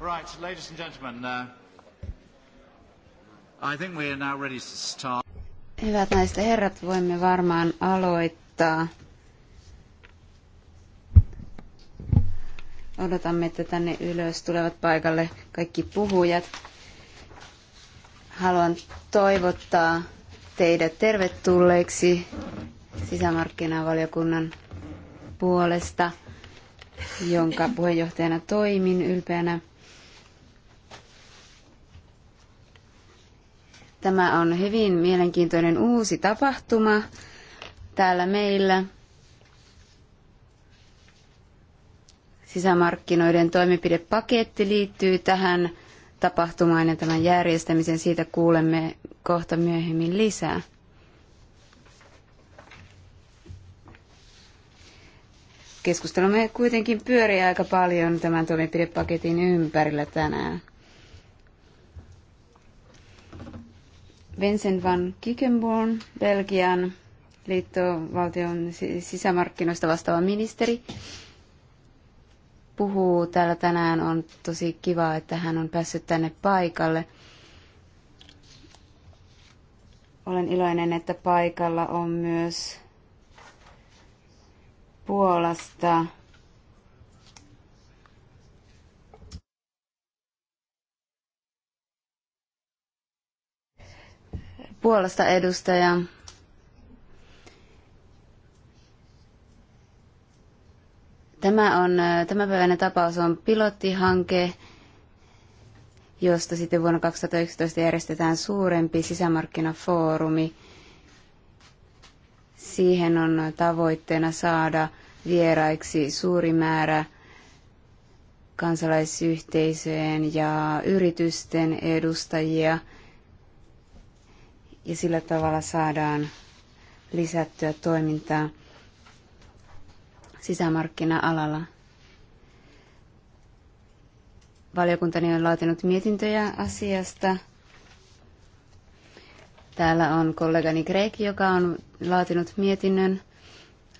Right, ladies and gentlemen, uh, I think we are now ready to start. Hyvät naiset ja herrat, voimme varmaan aloittaa. Odotamme, että tänne ylös tulevat paikalle kaikki puhujat. Haluan toivottaa teidät tervetulleeksi sisämarkkinavaliokunnan puolesta, jonka puheenjohtajana toimin ylpeänä. Tämä on hyvin mielenkiintoinen uusi tapahtuma täällä meillä. Sisämarkkinoiden toimenpidepaketti liittyy tähän tapahtumaan ja tämän järjestämisen. Siitä kuulemme kohta myöhemmin lisää. Keskustelumme kuitenkin pyörii aika paljon tämän toimenpidepaketin ympärillä tänään. Vincent van Kikenborn, Belgian liittovaltion sisämarkkinoista vastaava ministeri, puhuu täällä tänään. On tosi kiva, että hän on päässyt tänne paikalle. Olen iloinen, että paikalla on myös Puolasta puolesta edustaja. Tämä on, tämänpäiväinen tapaus on pilottihanke, josta sitten vuonna 2011 järjestetään suurempi sisämarkkinafoorumi. Siihen on tavoitteena saada vieraiksi suuri määrä kansalaisyhteisöjen ja yritysten edustajia – ja sillä tavalla saadaan lisättyä toimintaa sisämarkkina-alalla. Valiokuntani on laatinut mietintöjä asiasta. Täällä on kollegani Greg, joka on laatinut mietinnön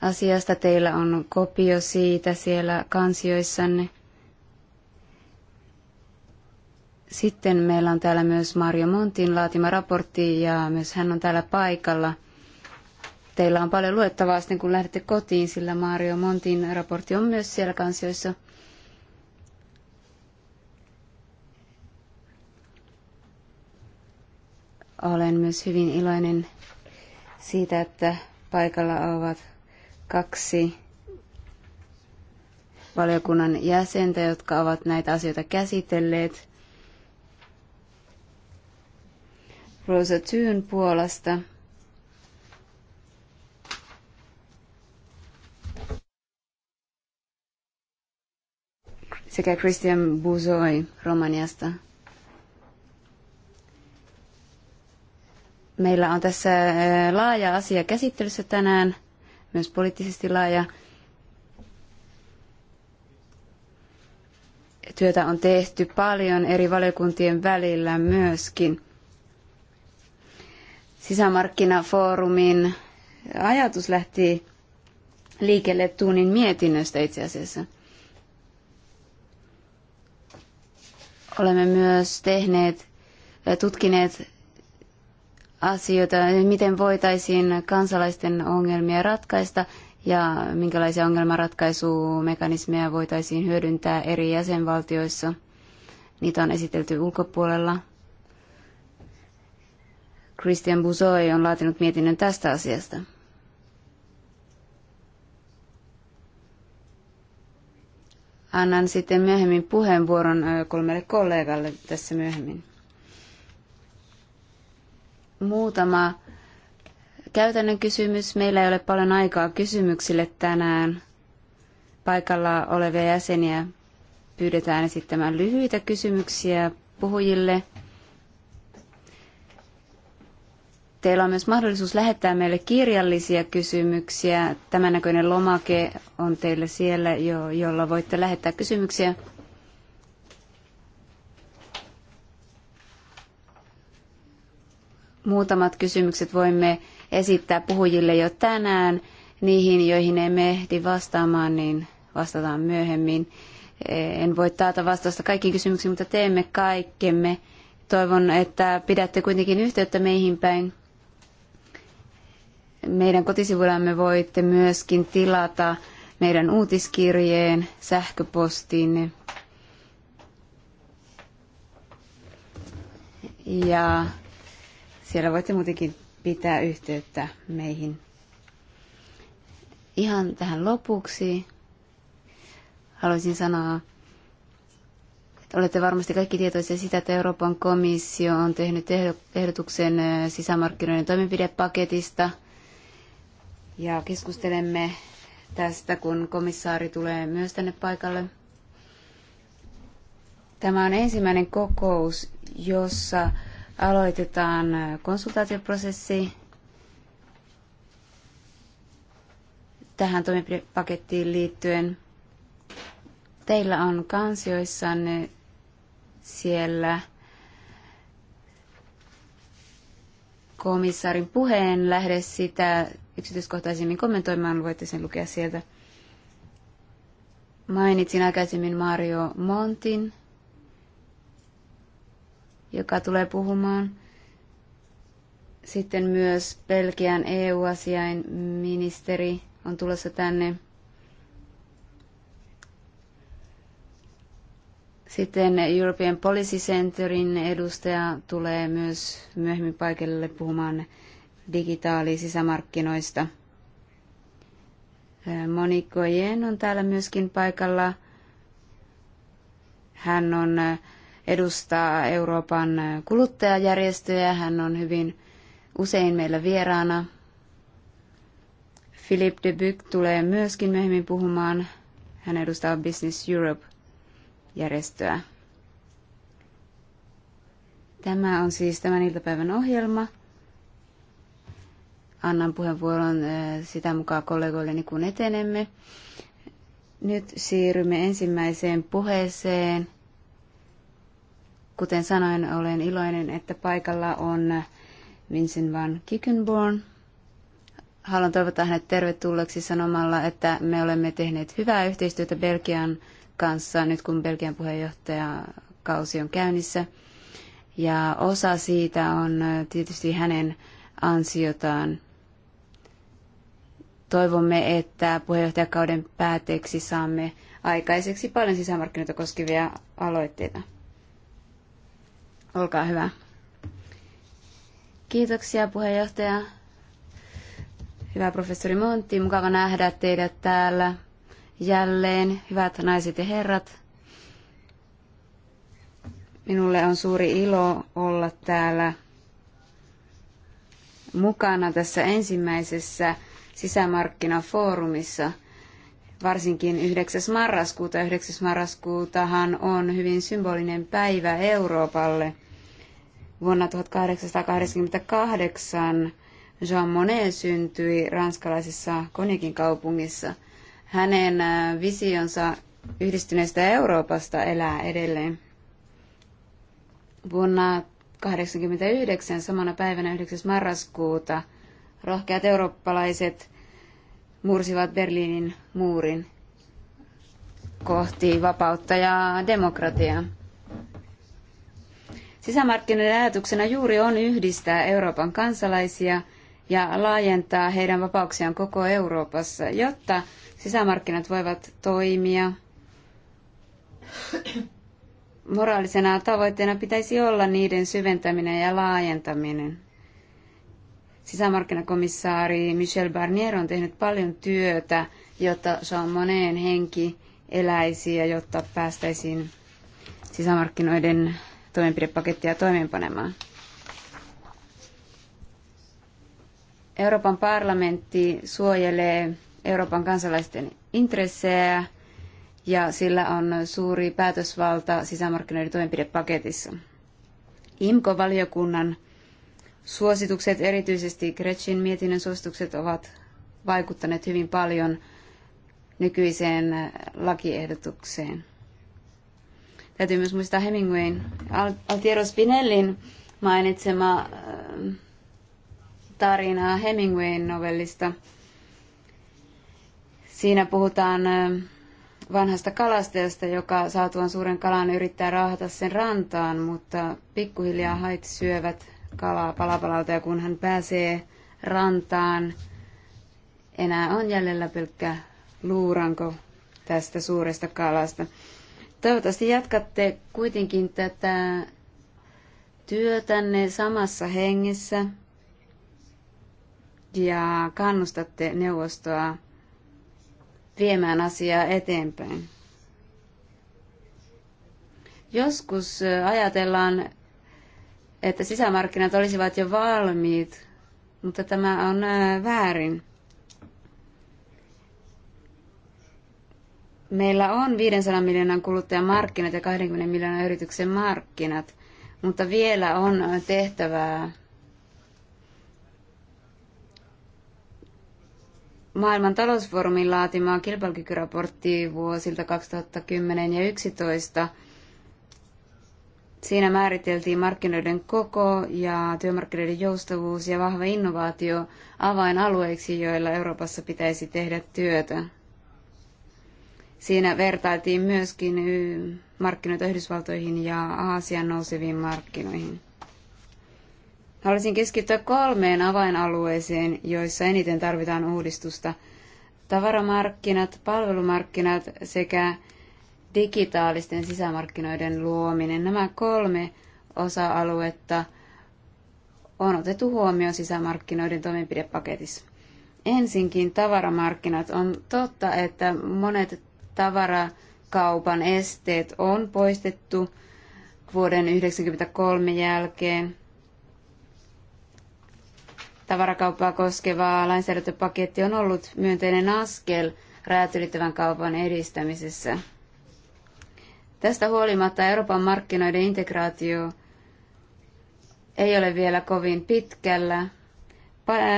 asiasta. Teillä on kopio siitä siellä kansioissanne. Sitten meillä on täällä myös Mario Montin laatima raportti ja myös hän on täällä paikalla. Teillä on paljon luettavaa sitten kun lähdette kotiin, sillä Mario Montin raportti on myös siellä kansioissa. Olen myös hyvin iloinen siitä, että paikalla ovat kaksi valiokunnan jäsentä, jotka ovat näitä asioita käsitelleet. Rosa Tyyn puolesta. sekä Christian Buzoi Romaniasta. Meillä on tässä eh, laaja asia käsittelyssä tänään, myös poliittisesti laaja. Työtä on tehty paljon eri valiokuntien välillä myöskin sisämarkkinafoorumin ajatus lähti liikelle Tuunin mietinnöstä itse asiassa. Olemme myös tehneet, tutkineet asioita, miten voitaisiin kansalaisten ongelmia ratkaista ja minkälaisia ongelmanratkaisumekanismeja voitaisiin hyödyntää eri jäsenvaltioissa. Niitä on esitelty ulkopuolella Christian Buzoi on laatinut mietinnön tästä asiasta. Annan sitten myöhemmin puheenvuoron kolmelle kollegalle tässä myöhemmin. Muutama käytännön kysymys. Meillä ei ole paljon aikaa kysymyksille tänään. Paikalla olevia jäseniä pyydetään esittämään lyhyitä kysymyksiä puhujille – Teillä on myös mahdollisuus lähettää meille kirjallisia kysymyksiä. Tämän näköinen lomake on teille siellä, jo, jolla voitte lähettää kysymyksiä. Muutamat kysymykset voimme esittää puhujille jo tänään. Niihin, joihin emme ehdi vastaamaan, niin vastataan myöhemmin. En voi taata vastausta kaikkiin kysymyksiin, mutta teemme kaikkemme. Toivon, että pidätte kuitenkin yhteyttä meihin päin. Meidän kotisivuillamme voitte myöskin tilata meidän uutiskirjeen, sähköpostiin ja siellä voitte muutenkin pitää yhteyttä meihin. Ihan tähän lopuksi haluaisin sanoa, että olette varmasti kaikki tietoisia sitä, että Euroopan komissio on tehnyt ehdotuksen sisämarkkinoiden toimenpidepaketista – ja keskustelemme tästä, kun komissaari tulee myös tänne paikalle. Tämä on ensimmäinen kokous, jossa aloitetaan konsultaatioprosessi tähän toimenpidepakettiin liittyen. Teillä on kansioissanne siellä komissaarin puheen lähde sitä yksityiskohtaisemmin kommentoimaan, voitte sen lukea sieltä. Mainitsin aikaisemmin Mario Montin, joka tulee puhumaan. Sitten myös Belgian EU-asiain ministeri on tulossa tänne. Sitten European Policy Centerin edustaja tulee myös myöhemmin paikalle puhumaan digitaalisisämarkkinoista. Moniko Jen on täällä myöskin paikalla. Hän on, edustaa Euroopan kuluttajajärjestöjä. Hän on hyvin usein meillä vieraana. Philippe de Buc tulee myöskin myöhemmin puhumaan. Hän edustaa Business Europe-järjestöä. Tämä on siis tämän iltapäivän ohjelma annan puheenvuoron eh, sitä mukaan kollegoilleni, kun etenemme. Nyt siirrymme ensimmäiseen puheeseen. Kuten sanoin, olen iloinen, että paikalla on Vincent van Kickenborn. Haluan toivottaa hänet tervetulleeksi sanomalla, että me olemme tehneet hyvää yhteistyötä Belgian kanssa nyt kun Belgian puheenjohtajakausi on käynnissä. Ja osa siitä on eh, tietysti hänen ansiotaan toivomme, että puheenjohtajakauden päätteeksi saamme aikaiseksi paljon sisämarkkinoita koskevia aloitteita. Olkaa hyvä. Kiitoksia puheenjohtaja. Hyvä professori Montti, mukava nähdä teidät täällä jälleen. Hyvät naiset ja herrat, minulle on suuri ilo olla täällä mukana tässä ensimmäisessä sisämarkkinafoorumissa – varsinkin 9. marraskuuta. 9. marraskuutahan on hyvin symbolinen päivä Euroopalle. Vuonna 1888 Jean Monnet syntyi ranskalaisessa Konikin kaupungissa. Hänen äh, visionsa yhdistyneestä Euroopasta elää edelleen. Vuonna 1989, samana päivänä 9. marraskuuta – rohkeat eurooppalaiset mursivat Berliinin muurin kohti vapautta ja demokratiaa. Sisämarkkinoiden ajatuksena juuri on yhdistää Euroopan kansalaisia ja laajentaa heidän vapauksiaan koko Euroopassa, jotta sisämarkkinat voivat toimia. Moraalisena tavoitteena pitäisi olla niiden syventäminen ja laajentaminen. Sisämarkkinakomissaari Michel Barnier on tehnyt paljon työtä, jotta Jean Moneen henki eläisi ja jotta päästäisiin sisämarkkinoiden toimenpidepakettia toimeenpanemaan. Euroopan parlamentti suojelee Euroopan kansalaisten intressejä ja sillä on suuri päätösvalta sisämarkkinoiden toimenpidepaketissa. IMKO-valiokunnan suositukset, erityisesti Gretchen mietinnön suositukset, ovat vaikuttaneet hyvin paljon nykyiseen lakiehdotukseen. Täytyy myös muistaa Hemingwayn Altiero Spinellin mainitsema ähm, tarina Hemingwayn novellista. Siinä puhutaan ähm, vanhasta kalastajasta, joka saatuaan suuren kalan yrittää raahata sen rantaan, mutta pikkuhiljaa hait syövät kalaa palapalalta ja kun hän pääsee rantaan, enää on jäljellä pelkkä luuranko tästä suuresta kalasta. Toivottavasti jatkatte kuitenkin tätä työtänne samassa hengessä ja kannustatte neuvostoa viemään asiaa eteenpäin. Joskus ajatellaan että sisämarkkinat olisivat jo valmiit, mutta tämä on väärin. Meillä on 500 miljoonan kuluttajan markkinat ja 20 miljoonan yrityksen markkinat, mutta vielä on tehtävää Maailman talousfoorumin laatimaa kilpailukykyraportti vuosilta 2010 ja 2011 Siinä määriteltiin markkinoiden koko ja työmarkkinoiden joustavuus ja vahva innovaatio avainalueiksi, joilla Euroopassa pitäisi tehdä työtä. Siinä vertailtiin myöskin markkinoita Yhdysvaltoihin ja Aasian nouseviin markkinoihin. Haluaisin keskittyä kolmeen avainalueeseen, joissa eniten tarvitaan uudistusta. Tavaramarkkinat, palvelumarkkinat sekä digitaalisten sisämarkkinoiden luominen. Nämä kolme osa-aluetta on otettu huomioon sisämarkkinoiden toimenpidepaketissa. Ensinkin tavaramarkkinat. On totta, että monet tavarakaupan esteet on poistettu vuoden 1993 jälkeen. Tavarakauppaa koskeva lainsäädäntöpaketti on ollut myönteinen askel räätylittävän kaupan edistämisessä – Tästä huolimatta Euroopan markkinoiden integraatio ei ole vielä kovin pitkällä.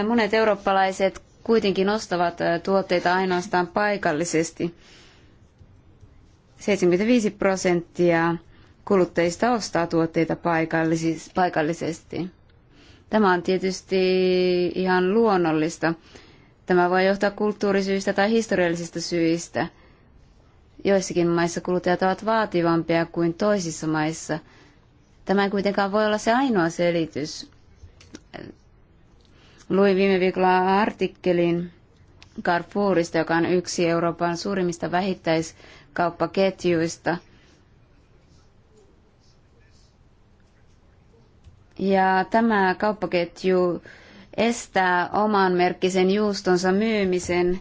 Monet eurooppalaiset kuitenkin ostavat tuotteita ainoastaan paikallisesti. 75 prosenttia kuluttajista ostaa tuotteita paikallisesti. Tämä on tietysti ihan luonnollista. Tämä voi johtaa kulttuurisyistä tai historiallisista syistä – Joissakin maissa kuluttajat ovat vaativampia kuin toisissa maissa. Tämä ei kuitenkaan voi olla se ainoa selitys. Luin viime viikolla artikkelin Carrefourista, joka on yksi Euroopan suurimmista vähittäiskauppaketjuista. Ja tämä kauppaketju estää oman merkkisen juustonsa myymisen –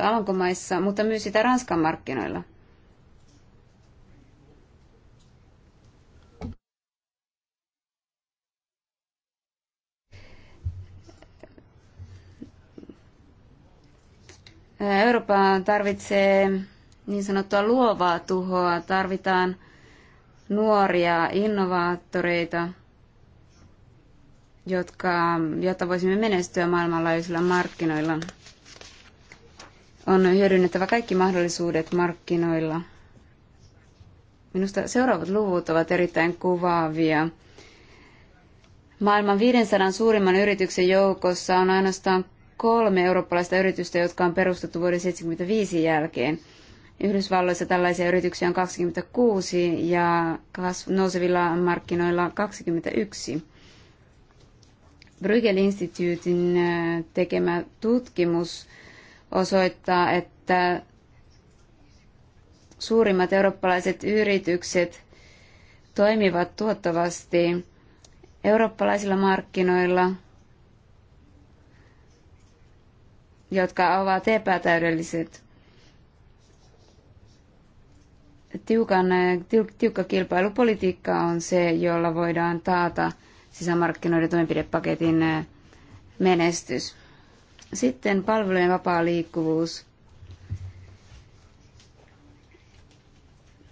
Alankomaissa, mutta myy sitä Ranskan markkinoilla. Eurooppa tarvitsee niin sanottua luovaa tuhoa, tarvitaan nuoria innovaattoreita, jotka, jotta voisimme menestyä maailmanlaajuisilla markkinoilla on hyödynnettävä kaikki mahdollisuudet markkinoilla. Minusta seuraavat luvut ovat erittäin kuvaavia. Maailman 500 suurimman yrityksen joukossa on ainoastaan kolme eurooppalaista yritystä, jotka on perustettu vuoden 1975 jälkeen. Yhdysvalloissa tällaisia yrityksiä on 26 ja nousevilla markkinoilla 21. Bruegel-instituutin tekemä tutkimus – osoittaa, että suurimmat eurooppalaiset yritykset toimivat tuottavasti eurooppalaisilla markkinoilla, jotka ovat epätäydelliset. Tiukan, tiukka kilpailupolitiikka on se, jolla voidaan taata sisämarkkinoiden toimenpidepaketin menestys. Sitten palvelujen vapaa liikkuvuus.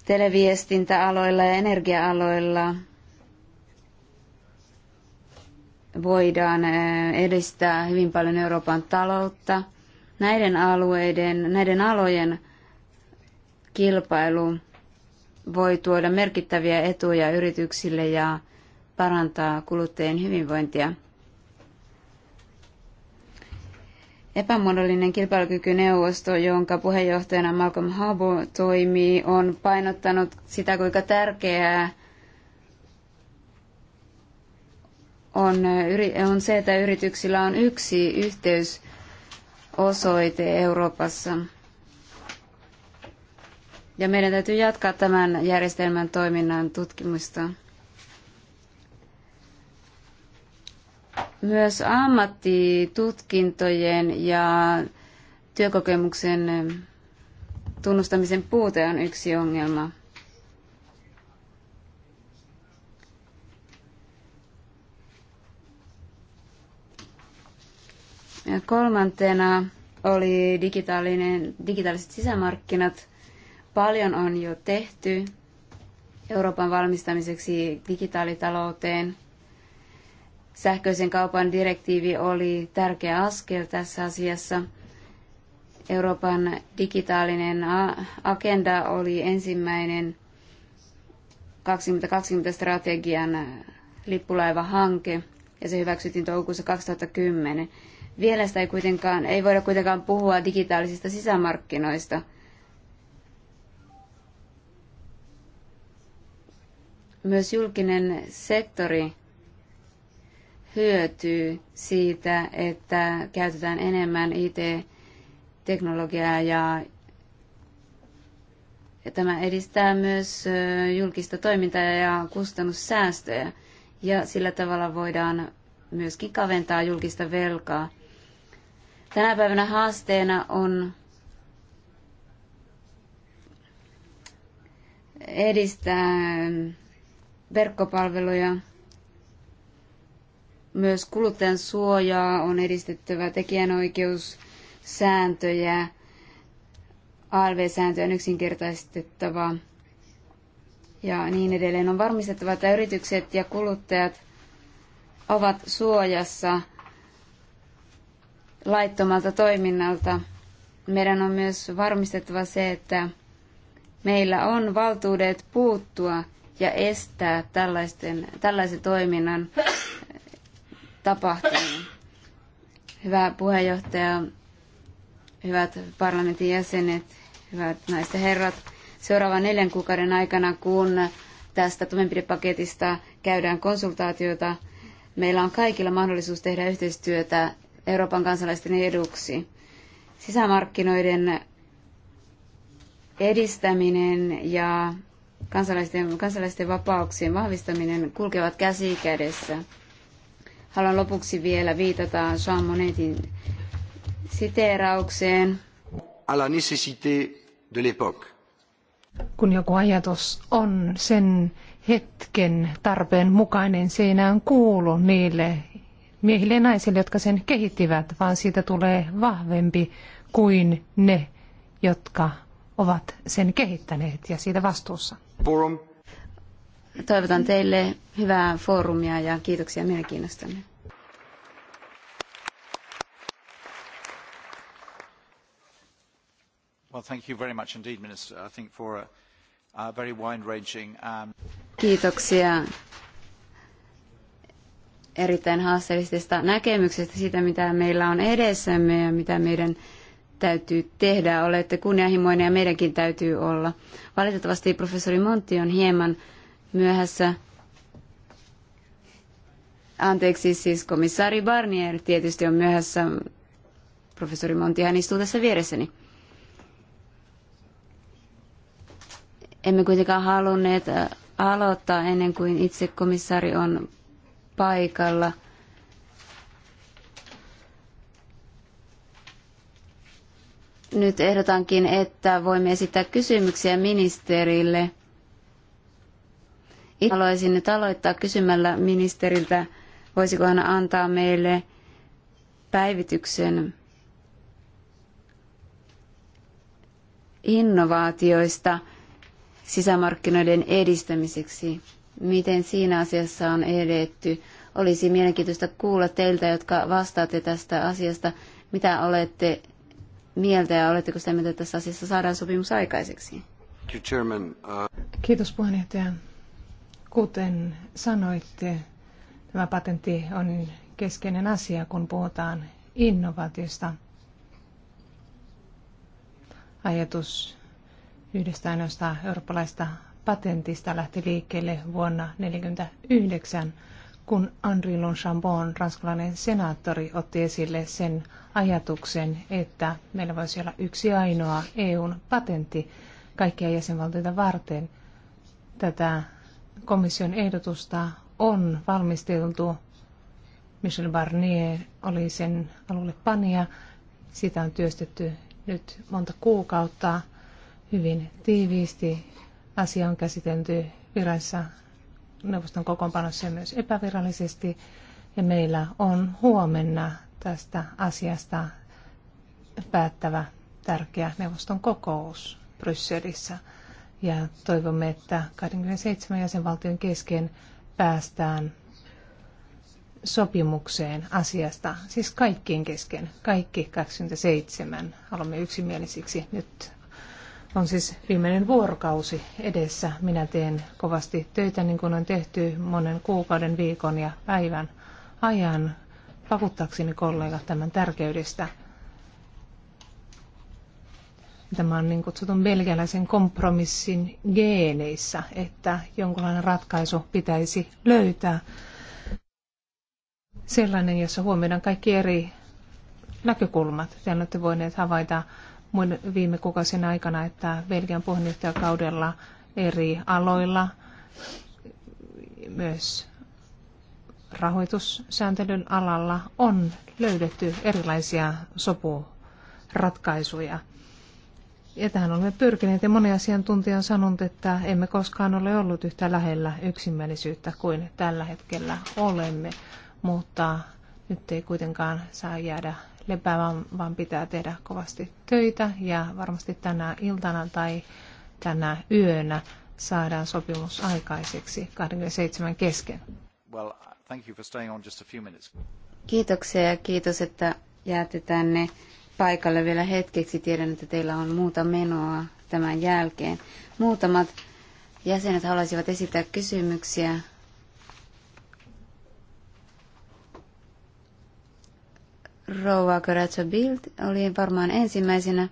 Televiestintäaloilla ja energia-aloilla voidaan eh, edistää hyvin paljon Euroopan taloutta. Näiden alueiden, näiden alojen kilpailu voi tuoda merkittäviä etuja yrityksille ja parantaa kuluttajien hyvinvointia. Epämuodollinen kilpailukykyneuvosto, jonka puheenjohtajana Malcolm Harbour toimii, on painottanut sitä, kuinka tärkeää on, on se, että yrityksillä on yksi yhteysosoite Euroopassa. Ja meidän täytyy jatkaa tämän järjestelmän toiminnan tutkimusta. Myös ammattitutkintojen ja työkokemuksen tunnustamisen puute on yksi ongelma. Ja kolmantena oli digitaalinen, digitaaliset sisämarkkinat. Paljon on jo tehty Euroopan valmistamiseksi digitaalitalouteen. Sähköisen kaupan direktiivi oli tärkeä askel tässä asiassa. Euroopan digitaalinen agenda oli ensimmäinen 2020-strategian lippulaivahanke ja se hyväksyttiin toukokuussa 2010. Vielä sitä ei, kuitenkaan, ei voida kuitenkaan puhua digitaalisista sisämarkkinoista. Myös julkinen sektori hyötyy siitä, että käytetään enemmän IT-teknologiaa ja ja tämä edistää myös julkista toimintaa ja kustannussäästöjä. Ja sillä tavalla voidaan myöskin kaventaa julkista velkaa. Tänä päivänä haasteena on edistää verkkopalveluja myös kuluttajan suojaa on edistettävä tekijänoikeussääntöjä, ALV-sääntöjä on yksinkertaistettava ja niin edelleen. On varmistettava, että yritykset ja kuluttajat ovat suojassa laittomalta toiminnalta. Meidän on myös varmistettava se, että meillä on valtuudet puuttua ja estää tällaisten, tällaisen toiminnan tapahtunut. Hyvä puheenjohtaja, hyvät parlamentin jäsenet, hyvät naiset ja herrat. Seuraavan neljän kuukauden aikana, kun tästä toimenpidepaketista käydään konsultaatiota, meillä on kaikilla mahdollisuus tehdä yhteistyötä Euroopan kansalaisten eduksi. Sisämarkkinoiden edistäminen ja kansalaisten, kansalaisten vapauksien vahvistaminen kulkevat käsi kädessä. Haluan lopuksi vielä viitata Jean Monetin siteeraukseen. la nécessité de l'époque. Kun joku ajatus on sen hetken tarpeen mukainen, se ei enää kuulu niille miehille ja naisille, jotka sen kehittivät, vaan siitä tulee vahvempi kuin ne, jotka ovat sen kehittäneet ja siitä vastuussa. Forum Toivotan teille hyvää foorumia ja kiitoksia mielenkiinnostanne. Well, thank you very much indeed, Minister, I think for a, a very wide-ranging... Um... Kiitoksia erittäin haasteellisesta näkemyksestä siitä, mitä meillä on edessämme ja mitä meidän täytyy tehdä. Olette kunnianhimoinen ja meidänkin täytyy olla. Valitettavasti professori Montti on hieman myöhässä. Anteeksi, siis komissaari Barnier tietysti on myöhässä. Professori Montihan istuu tässä vieressäni. Emme kuitenkaan halunneet äh, aloittaa ennen kuin itse komissaari on paikalla. Nyt ehdotankin, että voimme esittää kysymyksiä ministerille – Haluaisin nyt aloittaa kysymällä ministeriltä, voisiko hän antaa meille päivityksen innovaatioista sisämarkkinoiden edistämiseksi. Miten siinä asiassa on edetty? Olisi mielenkiintoista kuulla teiltä, jotka vastaatte tästä asiasta, mitä olette mieltä ja oletteko sitä mieltä, että tässä asiassa saadaan sopimus aikaiseksi? Uh, Kiitos puheenjohtaja. Kuten sanoitte, tämä patentti on keskeinen asia, kun puhutaan innovaatiosta. Ajatus yhdestä ainoasta eurooppalaista patentista lähti liikkeelle vuonna 1949, kun Henri Longchambon, ranskalainen senaattori, otti esille sen ajatuksen, että meillä voisi olla yksi ainoa EUn patentti kaikkia jäsenvaltioita varten. Tätä komission ehdotusta on valmisteltu. Michel Barnier oli sen alulle panija. Sitä on työstetty nyt monta kuukautta hyvin tiiviisti. Asia on käsitelty virassa neuvoston kokoonpanossa ja myös epävirallisesti. Ja meillä on huomenna tästä asiasta päättävä tärkeä neuvoston kokous Brysselissä ja toivomme, että 27 jäsenvaltion kesken päästään sopimukseen asiasta, siis kaikkien kesken, kaikki 27, haluamme yksimielisiksi. Nyt on siis viimeinen vuorokausi edessä. Minä teen kovasti töitä, niin kuin on tehty monen kuukauden, viikon ja päivän ajan, pakuttaakseni kollegat tämän tärkeydestä. Tämä on niin kutsutun belgialaisen kompromissin geeneissä, että jonkinlainen ratkaisu pitäisi löytää. Sellainen, jossa huomioidaan kaikki eri näkökulmat. Te olette voineet havaita viime kuukausien aikana, että Belgian puheenjohtajakaudella eri aloilla, myös rahoitussääntelyn alalla on löydetty erilaisia sopuratkaisuja. Ja tähän olemme pyrkineet ja moni asiantuntija on sanonut, että emme koskaan ole ollut yhtä lähellä yksimielisyyttä kuin tällä hetkellä olemme, mutta nyt ei kuitenkaan saa jäädä lepäämään, vaan pitää tehdä kovasti töitä ja varmasti tänä iltana tai tänä yönä saadaan sopimus aikaiseksi 27 kesken. Well, thank you for staying on just a few minutes. Kiitoksia ja kiitos, että jäätte tänne paikalle vielä hetkeksi. Tiedän, että teillä on muuta menoa tämän jälkeen. Muutamat jäsenet haluaisivat esittää kysymyksiä. Rouva Corazza Bild oli varmaan ensimmäisenä.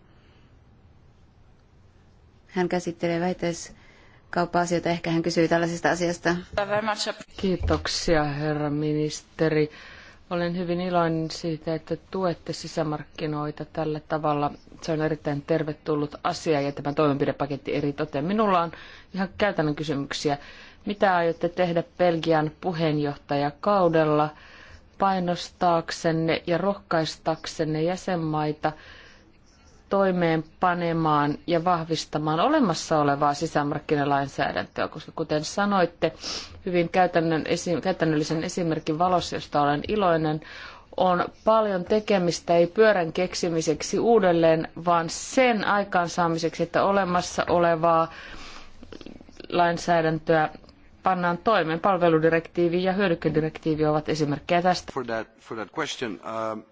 Hän käsittelee väitös kauppa-asioita. Ehkä hän kysyy tällaisesta asiasta. Kiitoksia, herra ministeri. Olen hyvin iloinen siitä, että tuette sisämarkkinoita tällä tavalla. Se on erittäin tervetullut asia ja tämä toimenpidepaketti eri toteen. Minulla on ihan käytännön kysymyksiä. Mitä aiotte tehdä Belgian puheenjohtajakaudella painostaaksenne ja rohkaistaksenne jäsenmaita – toimeenpanemaan ja vahvistamaan olemassa olevaa sisämarkkinalainsäädäntöä, koska kuten sanoitte, hyvin käytännön esi- käytännöllisen esimerkin valossa, josta olen iloinen, on paljon tekemistä ei pyörän keksimiseksi uudelleen, vaan sen aikaansaamiseksi, että olemassa olevaa lainsäädäntöä pannaan toimeen. Palveludirektiivi ja hyödykedirektiivi ovat esimerkkejä tästä. For that, for that question, um,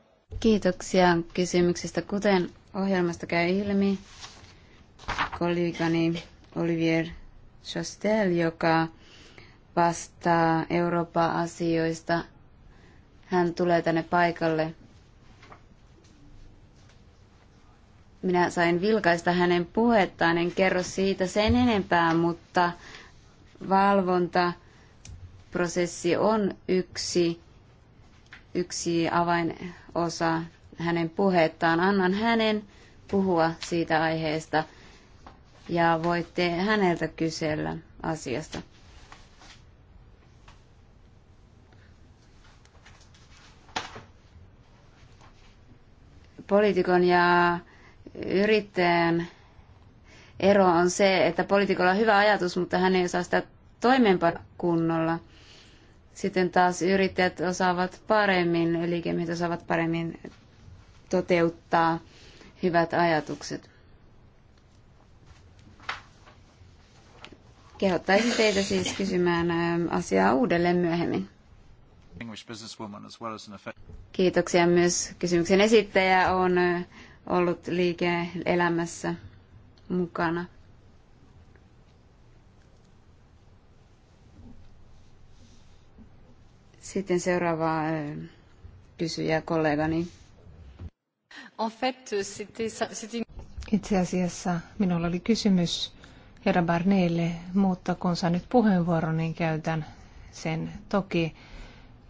Kiitoksia kysymyksestä. Kuten ohjelmasta käy ilmi kollegani Olivier Chastel, joka vastaa Euroopan asioista. Hän tulee tänne paikalle. Minä sain vilkaista hänen puhettaan, en kerro siitä sen enempää, mutta valvontaprosessi on yksi, yksi avainosa hänen puhettaan. Annan hänen puhua siitä aiheesta ja voitte häneltä kysellä asiasta. Poliitikon ja yrittäjän ero on se, että poliitikolla on hyvä ajatus, mutta hän ei osaa sitä toimeenpanoa kunnolla. Sitten taas yrittäjät osaavat paremmin, liikemiehet osaavat paremmin toteuttaa hyvät ajatukset. Kehottaisin teitä siis kysymään ähm, asiaa uudelleen myöhemmin. Kiitoksia myös. Kysymyksen esittäjä on äh, ollut liike-elämässä mukana. Sitten seuraava äh, kysyjä kollegani. Itse asiassa minulla oli kysymys herra Barneille, mutta kun saan nyt puheenvuoron, niin käytän sen toki.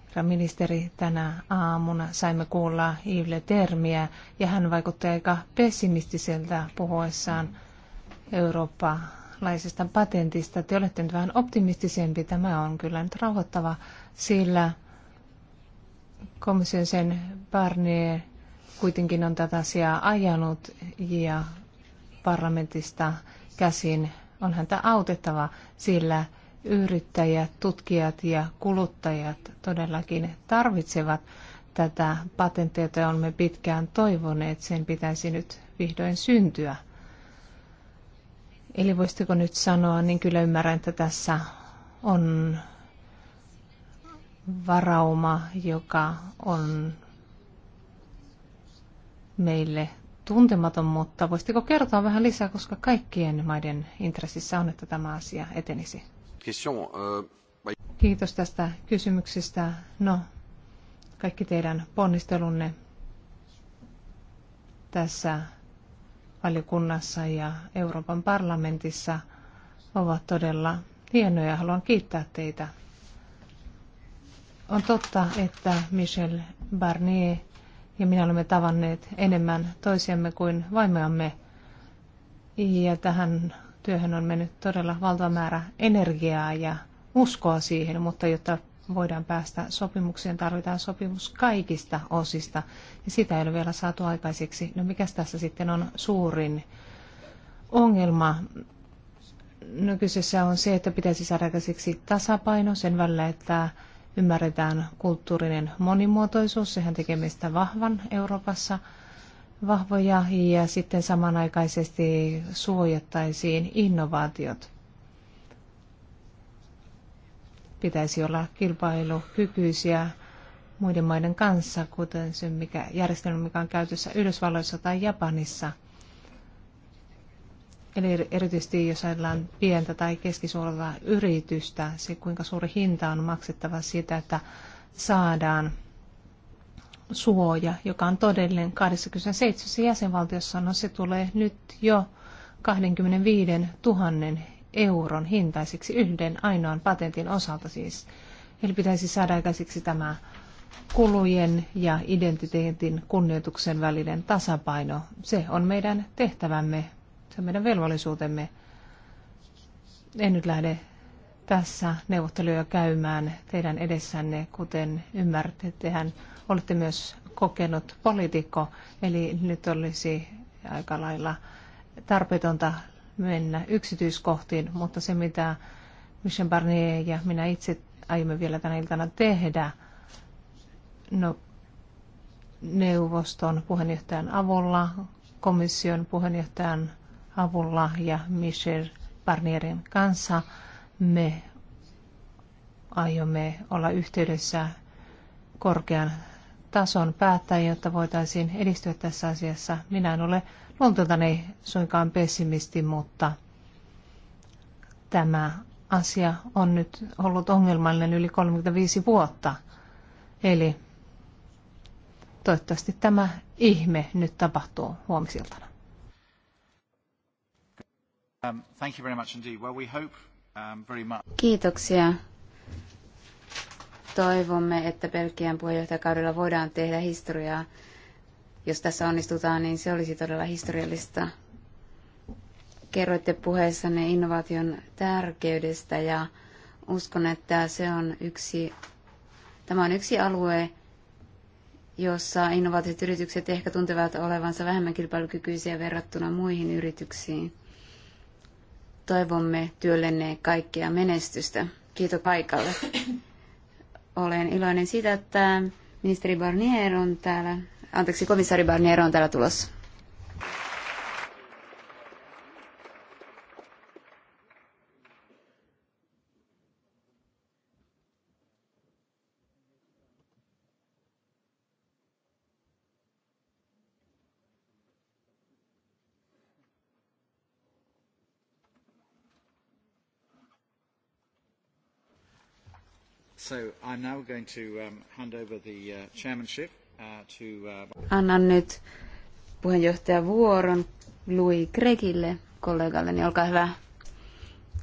Herra ministeri, tänä aamuna saimme kuulla Yle Termiä ja hän vaikutti aika pessimistiseltä puhuessaan eurooppalaisesta patentista. Te olette nyt vähän optimistisempi. Tämä on kyllä nyt rauhoittava, sillä komission sen Barnier kuitenkin on tätä asiaa ajanut ja parlamentista käsin on häntä autettava, sillä yrittäjät, tutkijat ja kuluttajat todellakin tarvitsevat tätä patenttia, jota olemme pitkään toivoneet. Sen pitäisi nyt vihdoin syntyä. Eli voisitko nyt sanoa, niin kyllä ymmärrän, että tässä on varauma, joka on meille tuntematon, mutta voisitteko kertoa vähän lisää, koska kaikkien maiden intressissä on, että tämä asia etenisi? Euh, Kiitos tästä kysymyksestä. No, kaikki teidän ponnistelunne tässä valiokunnassa ja Euroopan parlamentissa ovat todella hienoja. Haluan kiittää teitä. On totta, että Michel Barnier ja minä olemme tavanneet enemmän toisiamme kuin vaimoamme. Ja tähän työhön on mennyt todella valtava määrä energiaa ja uskoa siihen, mutta jotta voidaan päästä sopimukseen, tarvitaan sopimus kaikista osista. Ja sitä ei ole vielä saatu aikaiseksi. No mikä tässä sitten on suurin ongelma? nykyisessä no on se, että pitäisi saada aikaiseksi tasapaino sen välillä, että ymmärretään kulttuurinen monimuotoisuus, sehän tekee meistä vahvan Euroopassa vahvoja ja sitten samanaikaisesti suojattaisiin innovaatiot. Pitäisi olla kilpailukykyisiä muiden maiden kanssa, kuten se mikä, järjestelmä, mikä on käytössä Yhdysvalloissa tai Japanissa – Eli erityisesti jos ajatellaan pientä tai keskisuurta yritystä, se kuinka suuri hinta on maksettava siitä, että saadaan suoja, joka on todellinen 27 jäsenvaltiossa, no se tulee nyt jo 25 000 euron hintaiseksi yhden ainoan patentin osalta siis. Eli pitäisi saada aikaiseksi tämä kulujen ja identiteetin kunnioituksen välinen tasapaino. Se on meidän tehtävämme se on meidän velvollisuutemme. En nyt lähde tässä neuvotteluja käymään teidän edessänne, kuten ymmärrätte, tehän olette myös kokenut poliitikko, eli nyt olisi aika lailla tarpeetonta mennä yksityiskohtiin, mutta se mitä Michel Barnier ja minä itse aiomme vielä tänä iltana tehdä, no, neuvoston puheenjohtajan avulla, komission puheenjohtajan avulla ja Michel Barnierin kanssa me aiomme olla yhteydessä korkean tason päättäjiin, jotta voitaisiin edistyä tässä asiassa. Minä en ole luonteeltani suinkaan pessimisti, mutta tämä asia on nyt ollut ongelmallinen yli 35 vuotta. Eli toivottavasti tämä ihme nyt tapahtuu huomisiltana. Kiitoksia. Toivomme, että Belgian puheenjohtajakaudella voidaan tehdä historiaa. Jos tässä onnistutaan, niin se olisi todella historiallista. Kerroitte puheessanne innovaation tärkeydestä ja uskon, että se on yksi, tämä on yksi alue, jossa innovaatiset yritykset ehkä tuntevat olevansa vähemmän kilpailukykyisiä verrattuna muihin yrityksiin. Toivomme työllenne kaikkea menestystä. Kiitos paikalle. Olen iloinen siitä, että ministeri Barnier on täällä, anteeksi, komissaari Barnier on täällä tulossa. I'm now going to um, hand over the uh, chairmanship uh, to... Uh... Annan nyt puheenjohtajan vuoron Louis Gregille, kollegalleni. Niin olkaa hyvä.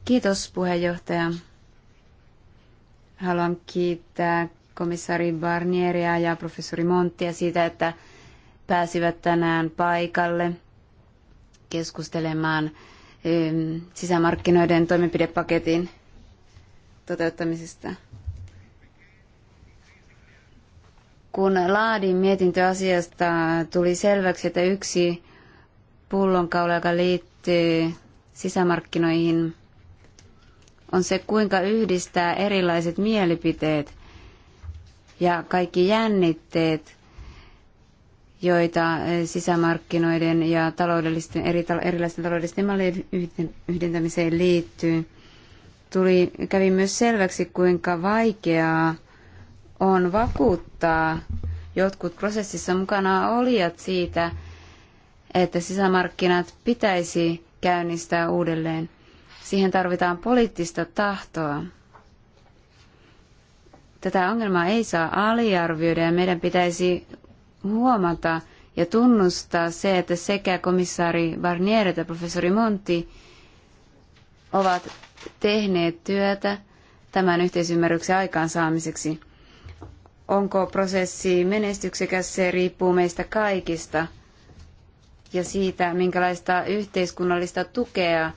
Kiitos puheenjohtaja. Haluan kiittää komissaari Barnieria ja professori Monttia siitä, että pääsivät tänään paikalle keskustelemaan sisämarkkinoiden toimenpidepaketin toteuttamisesta. Kun laadin mietintöasiasta, tuli selväksi, että yksi pullonkaula, joka liittyy sisämarkkinoihin, on se, kuinka yhdistää erilaiset mielipiteet ja kaikki jännitteet, joita sisämarkkinoiden ja taloudellisten, eri, erilaisten taloudellisten mallien yhdentämiseen liittyy. Tuli, kävi myös selväksi, kuinka vaikeaa on vakuuttaa jotkut prosessissa mukana olijat siitä, että sisämarkkinat pitäisi käynnistää uudelleen. Siihen tarvitaan poliittista tahtoa. Tätä ongelmaa ei saa aliarvioida ja meidän pitäisi huomata ja tunnustaa se, että sekä komissaari Barnier että professori Monti ovat tehneet työtä tämän yhteisymmärryksen aikaansaamiseksi – onko prosessi menestyksekäs, se riippuu meistä kaikista ja siitä, minkälaista yhteiskunnallista tukea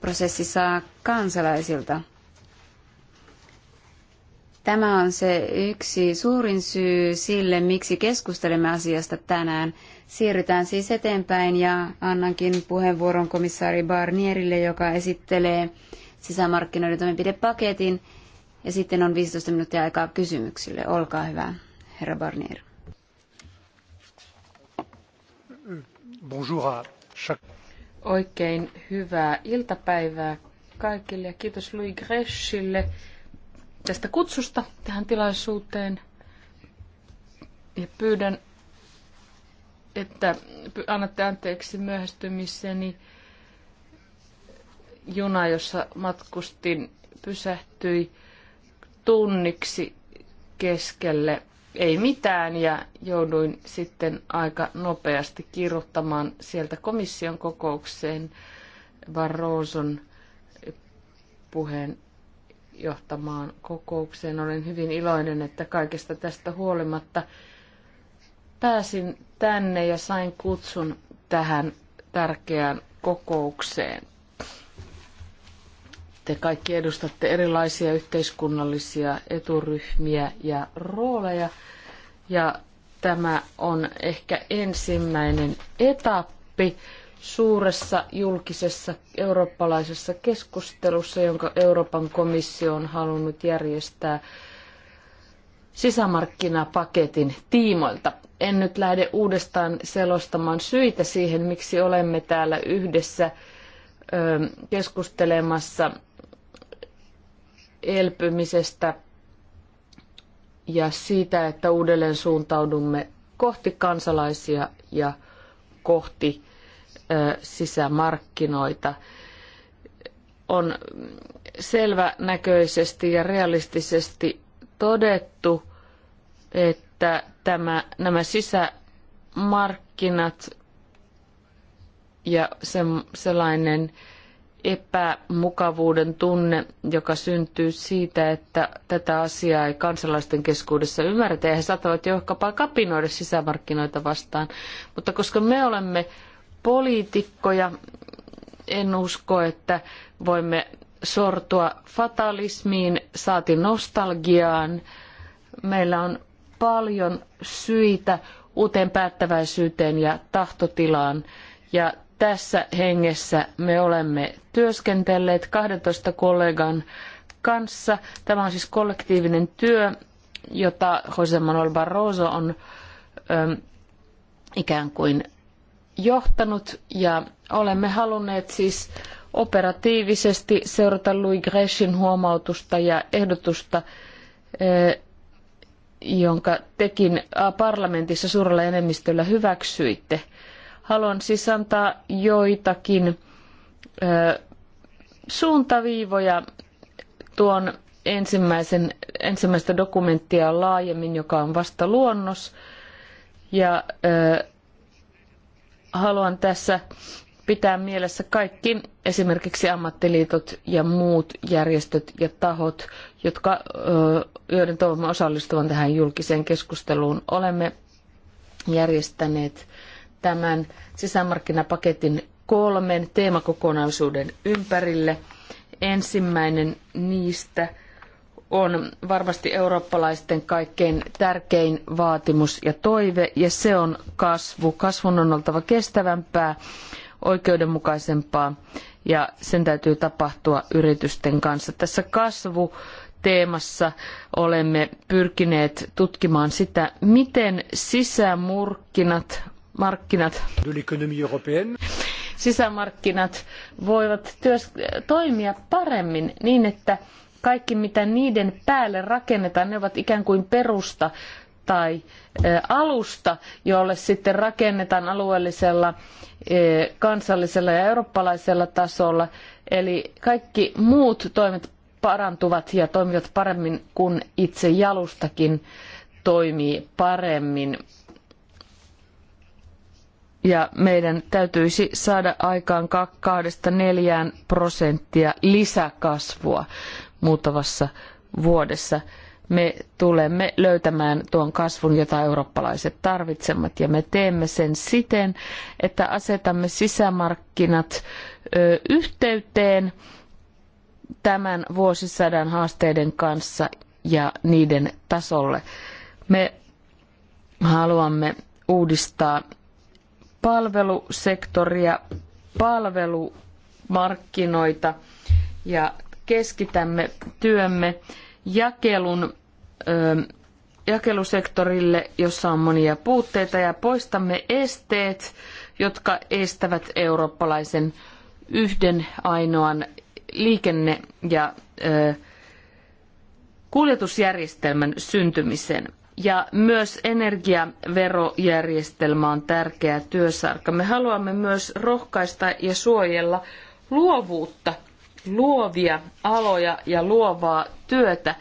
prosessi saa kansalaisilta. Tämä on se yksi suurin syy sille, miksi keskustelemme asiasta tänään. Siirrytään siis eteenpäin ja annankin puheenvuoron komissaari Barnierille, joka esittelee sisämarkkinoiden toimenpidepaketin – ja sitten on 15 minuuttia aikaa kysymyksille. Olkaa hyvä, herra Barnier. Bonjour Oikein hyvää iltapäivää kaikille ja kiitos Louis Greshille tästä kutsusta tähän tilaisuuteen. Ja pyydän, että annatte anteeksi myöhästymiseni. Juna, jossa matkustin, pysähtyi tunniksi keskelle ei mitään ja jouduin sitten aika nopeasti kirjoittamaan sieltä komission kokoukseen Barroson puheen johtamaan kokoukseen. Olen hyvin iloinen, että kaikesta tästä huolimatta pääsin tänne ja sain kutsun tähän tärkeään kokoukseen. Te kaikki edustatte erilaisia yhteiskunnallisia eturyhmiä ja rooleja. Ja tämä on ehkä ensimmäinen etappi suuressa julkisessa eurooppalaisessa keskustelussa, jonka Euroopan komissio on halunnut järjestää sisämarkkinapaketin tiimoilta. En nyt lähde uudestaan selostamaan syitä siihen, miksi olemme täällä yhdessä keskustelemassa elpymisestä ja siitä, että uudelleen suuntaudumme kohti kansalaisia ja kohti sisämarkkinoita. On selvänäköisesti ja realistisesti todettu, että tämä, nämä sisämarkkinat ja se, sellainen epämukavuuden tunne, joka syntyy siitä, että tätä asiaa ei kansalaisten keskuudessa ymmärretä ja he saattavat johkapa kapinoida sisämarkkinoita vastaan. Mutta koska me olemme poliitikkoja, en usko, että voimme sortua fatalismiin, saati nostalgiaan. Meillä on paljon syitä uuteen päättäväisyyteen ja tahtotilaan. Ja tässä hengessä me olemme työskentelleet 12 kollegan kanssa. Tämä on siis kollektiivinen työ, jota Jose Manuel Barroso on ö, ähm, ikään kuin johtanut ja olemme halunneet siis operatiivisesti seurata Louis Greshin huomautusta ja ehdotusta, äh, jonka tekin äh, parlamentissa suurella enemmistöllä hyväksyitte. Haluan siis antaa joitakin ö, suuntaviivoja tuon ensimmäisen, ensimmäistä dokumenttia laajemmin, joka on vasta luonnos. Ja ö, haluan tässä pitää mielessä kaikki esimerkiksi ammattiliitot ja muut järjestöt ja tahot, jotka, joiden toivomme osallistuvan tähän julkiseen keskusteluun. Olemme järjestäneet tämän sisämarkkinapaketin kolmen teemakokonaisuuden ympärille. Ensimmäinen niistä on varmasti eurooppalaisten kaikkein tärkein vaatimus ja toive, ja se on kasvu. Kasvun on oltava kestävämpää, oikeudenmukaisempaa, ja sen täytyy tapahtua yritysten kanssa. Tässä kasvu teemassa olemme pyrkineet tutkimaan sitä, miten sisämarkkinat markkinat, sisämarkkinat voivat toimia paremmin niin, että kaikki mitä niiden päälle rakennetaan, ne ovat ikään kuin perusta tai alusta, jolle sitten rakennetaan alueellisella, kansallisella ja eurooppalaisella tasolla. Eli kaikki muut toimet parantuvat ja toimivat paremmin, kun itse jalustakin toimii paremmin ja meidän täytyisi saada aikaan 2-4 prosenttia lisäkasvua muutamassa vuodessa. Me tulemme löytämään tuon kasvun, jota eurooppalaiset tarvitsevat, ja me teemme sen siten, että asetamme sisämarkkinat yhteyteen tämän vuosisadan haasteiden kanssa ja niiden tasolle. Me haluamme uudistaa palvelusektoria, palvelumarkkinoita ja keskitämme työmme jakelun, ö, jakelusektorille, jossa on monia puutteita ja poistamme esteet, jotka estävät eurooppalaisen yhden ainoan liikenne- ja ö, kuljetusjärjestelmän syntymisen. Ja myös energiaverojärjestelmä on tärkeä työsarka. Me haluamme myös rohkaista ja suojella luovuutta, luovia aloja ja luovaa työtä.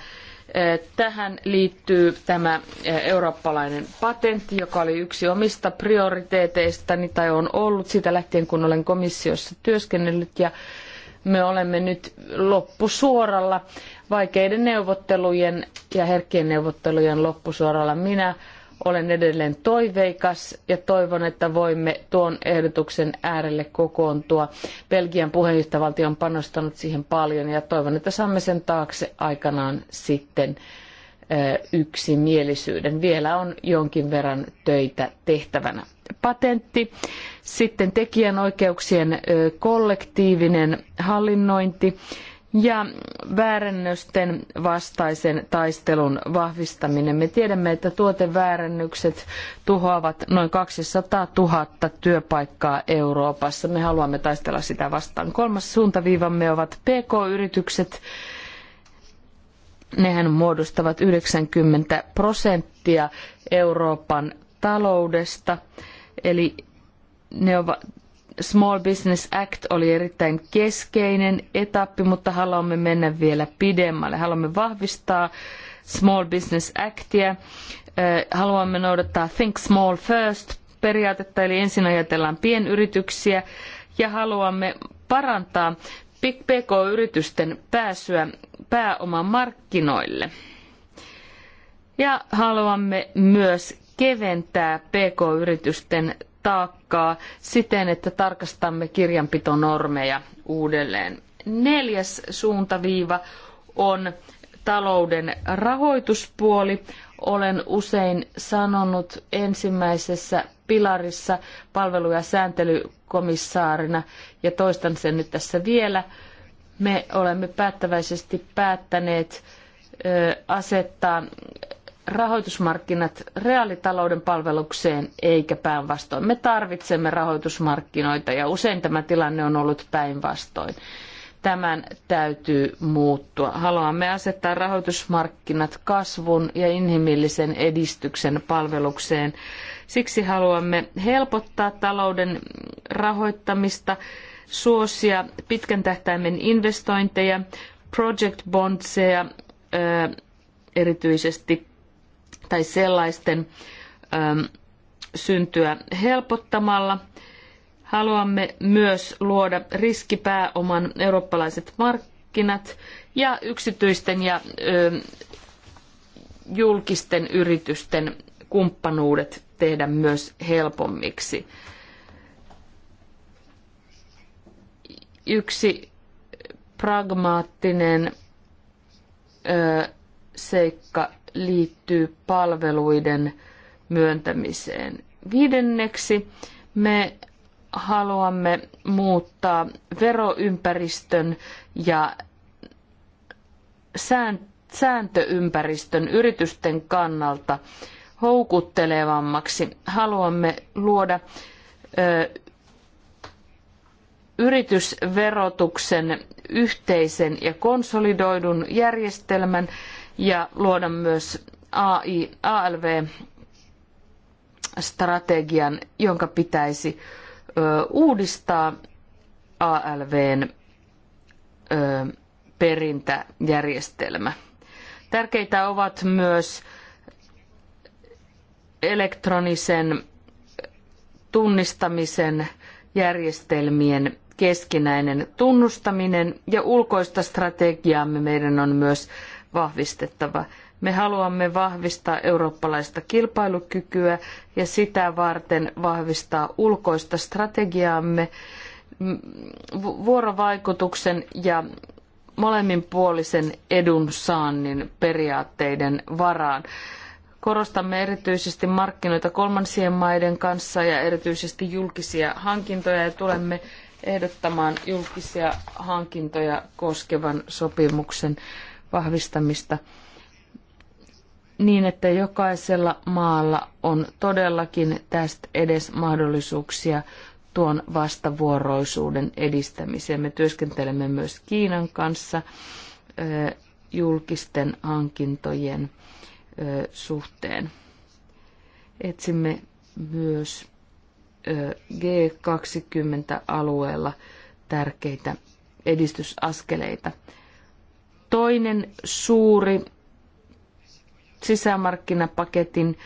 Eh, tähän liittyy tämä eh, eurooppalainen patentti, joka oli yksi omista prioriteeteistani tai on ollut sitä lähtien, kun olen komissiossa työskennellyt. Ja me olemme nyt loppusuoralla, vaikeiden neuvottelujen ja herkkien neuvottelujen loppusuoralla. Minä olen edelleen toiveikas ja toivon, että voimme tuon ehdotuksen äärelle kokoontua. Belgian puheenjohtajavaltio on panostanut siihen paljon ja toivon, että saamme sen taakse aikanaan sitten yksimielisyyden. Vielä on jonkin verran töitä tehtävänä. Patentti, sitten tekijänoikeuksien kollektiivinen hallinnointi ja väärennösten vastaisen taistelun vahvistaminen. Me tiedämme, että tuoteväärennykset tuhoavat noin 200 000 työpaikkaa Euroopassa. Me haluamme taistella sitä vastaan. Kolmas suuntaviivamme ovat PK-yritykset Nehän muodostavat 90 prosenttia Euroopan taloudesta. Eli ne Small Business Act oli erittäin keskeinen etappi, mutta haluamme mennä vielä pidemmälle. Haluamme vahvistaa Small Business Actia. Haluamme noudattaa Think Small First periaatetta, eli ensin ajatellaan pienyrityksiä ja haluamme parantaa pk-yritysten pääsyä pääomamarkkinoille. Ja haluamme myös keventää pk-yritysten taakkaa siten, että tarkastamme kirjanpitonormeja uudelleen. Neljäs suuntaviiva on talouden rahoituspuoli. Olen usein sanonut ensimmäisessä pilarissa palvelu- ja sääntelykomissaarina, ja toistan sen nyt tässä vielä, me olemme päättäväisesti päättäneet asettaa rahoitusmarkkinat reaalitalouden palvelukseen eikä päinvastoin. Me tarvitsemme rahoitusmarkkinoita ja usein tämä tilanne on ollut päinvastoin. Tämän täytyy muuttua. Haluamme asettaa rahoitusmarkkinat kasvun ja inhimillisen edistyksen palvelukseen. Siksi haluamme helpottaa talouden rahoittamista suosia pitkän tähtäimen investointeja, project bondseja erityisesti tai sellaisten syntyä helpottamalla. Haluamme myös luoda riskipääoman eurooppalaiset markkinat ja yksityisten ja julkisten yritysten kumppanuudet tehdä myös helpommiksi. Yksi pragmaattinen ö, seikka liittyy palveluiden myöntämiseen. Viidenneksi me haluamme muuttaa veroympäristön ja sääntöympäristön yritysten kannalta houkuttelevammaksi. Haluamme luoda yritysverotuksen yhteisen ja konsolidoidun järjestelmän ja luoda myös AI, ALV-strategian, jonka pitäisi uudistaa ALVn perintäjärjestelmä. Tärkeitä ovat myös elektronisen tunnistamisen järjestelmien keskinäinen tunnustaminen ja ulkoista strategiaamme meidän on myös vahvistettava. Me haluamme vahvistaa eurooppalaista kilpailukykyä ja sitä varten vahvistaa ulkoista strategiaamme vuorovaikutuksen ja molemminpuolisen edunsaannin periaatteiden varaan. Korostamme erityisesti markkinoita kolmansien maiden kanssa ja erityisesti julkisia hankintoja ja tulemme ehdottamaan julkisia hankintoja koskevan sopimuksen vahvistamista niin, että jokaisella maalla on todellakin tästä edes mahdollisuuksia tuon vastavuoroisuuden edistämiseen. Me työskentelemme myös Kiinan kanssa julkisten hankintojen suhteen. Etsimme myös G20-alueella tärkeitä edistysaskeleita. Toinen suuri sisämarkkinapaketin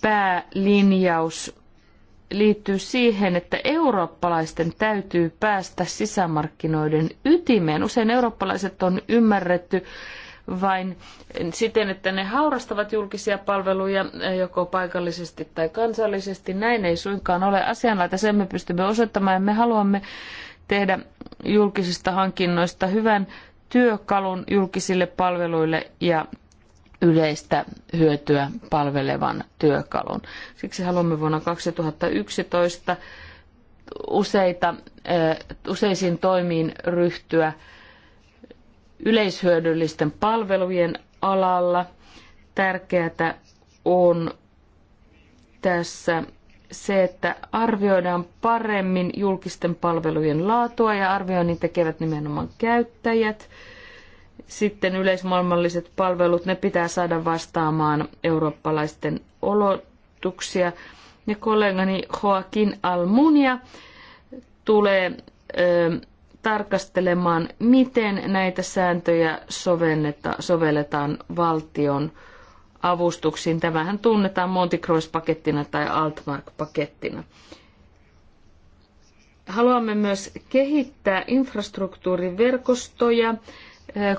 päälinjaus liittyy siihen, että eurooppalaisten täytyy päästä sisämarkkinoiden ytimeen. Usein eurooppalaiset on ymmärretty vain siten, että ne haurastavat julkisia palveluja eh, joko paikallisesti tai kansallisesti. Näin ei suinkaan ole asianlaita. Sen me pystymme osoittamaan ja me haluamme tehdä julkisista hankinnoista hyvän työkalun julkisille palveluille ja yleistä hyötyä palvelevan työkalun. Siksi haluamme vuonna 2011 useita, eh, useisiin toimiin ryhtyä yleishyödyllisten palvelujen alalla. Tärkeää on tässä se, että arvioidaan paremmin julkisten palvelujen laatua ja arvioinnin tekevät nimenomaan käyttäjät. Sitten yleismaailmalliset palvelut, ne pitää saada vastaamaan eurooppalaisten olotuksia. Ja kollegani Joaquin Almunia tulee ö, tarkastelemaan, miten näitä sääntöjä sovelletaan valtion avustuksiin. Tämähän tunnetaan Monticross-pakettina tai Altmark-pakettina. Haluamme myös kehittää infrastruktuuriverkostoja, eh,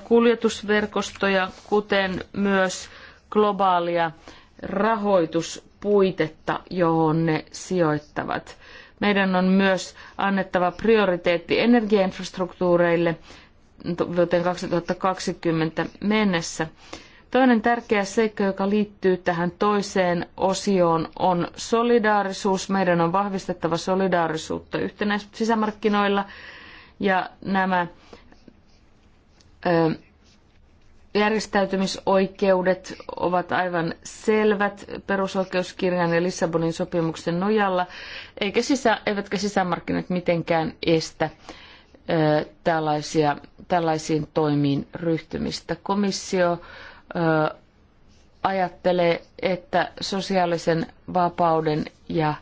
kuljetusverkostoja, kuten myös globaalia rahoituspuitetta, johon ne sijoittavat. Meidän on myös annettava prioriteetti energiainfrastruktuureille vuoteen 2020 mennessä. Toinen tärkeä seikka, joka liittyy tähän toiseen osioon, on solidaarisuus. Meidän on vahvistettava solidaarisuutta yhtenäis sisämarkkinoilla ja nämä ö, järjestäytymisoikeudet ovat aivan selvät perusoikeuskirjan ja Lissabonin sopimuksen nojalla, eikä sisä, eivätkä sisämarkkinat mitenkään estä ö, tällaisia, tällaisiin toimiin ryhtymistä. Komissio ö, ajattelee, että sosiaalisen vapauden ja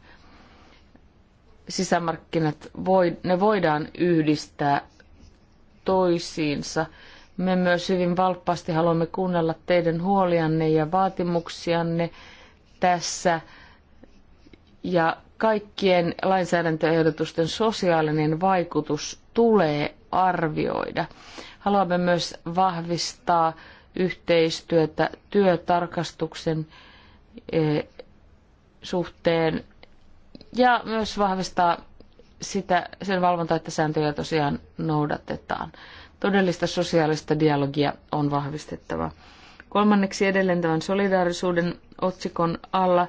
sisämarkkinat voi, ne voidaan yhdistää toisiinsa – me myös hyvin valppaasti haluamme kuunnella teidän huolianne ja vaatimuksianne tässä. Ja kaikkien lainsäädäntöehdotusten sosiaalinen vaikutus tulee arvioida. Haluamme myös vahvistaa yhteistyötä työtarkastuksen e, suhteen ja myös vahvistaa sitä, sen valvontaa, että sääntöjä tosiaan noudatetaan. Todellista sosiaalista dialogia on vahvistettava. Kolmanneksi edelleen tämän solidaarisuuden otsikon alla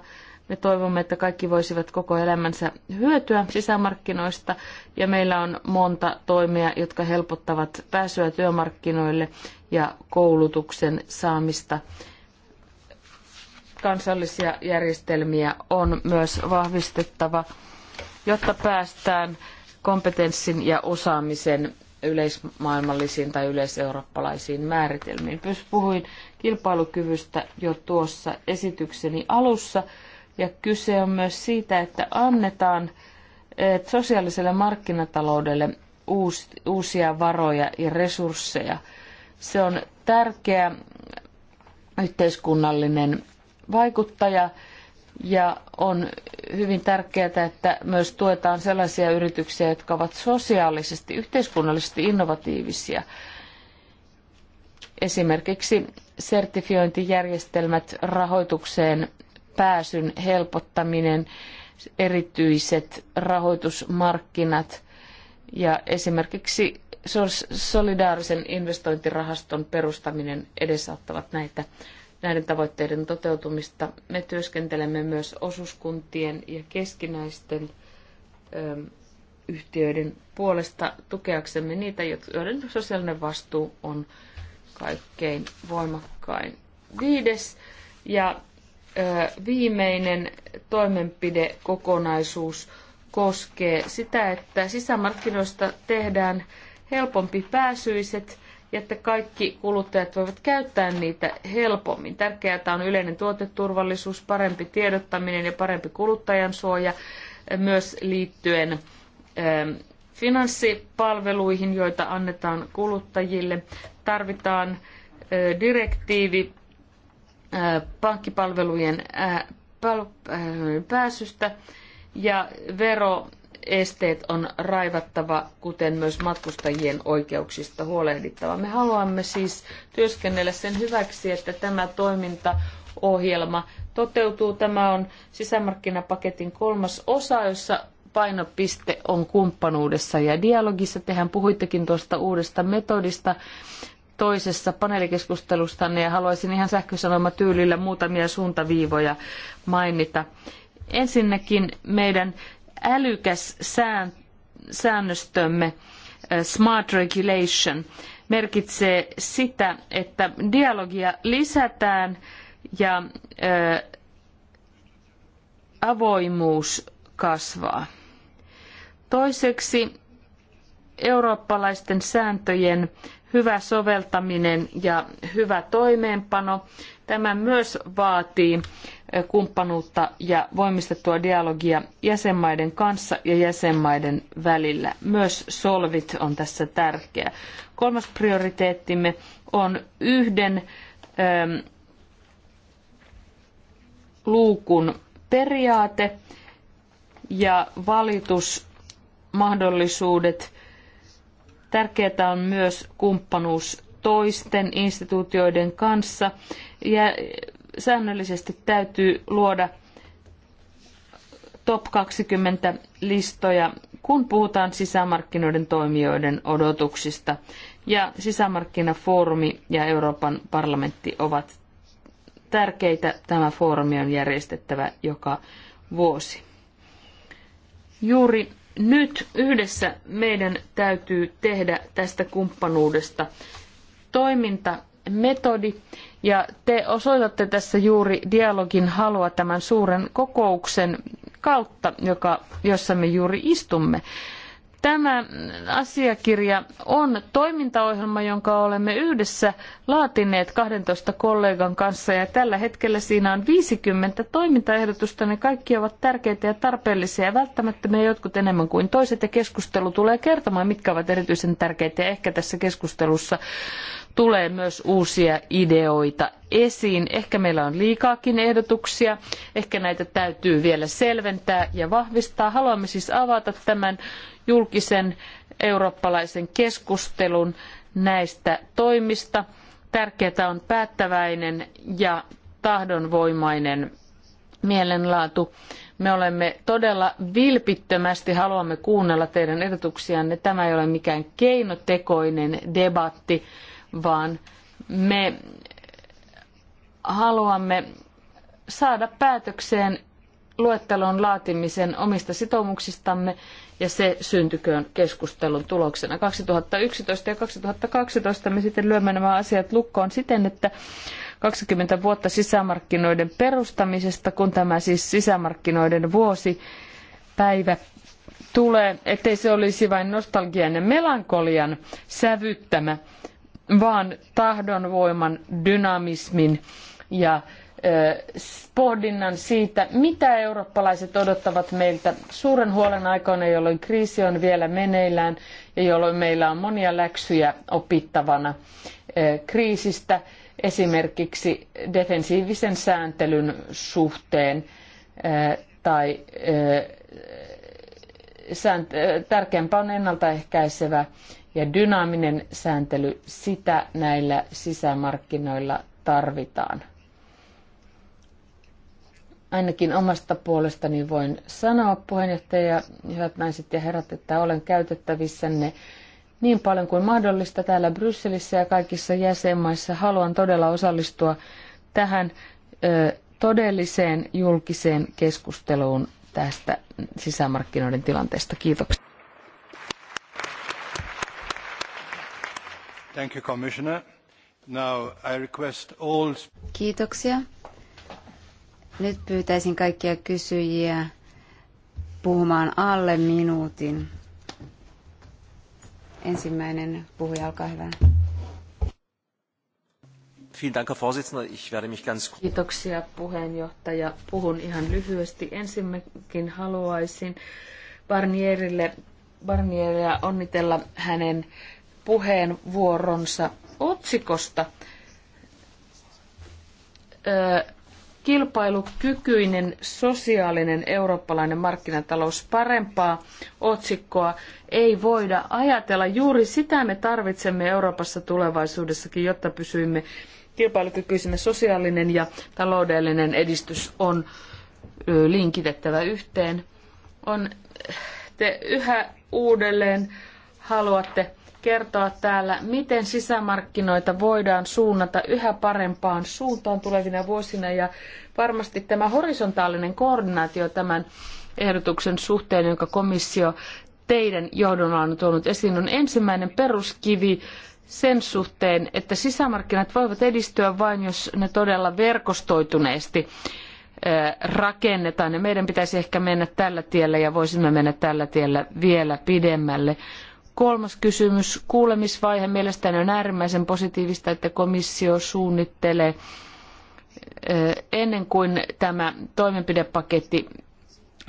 me toivomme, että kaikki voisivat koko elämänsä hyötyä sisämarkkinoista ja meillä on monta toimia, jotka helpottavat pääsyä työmarkkinoille ja koulutuksen saamista. Kansallisia järjestelmiä on myös vahvistettava, jotta päästään kompetenssin ja osaamisen yleismaailmallisiin tai yleiseurooppalaisiin määritelmiin. Puhuin kilpailukyvystä jo tuossa esitykseni alussa, ja kyse on myös siitä, että annetaan sosiaaliselle markkinataloudelle uusia varoja ja resursseja. Se on tärkeä yhteiskunnallinen vaikuttaja ja on hyvin tärkeää, että myös tuetaan sellaisia yrityksiä, jotka ovat sosiaalisesti, yhteiskunnallisesti innovatiivisia. Esimerkiksi sertifiointijärjestelmät, rahoitukseen pääsyn helpottaminen, erityiset rahoitusmarkkinat ja esimerkiksi solidaarisen investointirahaston perustaminen edesauttavat näitä näiden tavoitteiden toteutumista. Me työskentelemme myös osuuskuntien ja keskinäisten ö, yhtiöiden puolesta tukeaksemme niitä, joiden sosiaalinen vastuu on kaikkein voimakkain. Viides ja ö, viimeinen toimenpidekokonaisuus koskee sitä, että sisämarkkinoista tehdään helpompi pääsyiset ja että kaikki kuluttajat voivat käyttää niitä helpommin. Tärkeää on yleinen tuoteturvallisuus, parempi tiedottaminen ja parempi kuluttajan suoja eh, myös liittyen eh, finanssipalveluihin, joita annetaan kuluttajille. Tarvitaan eh, direktiivi pankkipalvelujen pääsystä ja vero esteet on raivattava, kuten myös matkustajien oikeuksista huolehdittava. Me haluamme siis työskennellä sen hyväksi, että tämä toimintaohjelma toteutuu. Tämä on sisämarkkinapaketin kolmas osa, jossa painopiste on kumppanuudessa ja dialogissa. Tehän puhuittekin tuosta uudesta metodista toisessa paneelikeskustelustanne ja haluaisin ihan sähkösanoma tyylillä muutamia suuntaviivoja mainita. Ensinnäkin meidän älykäs säännöstömme, eh, smart regulation, merkitsee sitä, että dialogia lisätään ja eh, avoimuus kasvaa. Toiseksi eurooppalaisten sääntöjen hyvä soveltaminen ja hyvä toimeenpano. Tämä myös vaatii kumppanuutta ja voimistettua dialogia jäsenmaiden kanssa ja jäsenmaiden välillä. Myös solvit on tässä tärkeä. Kolmas prioriteettimme on yhden ähm, luukun periaate ja valitusmahdollisuudet. Tärkeää on myös kumppanuus toisten instituutioiden kanssa ja säännöllisesti täytyy luoda top 20 listoja, kun puhutaan sisämarkkinoiden toimijoiden odotuksista. Ja sisämarkkinafoorumi ja Euroopan parlamentti ovat tärkeitä. Tämä foorumi on järjestettävä joka vuosi. Juuri nyt yhdessä meidän täytyy tehdä tästä kumppanuudesta toimintametodi, ja te osoitatte tässä juuri dialogin halua tämän suuren kokouksen kautta, joka, jossa me juuri istumme. Tämä asiakirja on toimintaohjelma, jonka olemme yhdessä laatineet 12 kollegan kanssa ja tällä hetkellä siinä on 50 toimintaehdotusta. Ne kaikki ovat tärkeitä ja tarpeellisia ja välttämättä me jotkut enemmän kuin toiset ja keskustelu tulee kertomaan, mitkä ovat erityisen tärkeitä ja ehkä tässä keskustelussa tulee myös uusia ideoita esiin. Ehkä meillä on liikaakin ehdotuksia, ehkä näitä täytyy vielä selventää ja vahvistaa. Haluamme siis avata tämän julkisen eurooppalaisen keskustelun näistä toimista. Tärkeää on päättäväinen ja tahdonvoimainen mielenlaatu. Me olemme todella vilpittömästi haluamme kuunnella teidän ehdotuksianne. Tämä ei ole mikään keinotekoinen debatti, vaan me haluamme saada päätökseen luettelon laatimisen omista sitoumuksistamme ja se syntyköön keskustelun tuloksena. 2011 ja 2012 me sitten lyömme nämä asiat lukkoon siten, että 20 vuotta sisämarkkinoiden perustamisesta, kun tämä siis sisämarkkinoiden vuosipäivä tulee, ettei se olisi vain nostalgian ja melankolian sävyttämä vaan tahdonvoiman, dynamismin ja pohdinnan siitä, mitä eurooppalaiset odottavat meiltä suuren huolen aikoina, jolloin kriisi on vielä meneillään ja jolloin meillä on monia läksyjä opittavana kriisistä, esimerkiksi defensiivisen sääntelyn suhteen tai tärkeämpää on ennaltaehkäisevä ja dynaaminen sääntely, sitä näillä sisämarkkinoilla tarvitaan. Ainakin omasta puolestani voin sanoa, puheenjohtaja, hyvät naiset ja herrat, että olen käytettävissänne niin paljon kuin mahdollista täällä Brysselissä ja kaikissa jäsenmaissa. Haluan todella osallistua tähän ö, todelliseen julkiseen keskusteluun tästä sisämarkkinoiden tilanteesta. Kiitoksia. Kiitoksia. Nyt pyytäisin kaikkia kysyjiä puhumaan alle minuutin. Ensimmäinen puhuja, olkaa hyvä. Kiitoksia puheenjohtaja. Puhun ihan lyhyesti. Ensinnäkin haluaisin Barnierille, Barnieria onnitella hänen puheenvuoronsa otsikosta. Ö, kilpailukykyinen sosiaalinen eurooppalainen markkinatalous parempaa otsikkoa ei voida ajatella. Juuri sitä me tarvitsemme Euroopassa tulevaisuudessakin, jotta pysyimme kilpailukykyisenä sosiaalinen ja taloudellinen edistys on linkitettävä yhteen. On, te yhä uudelleen haluatte kertoa täällä, miten sisämarkkinoita voidaan suunnata yhä parempaan suuntaan tulevina vuosina. Ja varmasti tämä horisontaalinen koordinaatio tämän ehdotuksen suhteen, jonka komissio teidän johdonalla on tuonut esiin, on ensimmäinen peruskivi sen suhteen, että sisämarkkinat voivat edistyä vain, jos ne todella verkostoituneesti rakennetaan. Ja meidän pitäisi ehkä mennä tällä tiellä ja voisimme mennä tällä tiellä vielä pidemmälle. Kolmas kysymys, kuulemisvaihe. Mielestäni on äärimmäisen positiivista, että komissio suunnittelee eh, ennen kuin tämä toimenpidepaketti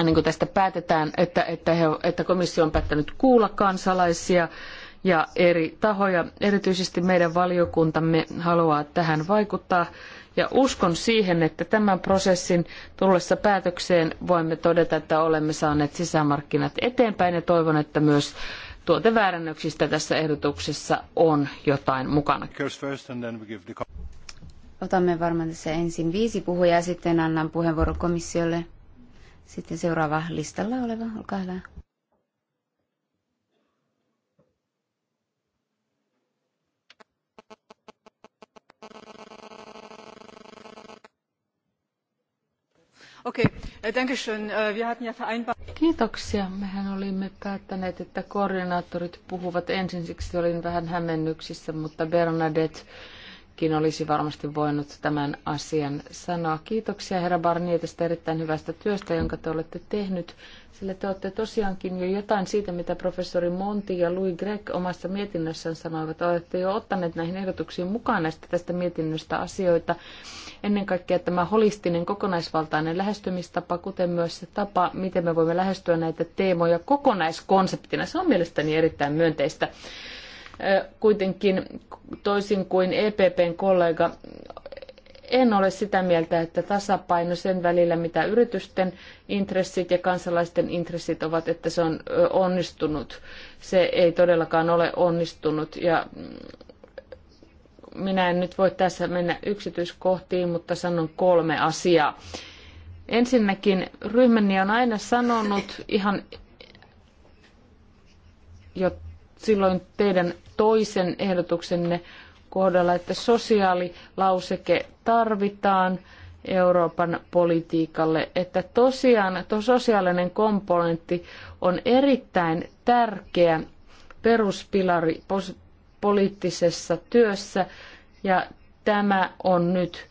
niin kuin tästä päätetään, että, että, he, että komissio on päättänyt kuulla kansalaisia ja eri tahoja. Erityisesti meidän valiokuntamme haluaa tähän vaikuttaa ja uskon siihen, että tämän prosessin tullessa päätökseen voimme todeta, että olemme saaneet sisämarkkinat eteenpäin ja toivon, että myös tuoteväärännöksistä tässä ehdotuksessa on jotain mukana. Otamme varmaan tässä ensin viisi puhujaa, sitten annan puheenvuoron komissiolle. Sitten seuraava listalla oleva, olkaa hyvä. Äh, äh, Kiitoksia. Mehän olimme päättäneet, että koordinaattorit puhuvat ensin, siksi olin vähän hämmennyksissä, mutta Bernadette Kin olisi varmasti voinut tämän asian sanoa. Kiitoksia herra Barnier tästä erittäin hyvästä työstä, jonka te olette tehnyt, sillä te olette tosiaankin jo jotain siitä, mitä professori Monti ja Louis Gregg omassa mietinnössään sanoivat. Olette jo ottaneet näihin ehdotuksiin mukaan näistä tästä mietinnöstä asioita. Ennen kaikkea tämä holistinen kokonaisvaltainen lähestymistapa, kuten myös se tapa, miten me voimme lähestyä näitä teemoja kokonaiskonseptina. Se on mielestäni erittäin myönteistä. Kuitenkin toisin kuin EPPn kollega, en ole sitä mieltä, että tasapaino sen välillä, mitä yritysten intressit ja kansalaisten intressit ovat, että se on onnistunut. Se ei todellakaan ole onnistunut ja mm, minä en nyt voi tässä mennä yksityiskohtiin, mutta sanon kolme asiaa. Ensinnäkin ryhmäni on aina sanonut ihan, jotta silloin teidän toisen ehdotuksenne kohdalla, että sosiaalilauseke tarvitaan Euroopan politiikalle, että tosiaan tuo sosiaalinen komponentti on erittäin tärkeä peruspilari poliittisessa työssä ja tämä on nyt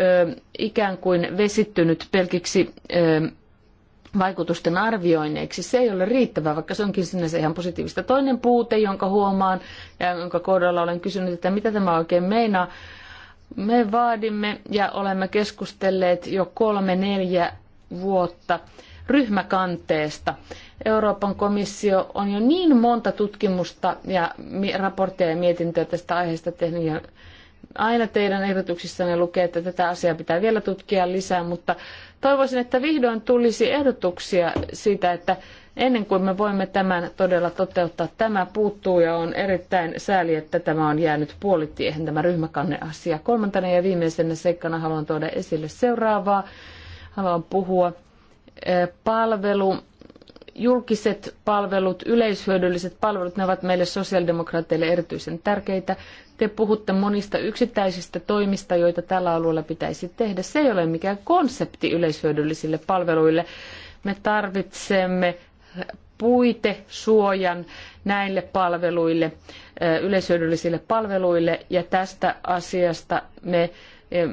ö, ikään kuin vesittynyt pelkiksi ö, vaikutusten arvioinneiksi. Se ei ole riittävää, vaikka se onkin sinänsä ihan positiivista. Toinen puute, jonka huomaan ja jonka kohdalla olen kysynyt, että mitä tämä oikein meinaa, me vaadimme ja olemme keskustelleet jo kolme neljä vuotta ryhmäkanteesta. Euroopan komissio on jo niin monta tutkimusta ja raportteja ja mietintöä tästä aiheesta tehnyt ja aina teidän ehdotuksissanne lukee, että tätä asiaa pitää vielä tutkia lisää, mutta Toivoisin, että vihdoin tulisi ehdotuksia siitä, että ennen kuin me voimme tämän todella toteuttaa, tämä puuttuu ja on erittäin sääli, että tämä on jäänyt puolitiehen tämä ryhmäkanneasia. Kolmantena ja viimeisenä seikkana haluan tuoda esille seuraavaa. Haluan puhua eh, palvelu julkiset palvelut, yleishyödylliset palvelut, ne ovat meille sosiaalidemokraateille erityisen tärkeitä. Te puhutte monista yksittäisistä toimista, joita tällä alueella pitäisi tehdä. Se ei ole mikään konsepti yleishyödyllisille palveluille. Me tarvitsemme puitesuojan näille palveluille, yleishyödyllisille palveluille, ja tästä asiasta me,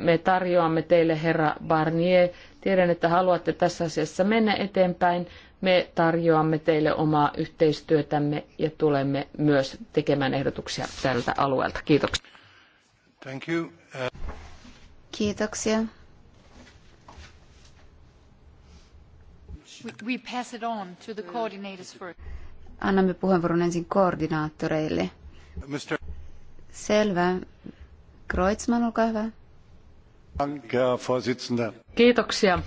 me tarjoamme teille, herra Barnier, tiedän, että haluatte tässä asiassa mennä eteenpäin, me tarjoamme teille omaa yhteistyötämme ja tulemme myös tekemään ehdotuksia tältä alueelta. Kiitoksia. Thank you. Uh... Kiitoksia. We pass it on to the coordinators Annamme puheenvuoron ensin koordinaattoreille. Mr. Selvä. Kreutzmann, olkaa hyvä. Kiitoksia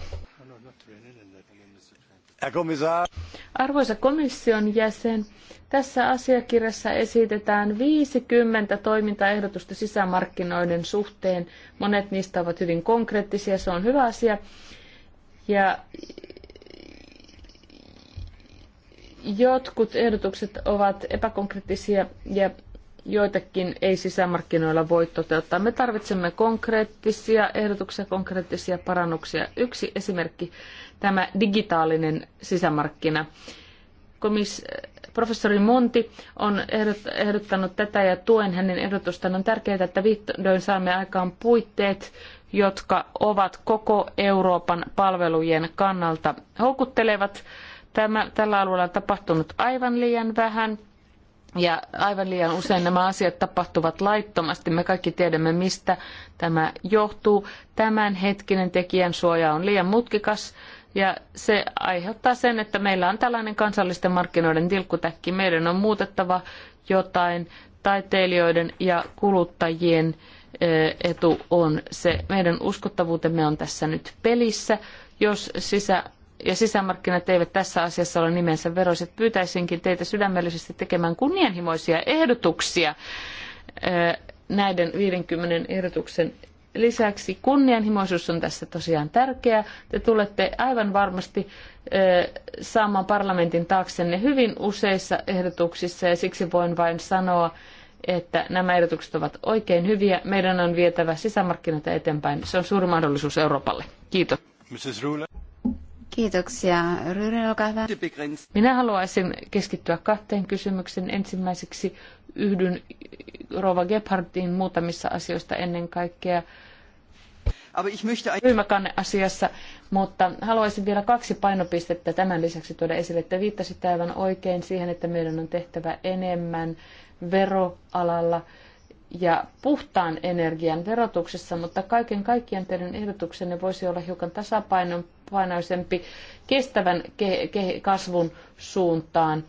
Arvoisa komission jäsen, tässä asiakirjassa esitetään 50 toimintaehdotusta sisämarkkinoiden suhteen. Monet niistä ovat hyvin konkreettisia, se on hyvä asia. Ja jotkut ehdotukset ovat epäkonkreettisia ja joitakin ei sisämarkkinoilla voi toteuttaa. Me tarvitsemme konkreettisia ehdotuksia, konkreettisia parannuksia. Yksi esimerkki tämä digitaalinen sisämarkkina. Komis- professori Monti on ehdottanut tätä ja tuen hänen ehdotustaan. On tärkeää, että vihdoin saamme aikaan puitteet, jotka ovat koko Euroopan palvelujen kannalta houkuttelevat. Tämä, tällä alueella on tapahtunut aivan liian vähän. Ja aivan liian usein nämä asiat tapahtuvat laittomasti. Me kaikki tiedämme, mistä tämä johtuu. Tämänhetkinen tekijän suoja on liian mutkikas ja se aiheuttaa sen, että meillä on tällainen kansallisten markkinoiden tilkkutäkki. Meidän on muutettava jotain taiteilijoiden ja kuluttajien eh, etu on se. Meidän uskottavuutemme on tässä nyt pelissä. Jos sisä ja sisämarkkinat eivät tässä asiassa ole nimensä veroiset, pyytäisinkin teitä sydämellisesti tekemään kunnianhimoisia ehdotuksia eh, näiden 50 ehdotuksen lisäksi kunnianhimoisuus on tässä tosiaan tärkeää. Te tulette aivan varmasti saamaan parlamentin taaksenne hyvin useissa ehdotuksissa ja siksi voin vain sanoa, että nämä ehdotukset ovat oikein hyviä. Meidän on vietävä sisämarkkinoita eteenpäin. Se on suuri mahdollisuus Euroopalle. Kiitos. Mrs. Kiitoksia. Ryyden, olkaa hyvä. Minä haluaisin keskittyä kahteen kysymykseen. Ensimmäiseksi yhdyn Rova Gebhardtiin muutamissa asioista ennen kaikkea ryhmäkanneasiassa, mutta haluaisin vielä kaksi painopistettä tämän lisäksi tuoda esille. Te viittasitte aivan oikein siihen, että meidän on tehtävä enemmän veroalalla ja puhtaan energian verotuksessa, mutta kaiken kaikkiaan teidän ehdotuksenne voisi olla hiukan tasapainoisempi kestävän kasvun suuntaan.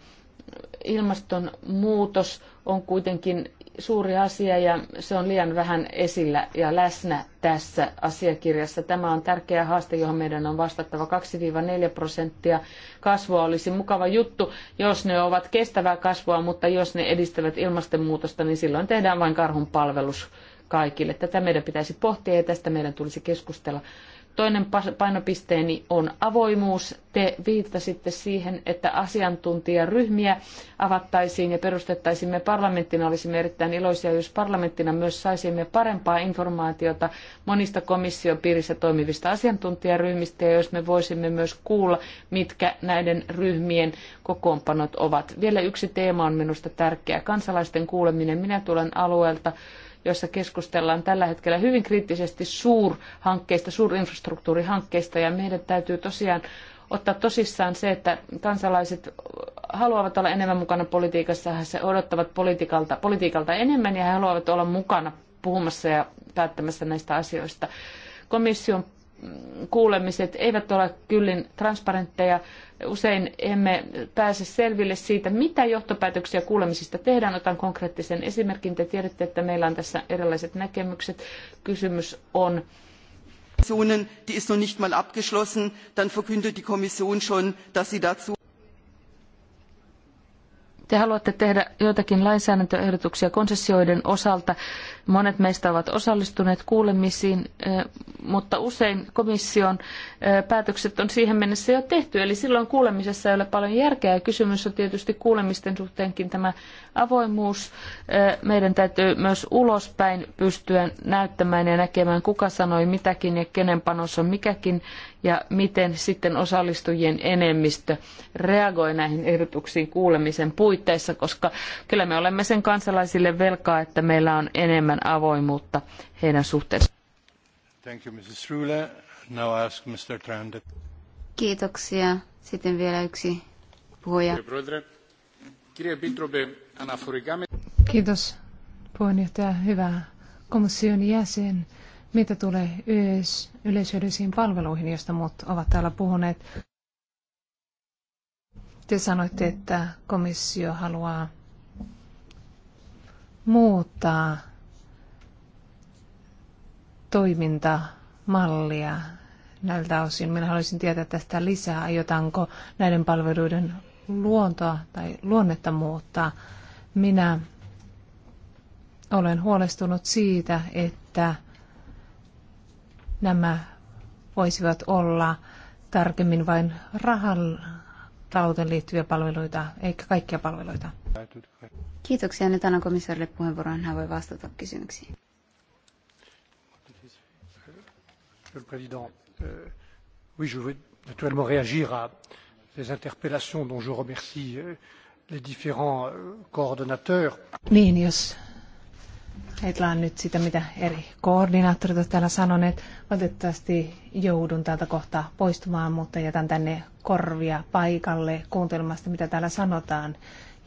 Ilmastonmuutos on kuitenkin suuri asia ja se on liian vähän esillä ja läsnä tässä asiakirjassa. Tämä on tärkeä haaste, johon meidän on vastattava 2-4 prosenttia. Kasvua olisi mukava juttu, jos ne ovat kestävää kasvua, mutta jos ne edistävät ilmastonmuutosta, niin silloin tehdään vain karhun palvelus kaikille. Tätä meidän pitäisi pohtia ja tästä meidän tulisi keskustella Toinen painopisteeni on avoimuus. Te viittasitte siihen, että asiantuntijaryhmiä avattaisiin ja perustettaisiin. Me parlamenttina olisimme erittäin iloisia, jos parlamenttina myös saisimme parempaa informaatiota monista komission piirissä toimivista asiantuntijaryhmistä ja jos me voisimme myös kuulla, mitkä näiden ryhmien kokoonpanot ovat. Vielä yksi teema on minusta tärkeä, kansalaisten kuuleminen. Minä tulen alueelta, jossa keskustellaan tällä hetkellä hyvin kriittisesti suurhankkeista, suurinfrastruktuurihankkeista ja meidän täytyy tosiaan ottaa tosissaan se, että kansalaiset haluavat olla enemmän mukana politiikassa, he odottavat politiikalta, politiikalta enemmän ja he haluavat olla mukana puhumassa ja päättämässä näistä asioista. Komission kuulemiset eivät ole kyllin transparentteja. Usein emme pääse selville siitä, mitä johtopäätöksiä kuulemisista tehdään. Otan konkreettisen esimerkin. Te tiedätte, että meillä on tässä erilaiset näkemykset. Kysymys on die ist noch nicht mal abgeschlossen dann verkündet die kommission schon dass sie dazu Te haluatte tehdä joitakin lainsäädäntöehdotuksia konsessioiden osalta Monet meistä ovat osallistuneet kuulemisiin, mutta usein komission päätökset on siihen mennessä jo tehty, eli silloin kuulemisessa ei ole paljon järkeä. Ja kysymys on tietysti kuulemisten suhteenkin tämä avoimuus. Meidän täytyy myös ulospäin pystyä näyttämään ja näkemään, kuka sanoi mitäkin ja kenen panos on mikäkin, ja miten sitten osallistujien enemmistö reagoi näihin ehdotuksiin kuulemisen puitteissa, koska kyllä me olemme sen kansalaisille velkaa, että meillä on enemmän enemmän avoimuutta heidän suhteensa. Kiitoksia. Sitten vielä yksi puhuja. Kiitos puheenjohtaja. Hyvä komission jäsen. Mitä tulee yleis- yleishyödyllisiin palveluihin, joista muut ovat täällä puhuneet? Te sanoitte, että komissio haluaa muuttaa toimintamallia näiltä osin. Minä haluaisin tietää tästä lisää, aiotaanko näiden palveluiden luontoa tai luonnetta muuttaa. Minä olen huolestunut siitä, että nämä voisivat olla tarkemmin vain rahan talouteen liittyviä palveluita, eikä kaikkia palveluita. Kiitoksia. Nyt annan komissaarille puheenvuoron. Hän voi vastata kysymyksiin. monsieur le président euh, je veux naturellement réagir à ces interpellations dont je remercie euh, les différents euh, coordonnateurs. Niin, jos ajatellaan nyt sitä, mitä eri koordinaattorit ovat täällä sanoneet. Valitettavasti joudun täältä kohtaa poistumaan, mutta jätän tänne korvia paikalle kuuntelemaan mitä täällä sanotaan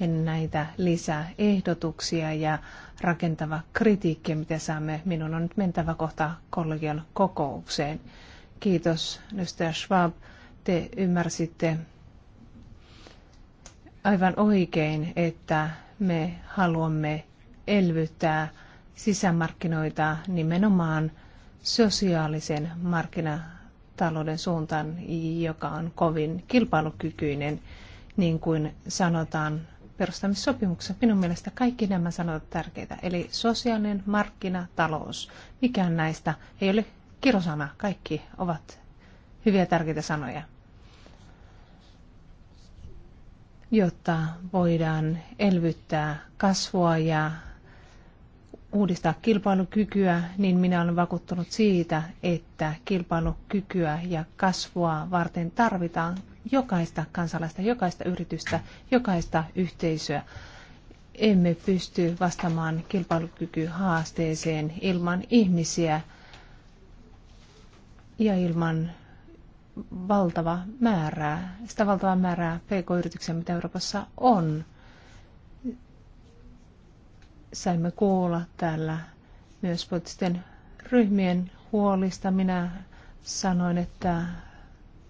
ja näitä lisäehdotuksia ja rakentava kritiikki, mitä saamme. Minun on nyt mentävä kohta kollegion kokoukseen. Kiitos, Nystä Schwab. Te ymmärsitte aivan oikein, että me haluamme elvyttää sisämarkkinoita nimenomaan sosiaalisen markkinatalouden suuntaan, joka on kovin kilpailukykyinen, niin kuin sanotaan perustamissopimuksessa. Minun mielestä kaikki nämä sanat ovat tärkeitä. Eli sosiaalinen markkina, talous. Mikään näistä ei ole kirosana. Kaikki ovat hyviä tärkeitä sanoja. Jotta voidaan elvyttää kasvua ja uudistaa kilpailukykyä, niin minä olen vakuuttunut siitä, että kilpailukykyä ja kasvua varten tarvitaan jokaista kansalaista, jokaista yritystä, jokaista yhteisöä. Emme pysty vastaamaan kilpailukykyhaasteeseen ilman ihmisiä ja ilman valtava määrää, sitä valtavaa määrää pk-yrityksiä, mitä Euroopassa on. Saimme kuulla täällä myös poliittisten ryhmien huolista. Minä sanoin, että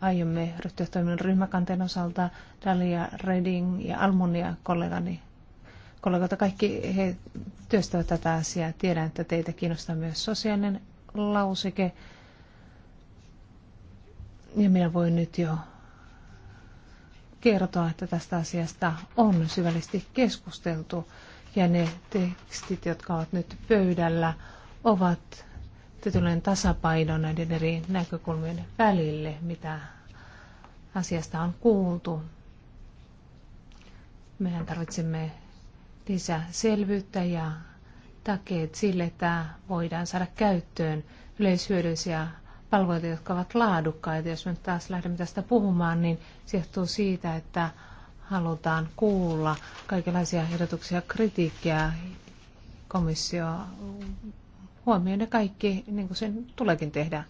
aiomme ryhtyä toiminnan ryhmäkanteen osalta. Dalia, Redding ja Almunia kollegani, kollegoita, kaikki he työstävät tätä asiaa. Tiedän, että teitä kiinnostaa myös sosiaalinen lausike Ja minä voin nyt jo kertoa, että tästä asiasta on syvällisesti keskusteltu. Ja ne tekstit, jotka ovat nyt pöydällä, ovat tietynlainen tasapaino näiden eri näkökulmien välille, mitä asiasta on kuultu. Mehän tarvitsemme lisää selvyyttä ja takeet sille, että voidaan saada käyttöön yleishyödyllisiä palveluita, jotka ovat laadukkaita. Jos me taas lähdemme tästä puhumaan, niin se johtuu siitä, että halutaan kuulla kaikenlaisia ehdotuksia ja kritiikkiä. Komissio huomioida kaikki, niin kuin sen tuleekin tehdä.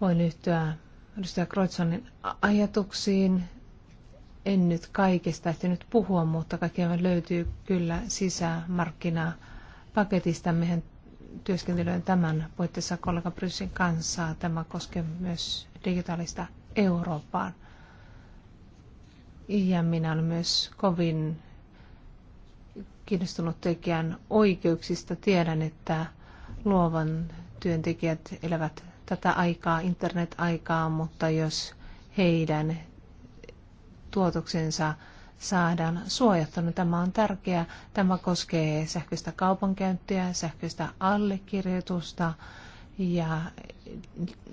Voin yhtyä edustaja Kreutzmannin ajatuksiin. En nyt kaikesta ehtinyt puhua, mutta kaikkea löytyy kyllä sisämarkkinapaketista. meidän työskentelyyn tämän puitteissa kollega Bryssin kanssa. Tämä koskee myös digitaalista Eurooppaan. Ja minä olen myös kovin kiinnostunut tekijän oikeuksista. Tiedän, että luovan työntekijät elävät tätä aikaa, internet-aikaa, mutta jos heidän tuotoksensa saadaan suojattuna. Tämä on tärkeää. Tämä koskee sähköistä kaupankäyntiä, sähköistä allekirjoitusta ja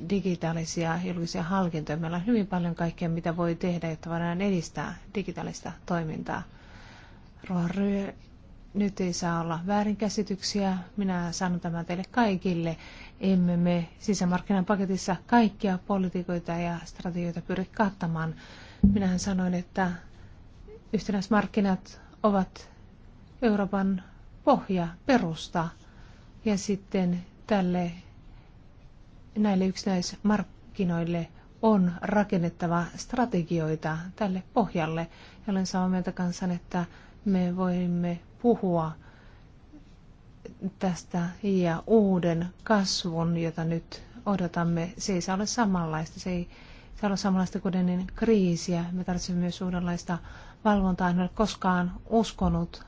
digitaalisia julkisia hankintoja. Meillä on hyvin paljon kaikkea, mitä voi tehdä, jotta voidaan edistää digitaalista toimintaa. Ruohonjuuritasolla nyt ei saa olla väärinkäsityksiä. Minä sanon tämän teille kaikille. Emme me sisämarkkinan paketissa kaikkia politiikoita ja strategioita pyri kattamaan. Minähän sanoin, että yhtenäismarkkinat ovat Euroopan pohja, perusta. Ja sitten tälle, näille yksinäismarkkinoille on rakennettava strategioita tälle pohjalle. Ja olen samaa mieltä kanssa, että me voimme puhua tästä ja uuden kasvun, jota nyt odotamme, se ei saa olla samanlaista. Se ei saa olla samanlaista kuin ennen kriisiä. Me tarvitsemme myös uudenlaista valvontaa. En ole koskaan uskonut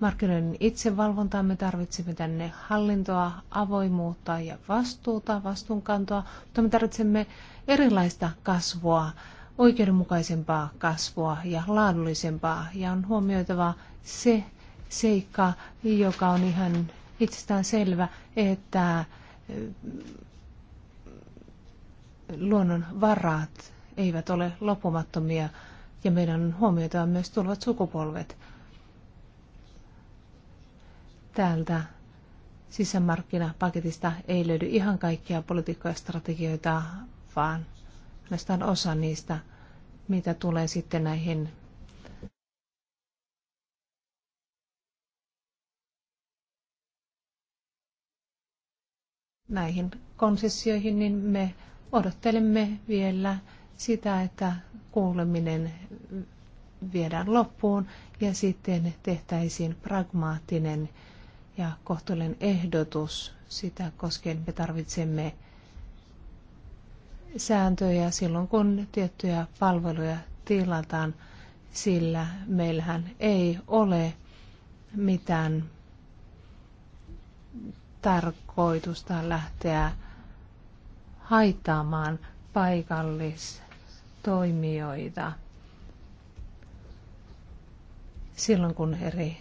markkinoiden itsevalvontaa. Me tarvitsemme tänne hallintoa, avoimuutta ja vastuuta, vastuunkantoa, mutta me tarvitsemme erilaista kasvua, oikeudenmukaisempaa kasvua ja laadullisempaa. Ja on huomioitava se, seikka, joka on ihan itsestään selvä, että eh, varat eivät ole lopumattomia ja meidän on huomioitava myös tulevat sukupolvet. Täältä sisämarkkinapaketista ei löydy ihan kaikkia politiikkoja ja strategioita, vaan ainoastaan osa niistä, mitä tulee sitten näihin näihin konsessioihin, niin me odottelemme vielä sitä, että kuuleminen viedään loppuun ja sitten tehtäisiin pragmaattinen ja kohtuullinen ehdotus sitä koskien. Me tarvitsemme sääntöjä silloin, kun tiettyjä palveluja tilataan, sillä meillähän ei ole mitään tarkoitusta lähteä haittaamaan paikallistoimijoita silloin, kun eri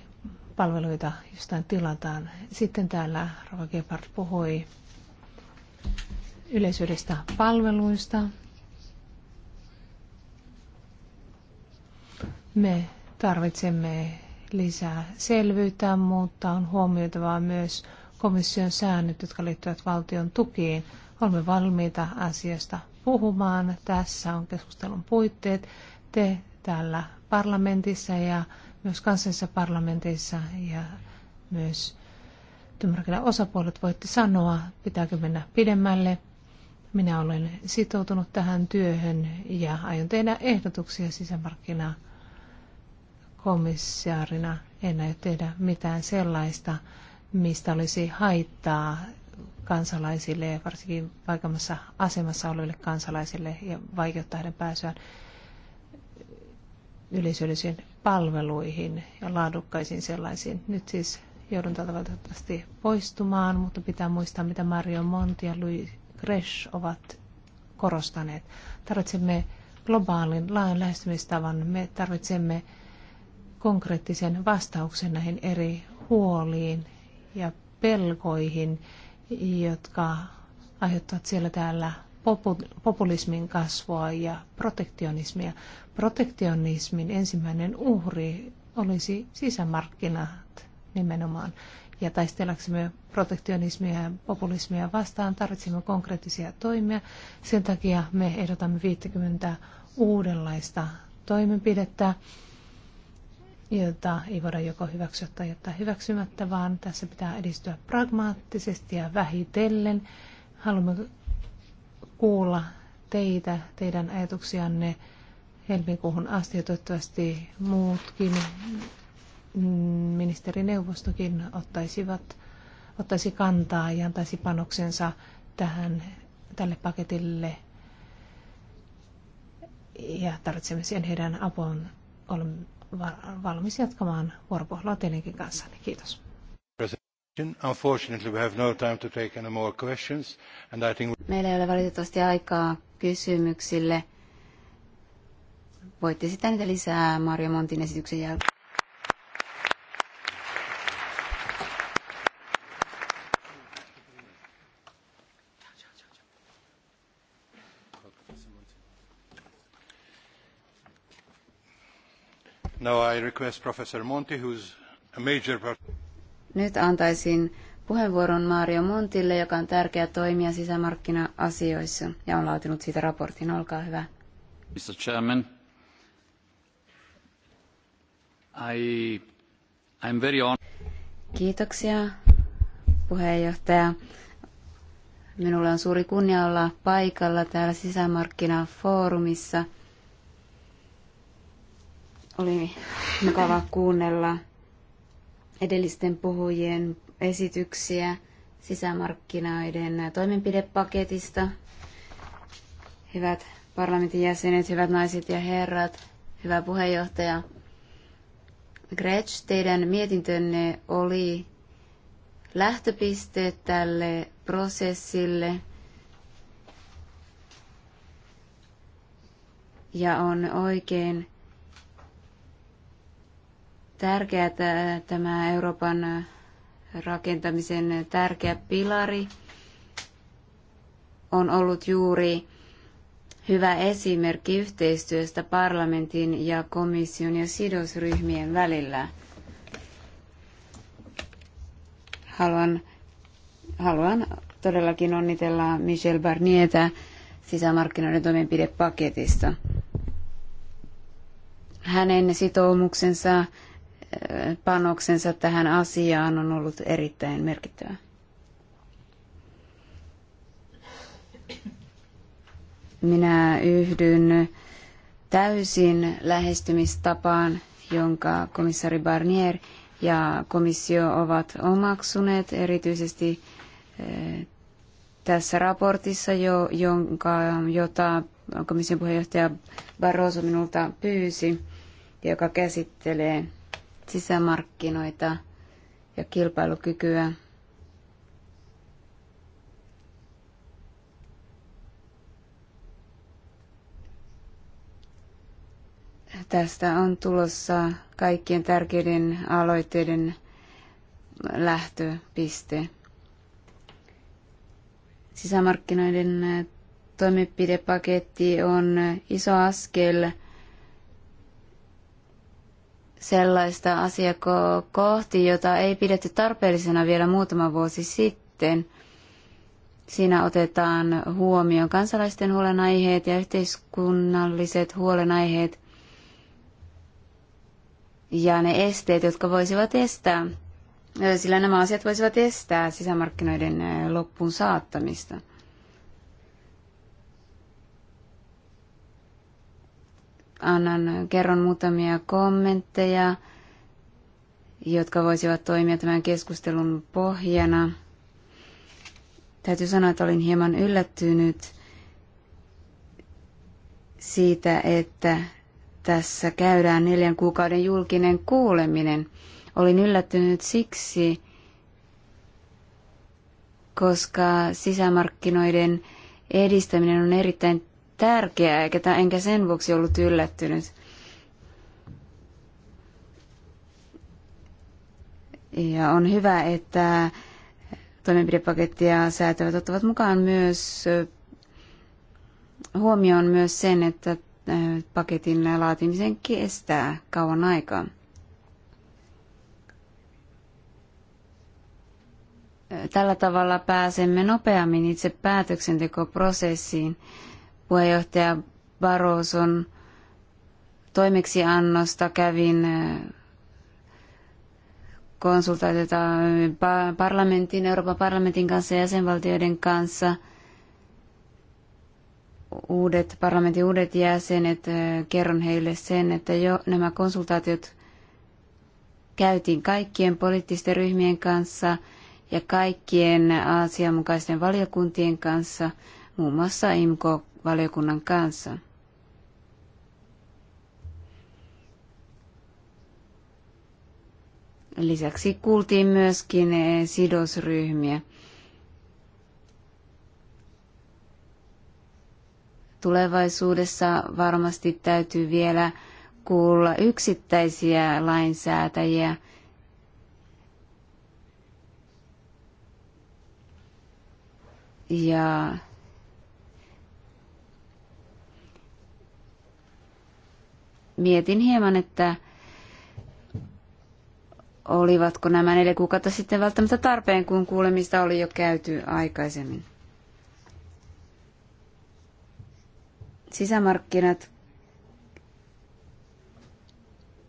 palveluita jostain tilataan. Sitten täällä Rova Gebhardt puhui yleisyydestä palveluista. Me tarvitsemme lisää selvyyttä, mutta on huomioitavaa myös komission säännöt, jotka liittyvät valtion tukiin. Olemme valmiita asiasta puhumaan. Tässä on keskustelun puitteet. Te täällä parlamentissa ja myös kansallisissa parlamenteissa ja myös työmarkkinoiden osapuolet voitte sanoa, pitääkö mennä pidemmälle. Minä olen sitoutunut tähän työhön ja aion tehdä ehdotuksia sisämarkkinaa komissaarina en aio tehdä mitään sellaista, mistä olisi haittaa kansalaisille ja varsinkin vaikeammassa asemassa oleville kansalaisille ja vaikeuttaa heidän pääsyään yleisöllisiin palveluihin ja laadukkaisiin sellaisiin. Nyt siis joudun toivottavasti poistumaan, mutta pitää muistaa, mitä Mario Monti ja Louis Gresh ovat korostaneet. Tarvitsemme globaalin laajan lähestymistavan. Me tarvitsemme konkreettisen vastauksen näihin eri huoliin ja pelkoihin, jotka aiheuttavat siellä täällä populismin kasvua ja protektionismia. Protektionismin ensimmäinen uhri olisi sisämarkkinat nimenomaan. Ja taistellaksemme protektionismia ja populismia vastaan tarvitsemme konkreettisia toimia. Sen takia me ehdotamme 50 uudenlaista toimenpidettä jota ei voida joko hyväksyä tai jättää hyväksymättä, vaan tässä pitää edistyä pragmaattisesti ja vähitellen. Haluamme kuulla teitä, teidän ajatuksianne helmikuuhun asti ja toivottavasti muutkin ministerineuvostokin ottaisivat, ottaisi kantaa ja antaisi panoksensa tähän, tälle paketille ja tarvitsemme siihen heidän apuun olen valmis jatkamaan vuoropuhelua teidänkin kanssanne. Kiitos. No Meillä ei ole valitettavasti aikaa kysymyksille. Voitte sitä niitä lisää Mario Montin esityksen jälkeen. I request Professor Monti, who's a major... Nyt antaisin puheenvuoron Mario Montille, joka on tärkeä toimija sisämarkkina-asioissa ja on laatinut siitä raportin. Olkaa hyvä. Mr. Chairman, I, I'm very on... Kiitoksia, puheenjohtaja. Minulla on suuri kunnia olla paikalla täällä sisämarkkinafoorumissa – oli mukava kuunnella edellisten puhujien esityksiä sisämarkkinoiden toimenpidepaketista. Hyvät parlamentin jäsenet, hyvät naiset ja herrat, hyvä puheenjohtaja. Gretsch, teidän mietintönne oli lähtöpiste tälle prosessille ja on oikein Tärkeä äh, tämä Euroopan rakentamisen tärkeä pilari on ollut juuri hyvä esimerkki yhteistyöstä parlamentin ja komission ja sidosryhmien välillä. Haluan, haluan todellakin onnitella Michel Barnietä sisämarkkinoiden toimenpidepaketista. Hänen sitoumuksensa panoksensa tähän asiaan on ollut erittäin merkittävä. Minä yhdyn täysin lähestymistapaan, jonka komissari Barnier ja komissio ovat omaksuneet erityisesti eh, tässä raportissa, jo, jonka, jota komission puheenjohtaja Barroso minulta pyysi, joka käsittelee sisämarkkinoita ja kilpailukykyä. Tästä on tulossa kaikkien tärkeiden aloitteiden lähtöpiste. Sisämarkkinoiden toimenpidepaketti on iso askel – sellaista kohti, jota ei pidetty tarpeellisena vielä muutama vuosi sitten. Siinä otetaan huomioon kansalaisten huolenaiheet ja yhteiskunnalliset huolenaiheet ja ne esteet, jotka voisivat estää, sillä nämä asiat voisivat estää sisämarkkinoiden loppuun saattamista. annan, kerron muutamia kommentteja, jotka voisivat toimia tämän keskustelun pohjana. Täytyy sanoa, että olin hieman yllättynyt siitä, että tässä käydään neljän kuukauden julkinen kuuleminen. Olin yllättynyt siksi, koska sisämarkkinoiden edistäminen on erittäin tärkeää, eikä enkä sen vuoksi ollut yllättynyt. Ja on hyvä, että toimenpidepakettia säätävät ottavat mukaan myös huomioon myös sen, että äh, paketin laatimisen kestää kauan aikaa. Tällä tavalla pääsemme nopeammin itse päätöksentekoprosessiin. prosessiin puheenjohtaja Baroson toimeksiannosta kävin konsultaatiota parlamentin, Euroopan parlamentin kanssa ja jäsenvaltioiden kanssa. Uudet parlamentin uudet jäsenet, kerron heille sen, että jo nämä konsultaatiot käytiin kaikkien poliittisten ryhmien kanssa ja kaikkien asianmukaisten valiokuntien kanssa, muun muassa IMKO valiokunnan kanssa. Lisäksi kuultiin myöskin sidosryhmiä. Tulevaisuudessa varmasti täytyy vielä kuulla yksittäisiä lainsäätäjiä. Ja mietin hieman, että olivatko nämä neljä kuukautta sitten välttämättä tarpeen, kun kuulemista oli jo käyty aikaisemmin. Sisämarkkinat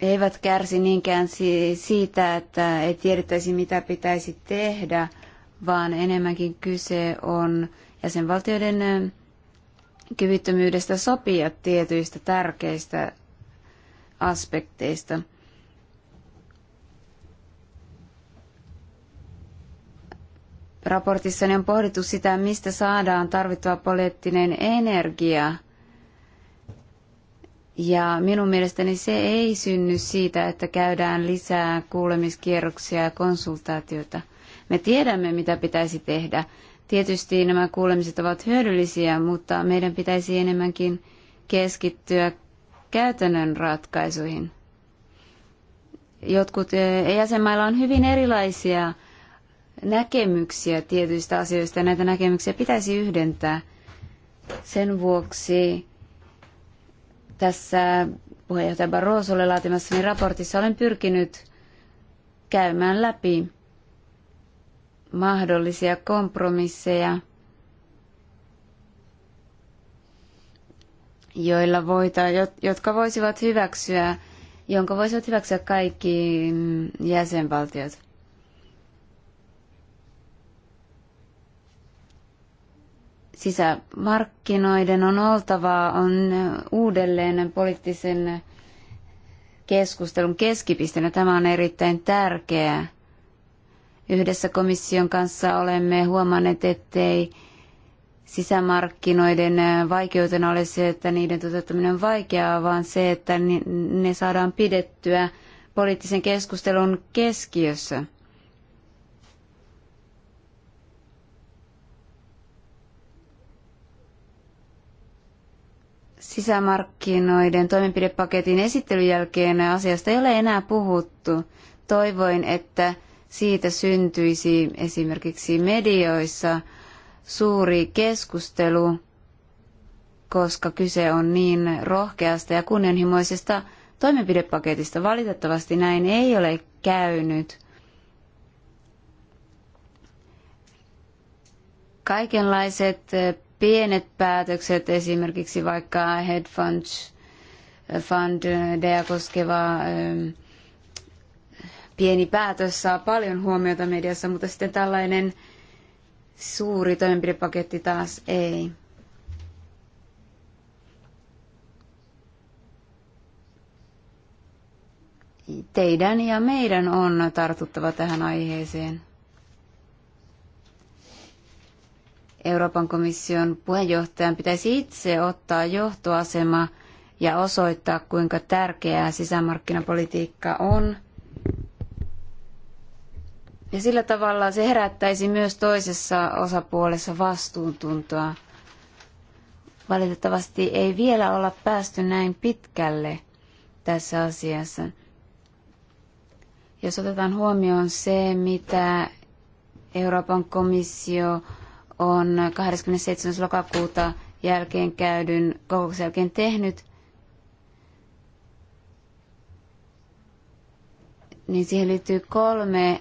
eivät kärsi niinkään siitä, että ei tiedettäisi mitä pitäisi tehdä, vaan enemmänkin kyse on jäsenvaltioiden kyvyttömyydestä sopia tietyistä tärkeistä aspekteista. Raportissani on pohdittu sitä, mistä saadaan tarvittava poliittinen energia. Ja minun mielestäni se ei synny siitä, että käydään lisää kuulemiskierroksia ja konsultaatiota. Me tiedämme, mitä pitäisi tehdä. Tietysti nämä kuulemiset ovat hyödyllisiä, mutta meidän pitäisi enemmänkin keskittyä käytännön ratkaisuihin. Jotkut eh, jäsenmailla on hyvin erilaisia näkemyksiä tietyistä asioista ja näitä näkemyksiä pitäisi yhdentää. Sen vuoksi tässä puheenjohtaja Barrosolle laatimassani raportissa olen pyrkinyt käymään läpi mahdollisia kompromisseja – joilla voita, jotka voisivat hyväksyä, jonka voisivat hyväksyä kaikki jäsenvaltiot. Sisämarkkinoiden on oltava on uudelleen poliittisen keskustelun keskipisteenä. Tämä on erittäin tärkeää. Yhdessä komission kanssa olemme huomanneet, ettei sisämarkkinoiden vaikeutena ole se, että niiden toteuttaminen on vaikeaa, vaan se, että ne saadaan pidettyä poliittisen keskustelun keskiössä. Sisämarkkinoiden toimenpidepaketin esittelyn jälkeen asiasta ei ole enää puhuttu. Toivoin, että siitä syntyisi esimerkiksi medioissa – suuri keskustelu, koska kyse on niin rohkeasta ja kunnianhimoisesta toimenpidepaketista. Valitettavasti näin ei ole käynyt. Kaikenlaiset eh, pienet päätökset, esimerkiksi vaikka headfunds, eh, fund, eh, DEA koskeva pieni päätös saa paljon huomiota mediassa, mutta sitten tällainen suuri toimenpidepaketti taas ei. Teidän ja meidän on tartuttava tähän aiheeseen. Euroopan komission puheenjohtajan pitäisi itse ottaa johtoasema ja osoittaa, kuinka tärkeää sisämarkkinapolitiikka on ja sillä tavalla se herättäisi myös toisessa osapuolessa vastuuntuntoa. Valitettavasti ei vielä olla päästy näin pitkälle tässä asiassa. Jos otetaan huomioon se, mitä Euroopan komissio on 27. lokakuuta jälkeen käydyn kokouksen jälkeen tehnyt, niin siihen liittyy kolme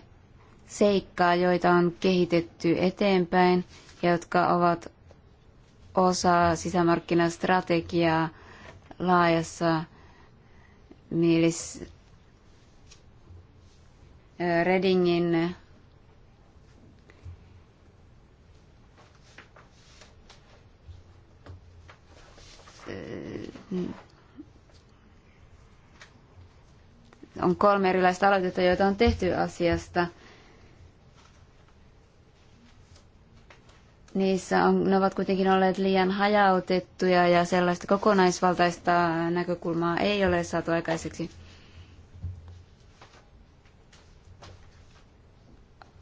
seikkaa, joita on kehitetty eteenpäin ja jotka ovat osa sisämarkkinastrategiaa laajassa mielessä. Redingin on kolme erilaista aloitetta, joita on tehty asiasta – niissä on, ne ovat kuitenkin olleet liian hajautettuja ja sellaista kokonaisvaltaista näkökulmaa ei ole saatu aikaiseksi.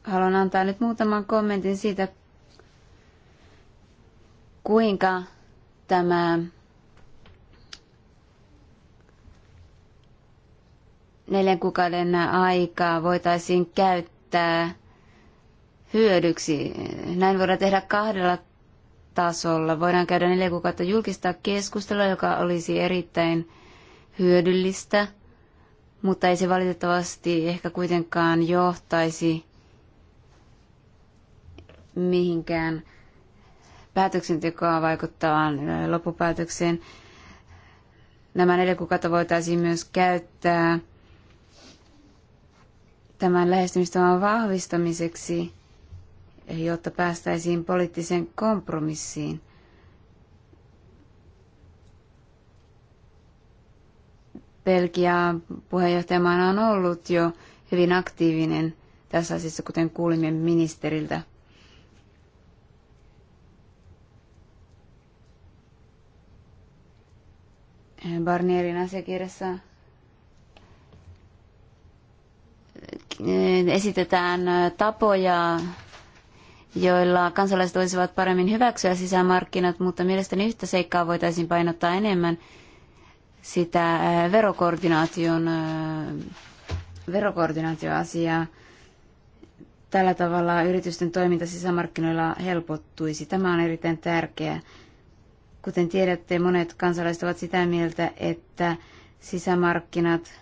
Haluan antaa nyt muutaman kommentin siitä, kuinka tämä neljän kuukauden aikaa voitaisiin käyttää hyödyksi. Näin voidaan tehdä kahdella tasolla. Voidaan käydä neljä kuukautta julkista keskustelua, joka olisi erittäin hyödyllistä, mutta ei se valitettavasti ehkä kuitenkaan johtaisi mihinkään päätöksentekoa vaikuttavaan loppupäätökseen. Nämä neljä kuukautta voitaisiin myös käyttää tämän lähestymistavan vahvistamiseksi jotta päästäisiin poliittiseen kompromissiin. Belgia puheenjohtajamaana on ollut jo hyvin aktiivinen tässä asiassa, kuten kuulimme ministeriltä. Barnierin asiakirjassa eh, esitetään tapoja joilla kansalaiset voisivat paremmin hyväksyä sisämarkkinat, mutta mielestäni yhtä seikkaa voitaisiin painottaa enemmän sitä äh, verokoordinaation, äh, verokoordinaatioasiaa. Tällä tavalla yritysten toiminta sisämarkkinoilla helpottuisi. Tämä on erittäin tärkeää. Kuten tiedätte, monet kansalaiset ovat sitä mieltä, että sisämarkkinat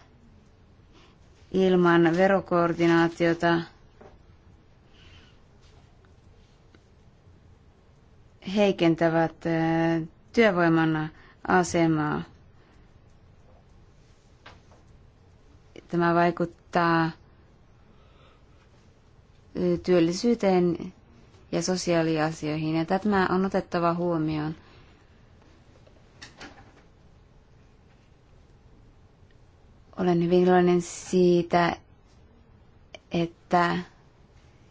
ilman verokoordinaatiota – heikentävät työvoiman asemaa. Tämä vaikuttaa työllisyyteen ja sosiaaliasioihin, ja tämä on otettava huomioon. Olen hyvin iloinen siitä, että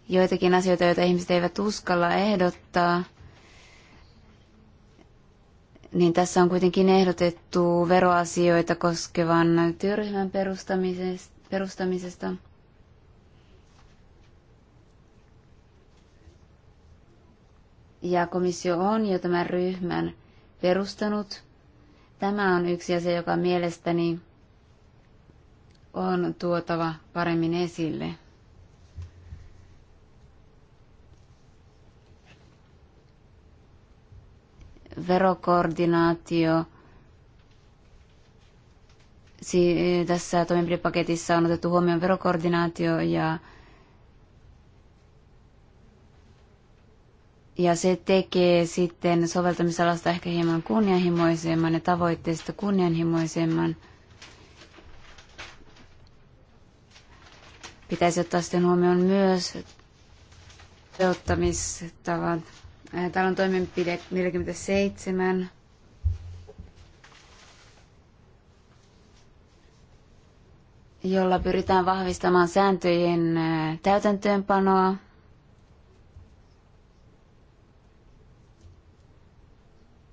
joitakin asioita, joita ihmiset eivät uskalla ehdottaa – niin tässä on kuitenkin ehdotettu veroasioita koskevan työryhmän perustamisesta. Ja komissio on jo tämän ryhmän perustanut. Tämä on yksi asia, joka mielestäni on tuotava paremmin esille. verokoordinaatio. Si- tässä toimenpidepaketissa on otettu huomioon verokoordinaatio ja, ja se tekee sitten soveltamisalasta ehkä hieman kunnianhimoisemman ja tavoitteista kunnianhimoisemman. Pitäisi ottaa sitten huomioon myös toteuttamistavat Äh, täällä on toimenpide 47. jolla pyritään vahvistamaan sääntöjen äh, täytäntöönpanoa.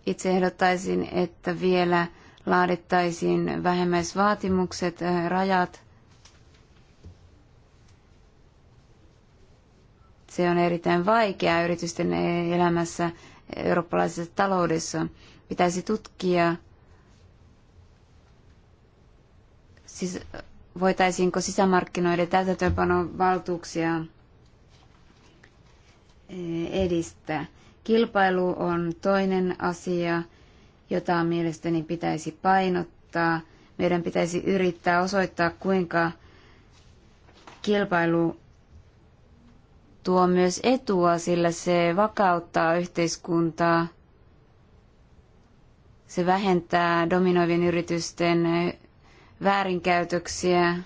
Itse ehdottaisin, että vielä laadittaisiin vähemmäisvaatimukset, äh, rajat – Se on erittäin vaikeaa yritysten elämässä, eurooppalaisessa taloudessa. Pitäisi tutkia, siis voitaisiinko sisämarkkinoiden täytäntöönpanon valtuuksia eh, edistää. Kilpailu on toinen asia, jota mielestäni pitäisi painottaa. Meidän pitäisi yrittää osoittaa, kuinka kilpailu tuo myös etua, sillä se vakauttaa yhteiskuntaa. Se vähentää dominoivien yritysten väärinkäytöksiä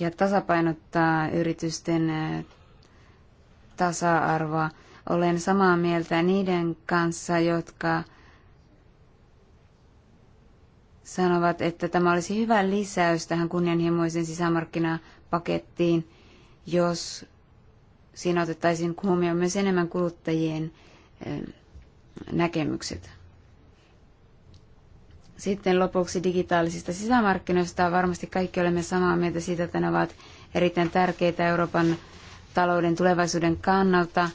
ja tasapainottaa yritysten tasa-arvoa. Olen samaa mieltä niiden kanssa, jotka sanovat, että tämä olisi hyvä lisäys tähän kunnianhimoisen sisämarkkinapakettiin – jos siinä otettaisiin huomioon myös enemmän kuluttajien eh, näkemykset. Sitten lopuksi digitaalisista sisämarkkinoista. Varmasti kaikki olemme samaa mieltä siitä, että ne ovat erittäin tärkeitä Euroopan talouden tulevaisuuden kannalta.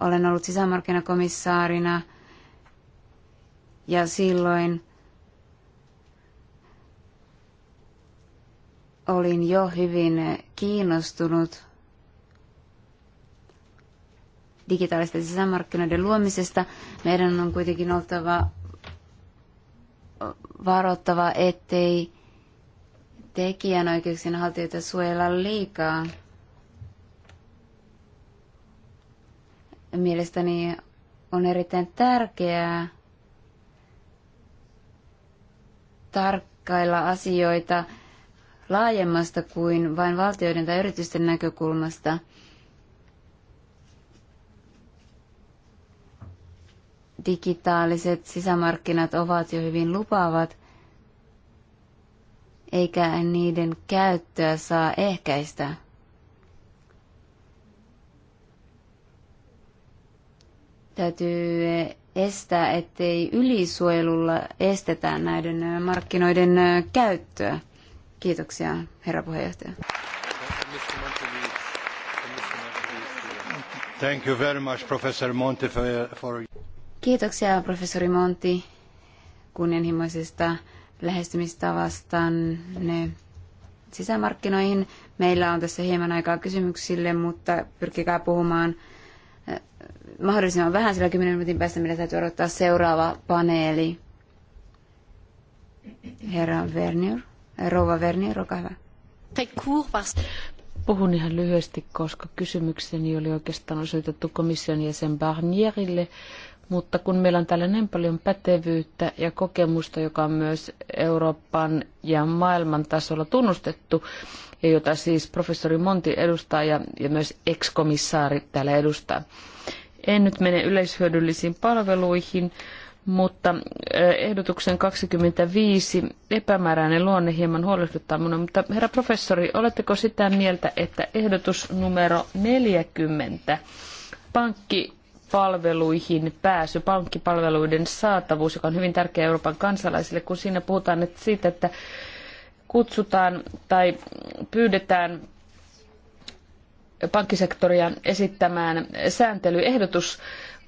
Olen ollut sisämarkkinakomissaarina ja silloin olin jo hyvin kiinnostunut digitaalisten sisämarkkinoiden luomisesta. Meidän on kuitenkin oltava varoittava, ettei tekijänoikeuksien haltijoita suojella liikaa. Mielestäni on erittäin tärkeää tarkkailla asioita laajemmasta kuin vain valtioiden tai yritysten näkökulmasta. Digitaaliset sisämarkkinat ovat jo hyvin lupaavat, eikä niiden käyttöä saa ehkäistä. Täytyy estää, ettei ylisuojelulla estetään näiden markkinoiden käyttöä. Kiitoksia, herra puheenjohtaja. Thank you very much, professor Monti, for... Kiitoksia, professori Monti, kunnianhimoisesta lähestymistavastaan ne sisämarkkinoihin. Meillä on tässä hieman aikaa kysymyksille, mutta pyrkikää puhumaan eh, mahdollisimman vähän, sillä 10 minuutin päästä meidän täytyy odottaa seuraava paneeli. Herra Vernier. Rouva Werner, olkaa hyvä. Puhun ihan lyhyesti, koska kysymykseni oli oikeastaan osoitettu komission jäsen Barnierille, mutta kun meillä on täällä näin paljon pätevyyttä ja kokemusta, joka on myös Euroopan ja maailman tasolla tunnustettu, ja jota siis professori Monti edustaa ja, ja myös ekskomissaari täällä edustaa. En nyt mene yleishyödyllisiin palveluihin, mutta ehdotuksen 25 epämääräinen luonne hieman huolestuttaa minua. Mutta herra professori, oletteko sitä mieltä, että ehdotus numero 40, pankkipalveluihin pääsy, pankkipalveluiden saatavuus, joka on hyvin tärkeä Euroopan kansalaisille, kun siinä puhutaan että siitä, että kutsutaan tai pyydetään pankkisektoria esittämään sääntelyehdotus,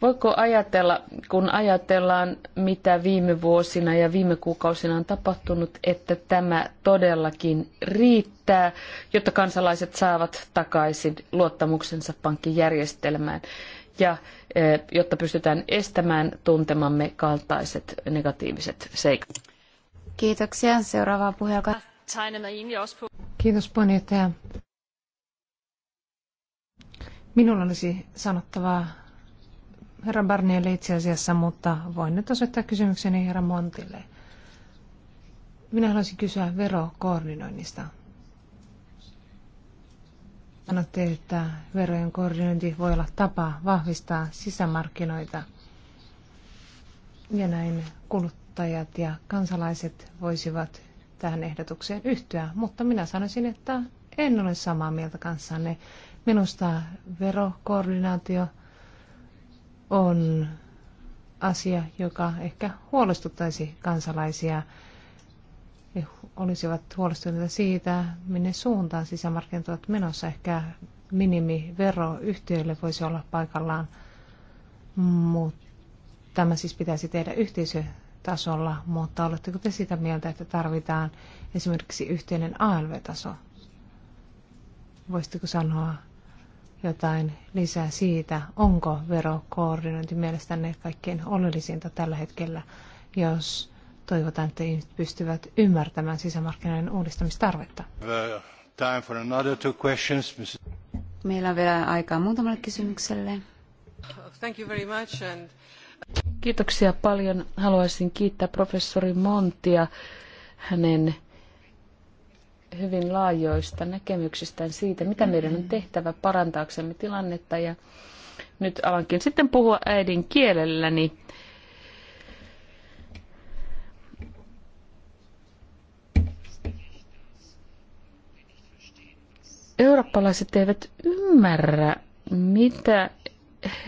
Voiko ajatella, kun ajatellaan, mitä viime vuosina ja viime kuukausina on tapahtunut, että tämä todellakin riittää, jotta kansalaiset saavat takaisin luottamuksensa pankkijärjestelmään ja e, jotta pystytään estämään tuntemamme kaltaiset negatiiviset seikat? Kiitoksia. Seuraava puheenjohtaja. Kiitos puheenjohtaja. Minulla olisi sanottavaa herra Barnielle itse asiassa, mutta voin nyt osoittaa kysymykseni herra Montille. Minä haluaisin kysyä verokoordinoinnista. Sanotte, että verojen koordinointi voi olla tapa vahvistaa sisämarkkinoita ja näin kuluttajat ja kansalaiset voisivat tähän ehdotukseen yhtyä, mutta minä sanoisin, että en ole samaa mieltä kanssanne. Minusta verokoordinaatio – on asia, joka ehkä huolestuttaisi kansalaisia. He olisivat huolestuneita siitä, minne suuntaan sisämarkkinat ovat menossa. Ehkä minimivero yhtiöille voisi olla paikallaan, mutta tämä siis pitäisi tehdä yhteisötasolla, mutta oletteko te sitä mieltä, että tarvitaan esimerkiksi yhteinen ALV-taso? Voisitteko sanoa jotain lisää siitä, onko verokoordinointi mielestänne kaikkein oleellisinta tällä hetkellä, jos toivotaan, että ihmiset pystyvät ymmärtämään sisämarkkinoiden uudistamistarvetta. Uh, Meillä on vielä aikaa muutamalle kysymykselle. Thank you very much and... Uh, Kiitoksia paljon. Haluaisin kiittää professori Montia hänen hyvin laajoista näkemyksistään siitä, mitä meidän on tehtävä parantaaksemme tilannetta. Ja nyt alankin sitten puhua äidin kielelläni. Eurooppalaiset eivät ymmärrä, mitä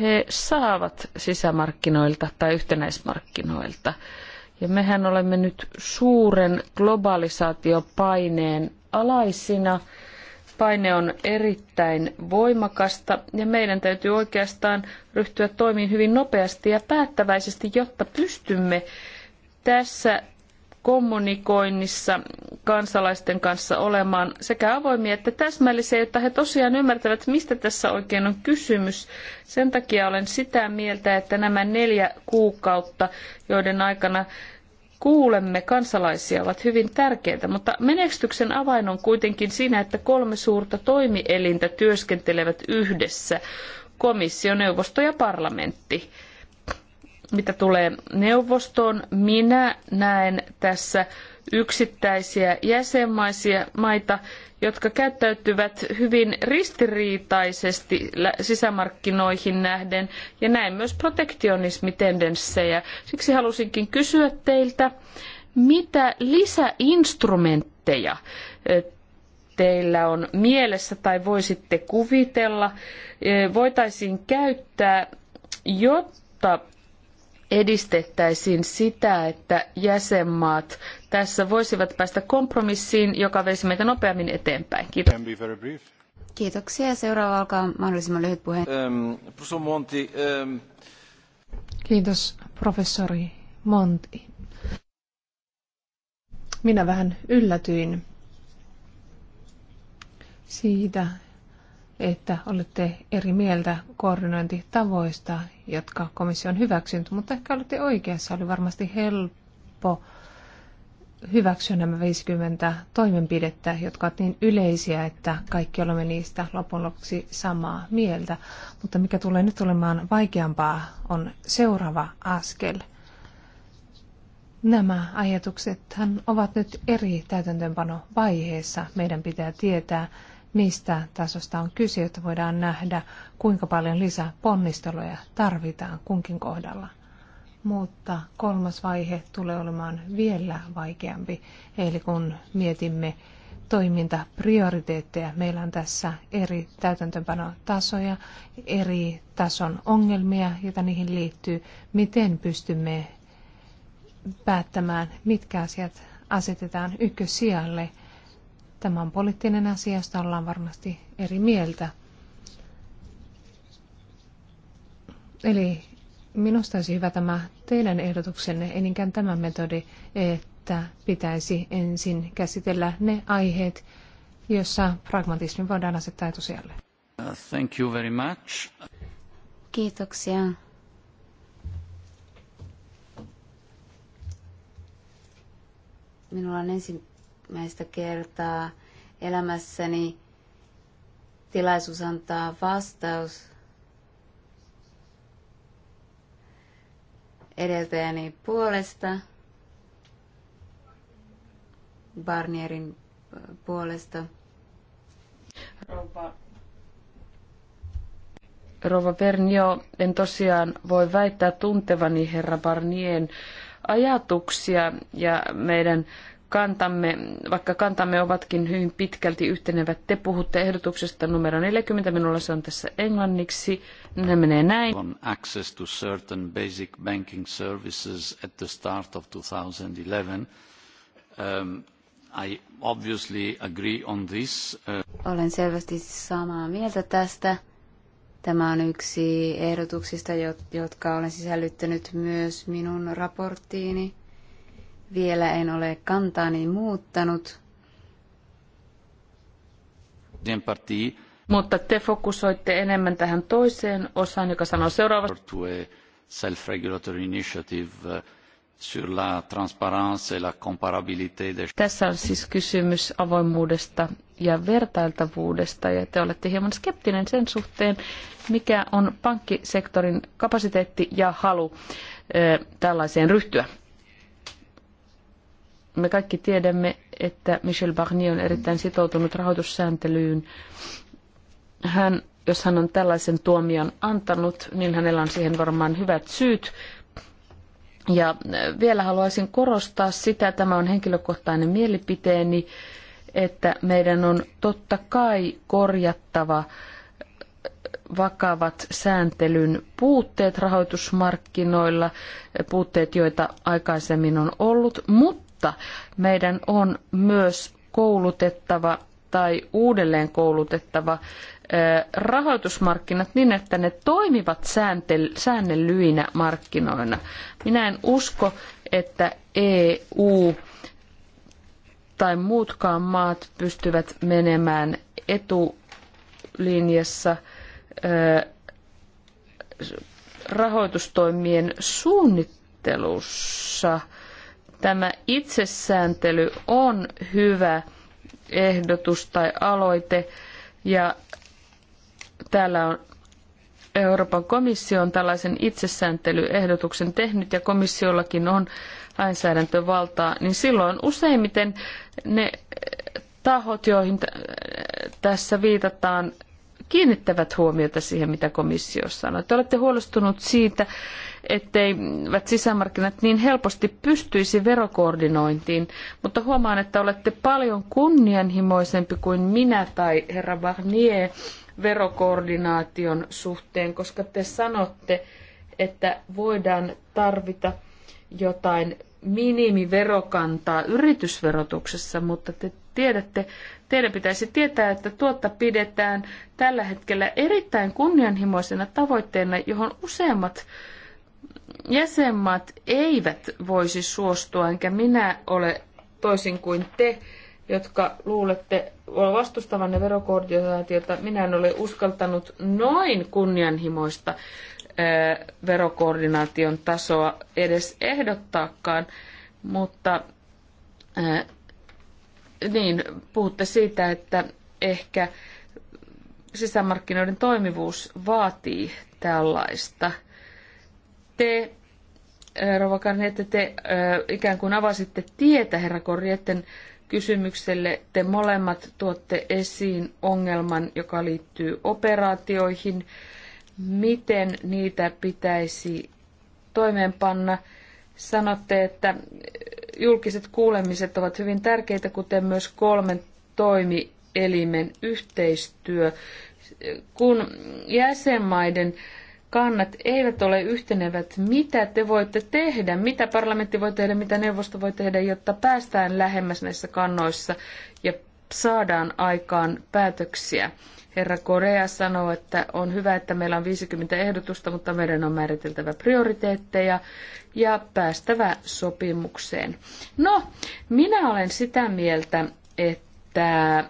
he saavat sisämarkkinoilta tai yhtenäismarkkinoilta. Ja mehän olemme nyt suuren globalisaatiopaineen alaisina. Paine on erittäin voimakasta ja meidän täytyy oikeastaan ryhtyä toimiin hyvin nopeasti ja päättäväisesti, jotta pystymme tässä kommunikoinnissa kansalaisten kanssa olemaan sekä avoimia että täsmällisiä, jotta he tosiaan ymmärtävät, mistä tässä oikein on kysymys. Sen takia olen sitä mieltä, että nämä neljä kuukautta, joiden aikana kuulemme kansalaisia, ovat hyvin tärkeitä, mutta menestyksen avain on kuitenkin siinä, että kolme suurta toimielintä työskentelevät yhdessä, komissio, neuvosto ja parlamentti mitä tulee neuvostoon, minä näen tässä yksittäisiä jäsenmaisia maita, jotka käyttäytyvät hyvin ristiriitaisesti sisämarkkinoihin nähden ja näin myös protektionismitendenssejä. Siksi halusinkin kysyä teiltä, mitä lisäinstrumentteja teillä on mielessä tai voisitte kuvitella, voitaisiin käyttää, jotta edistettäisiin sitä, että jäsenmaat tässä voisivat päästä kompromissiin, joka veisi meitä nopeammin eteenpäin. Kiitos. Kiitoksia. Seuraava alkaa mahdollisimman lyhyt puhe. Ähm, ähm. Kiitos, professori Monti. Minä vähän yllätyin siitä, että olette eri mieltä koordinointitavoista, jotka komissio on hyväksynyt, mutta ehkä olette oikeassa. Oli varmasti helppo hyväksyä nämä 50 toimenpidettä, jotka ovat niin yleisiä, että kaikki olemme niistä lopun lopuksi samaa mieltä. Mutta mikä tulee nyt olemaan vaikeampaa, on seuraava askel. Nämä ajatuksethan ovat nyt eri täytäntöönpanovaiheessa. Meidän pitää tietää, mistä tasosta on kyse, jotta voidaan nähdä, kuinka paljon lisää ponnisteluja tarvitaan kunkin kohdalla. Mutta kolmas vaihe tulee olemaan vielä vaikeampi, eli kun mietimme toimintaprioriteetteja. Meillä on tässä eri täytäntöpanotasoja, eri tason ongelmia, joita niihin liittyy. Miten pystymme päättämään, mitkä asiat asetetaan ykkösijalle – Tämä on poliittinen asia, josta ollaan varmasti eri mieltä. Eli minusta olisi hyvä tämä teidän ehdotuksenne, eninkään tämä metodi, että pitäisi ensin käsitellä ne aiheet, jossa pragmatismi voidaan asettaa etusijalle. Thank you very much. Kiitoksia. Minulla on ensin ensimmäistä kertaa elämässäni tilaisuus antaa vastaus edeltäjäni puolesta, Barnierin puolesta. Rouva, Rouva en tosiaan voi väittää tuntevani herra Barnien ajatuksia ja meidän kantamme, vaikka kantamme ovatkin hyvin pitkälti yhtenevät, te puhutte ehdotuksesta numero 40, minulla se on tässä englanniksi, ne menee näin. On access to certain basic banking services at the start of 2011. Um, I obviously agree on this. Uh, olen selvästi samaa mieltä tästä. Tämä on yksi ehdotuksista, jotka olen sisällyttänyt myös minun raporttiini. Vielä en ole kantaani muuttanut. Mutta te fokusoitte enemmän tähän toiseen osaan, joka sanoo seuraavasti. Eh, eh, sur la transparence et la comparabilité Tässä on siis kysymys avoimuudesta ja vertailtavuudesta, ja te olette hieman skeptinen sen suhteen, mikä on pankkisektorin kapasiteetti ja halu ö, eh, tällaiseen ryhtyä. Me kaikki tiedämme, että Michel Barnier on erittäin sitoutunut rahoitussääntelyyn. Hän, jos hän on tällaisen tuomion antanut, niin hänellä on siihen varmaan hyvät syyt. Ja äh, vielä haluaisin korostaa sitä, tämä on henkilökohtainen mielipiteeni, että meidän on totta kai korjattava äh, vakavat sääntelyn puutteet rahoitusmarkkinoilla, äh, puutteet, joita aikaisemmin on ollut, mutta mutta meidän on myös koulutettava tai uudelleen koulutettava rahoitusmarkkinat niin, että ne toimivat säännellyinä markkinoina. Minä en usko, että EU tai muutkaan maat pystyvät menemään etulinjassa rahoitustoimien suunnittelussa – Tämä itsesääntely on hyvä ehdotus tai aloite ja täällä on Euroopan komissio on tällaisen itsesääntelyehdotuksen tehnyt ja komissiollakin on lainsäädäntövaltaa, niin silloin useimmiten ne tahot, joihin tässä viitataan, kiinnittävät huomiota siihen, mitä komissio sanoo. Te olette huolestunut siitä, etteivät sisämarkkinat niin helposti pystyisi verokoordinointiin, mutta huomaan, että olette paljon kunnianhimoisempi kuin minä tai herra Barnier verokoordinaation suhteen, koska te sanotte, että voidaan tarvita jotain minimiverokantaa yritysverotuksessa, mutta te tiedätte, teidän pitäisi tietää, että tuotta pidetään tällä hetkellä erittäin kunnianhimoisena tavoitteena, johon useimmat jäsenmaat eivät voisi suostua, enkä minä ole toisin kuin te, jotka luulette vastustavanne verokoordinaatiota. Minä en ole uskaltanut noin kunnianhimoista verokoordinaation tasoa edes ehdottaakaan, mutta niin, puhutte siitä, että ehkä sisämarkkinoiden toimivuus vaatii tällaista – te, äh, Rova Karni, että te äh, ikään kuin avasitte tietä herra Korjetten kysymykselle. Te molemmat tuotte esiin ongelman, joka liittyy operaatioihin, miten niitä pitäisi toimeenpanna. Sanotte, että äh, julkiset kuulemiset ovat hyvin tärkeitä, kuten myös kolmen toimielimen yhteistyö. Kun jäsenmaiden kannat eivät ole yhtenevät. Mitä te voitte tehdä? Mitä parlamentti voi tehdä? Mitä neuvosto voi tehdä, jotta päästään lähemmäs näissä kannoissa ja saadaan aikaan päätöksiä? Herra Korea sanoo, että on hyvä, että meillä on 50 ehdotusta, mutta meidän on määriteltävä prioriteetteja ja päästävä sopimukseen. No, minä olen sitä mieltä, että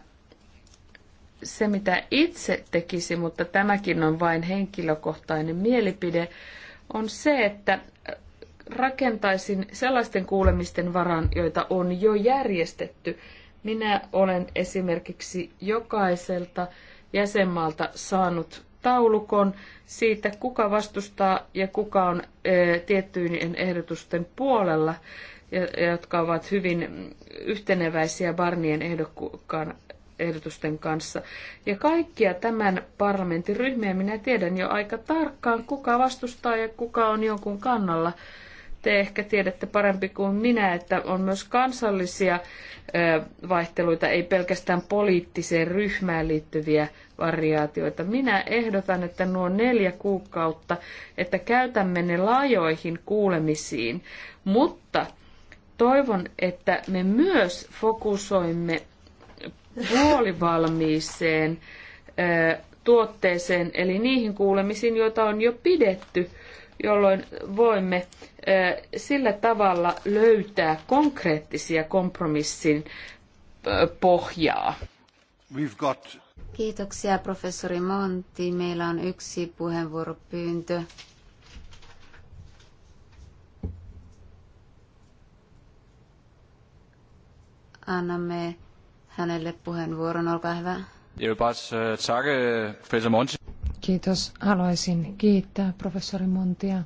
se, mitä itse tekisi, mutta tämäkin on vain henkilökohtainen mielipide, on se, että äh, rakentaisin sellaisten kuulemisten varan, joita on jo järjestetty. Minä olen esimerkiksi jokaiselta jäsenmaalta saanut taulukon siitä, kuka vastustaa ja kuka on e, tiettyjen ehdotusten puolella, ja, jotka ovat hyvin yhteneväisiä Barnien ehdokkaan ehdotusten kanssa. Ja kaikkia tämän parlamentin ryhmiä minä tiedän jo aika tarkkaan, kuka vastustaa ja kuka on jonkun kannalla. Te ehkä tiedätte parempi kuin minä, että on myös kansallisia vaihteluita, ei pelkästään poliittiseen ryhmään liittyviä variaatioita. Minä ehdotan, että nuo neljä kuukautta, että käytämme ne laajoihin kuulemisiin, mutta toivon, että me myös fokusoimme puolivalmiiseen tuotteeseen, eli niihin kuulemisiin, joita on jo pidetty, jolloin voimme sillä tavalla löytää konkreettisia kompromissin pohjaa. Got... Kiitoksia professori Monti. Meillä on yksi puheenvuoropyyntö. Annamme hänelle puheenvuoron. Olkaa hyvä. Øh, øh, Kiitos. Haluaisin kiittää professori Montia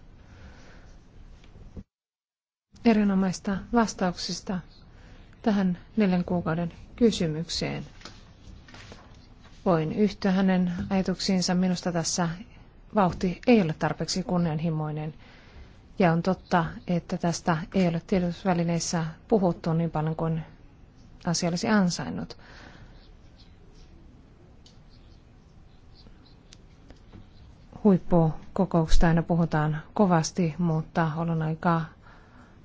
erinomaista vastauksista tähän neljän kuukauden kysymykseen. Voin yhtyä hänen ajatuksiinsa. Minusta tässä vauhti ei ole tarpeeksi kunnianhimoinen. Ja on totta, että tästä ei ole tiedotusvälineissä puhuttu niin paljon kuin asia olisi ansainnut. Huippukokouksesta aina puhutaan kovasti, mutta olen aika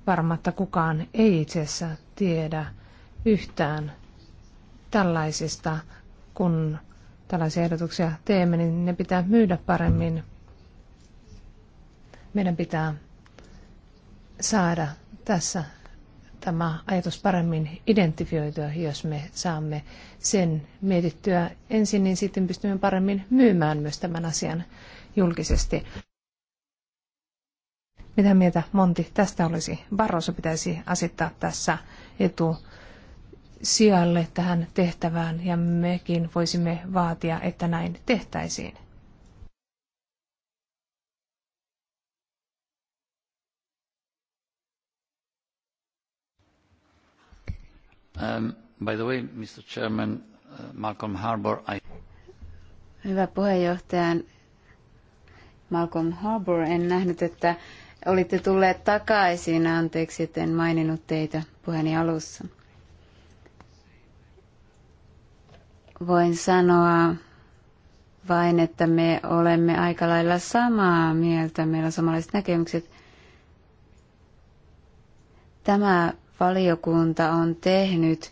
varma, että kukaan ei itse asiassa tiedä yhtään tällaisista, kun tällaisia ehdotuksia teemme, niin ne pitää myydä paremmin. Meidän pitää saada tässä tämä ajatus paremmin identifioitua, jos me saamme sen mietittyä ensin, niin sitten pystymme paremmin myymään myös tämän asian julkisesti. Mitä mieltä Monti tästä olisi? Barroso pitäisi asettaa tässä etu sijalle tähän tehtävään ja mekin voisimme vaatia, että näin tehtäisiin. Um, by the uh, Malcolm Harbour, Hyvä puheenjohtaja Malcolm Harbour, en nähnyt, että olitte tulleet takaisin. Anteeksi, että en maininnut teitä puheeni alussa. Voin sanoa vain, että me olemme aika lailla samaa mieltä. Meillä on samanlaiset näkemykset. Tämä valiokunta on tehnyt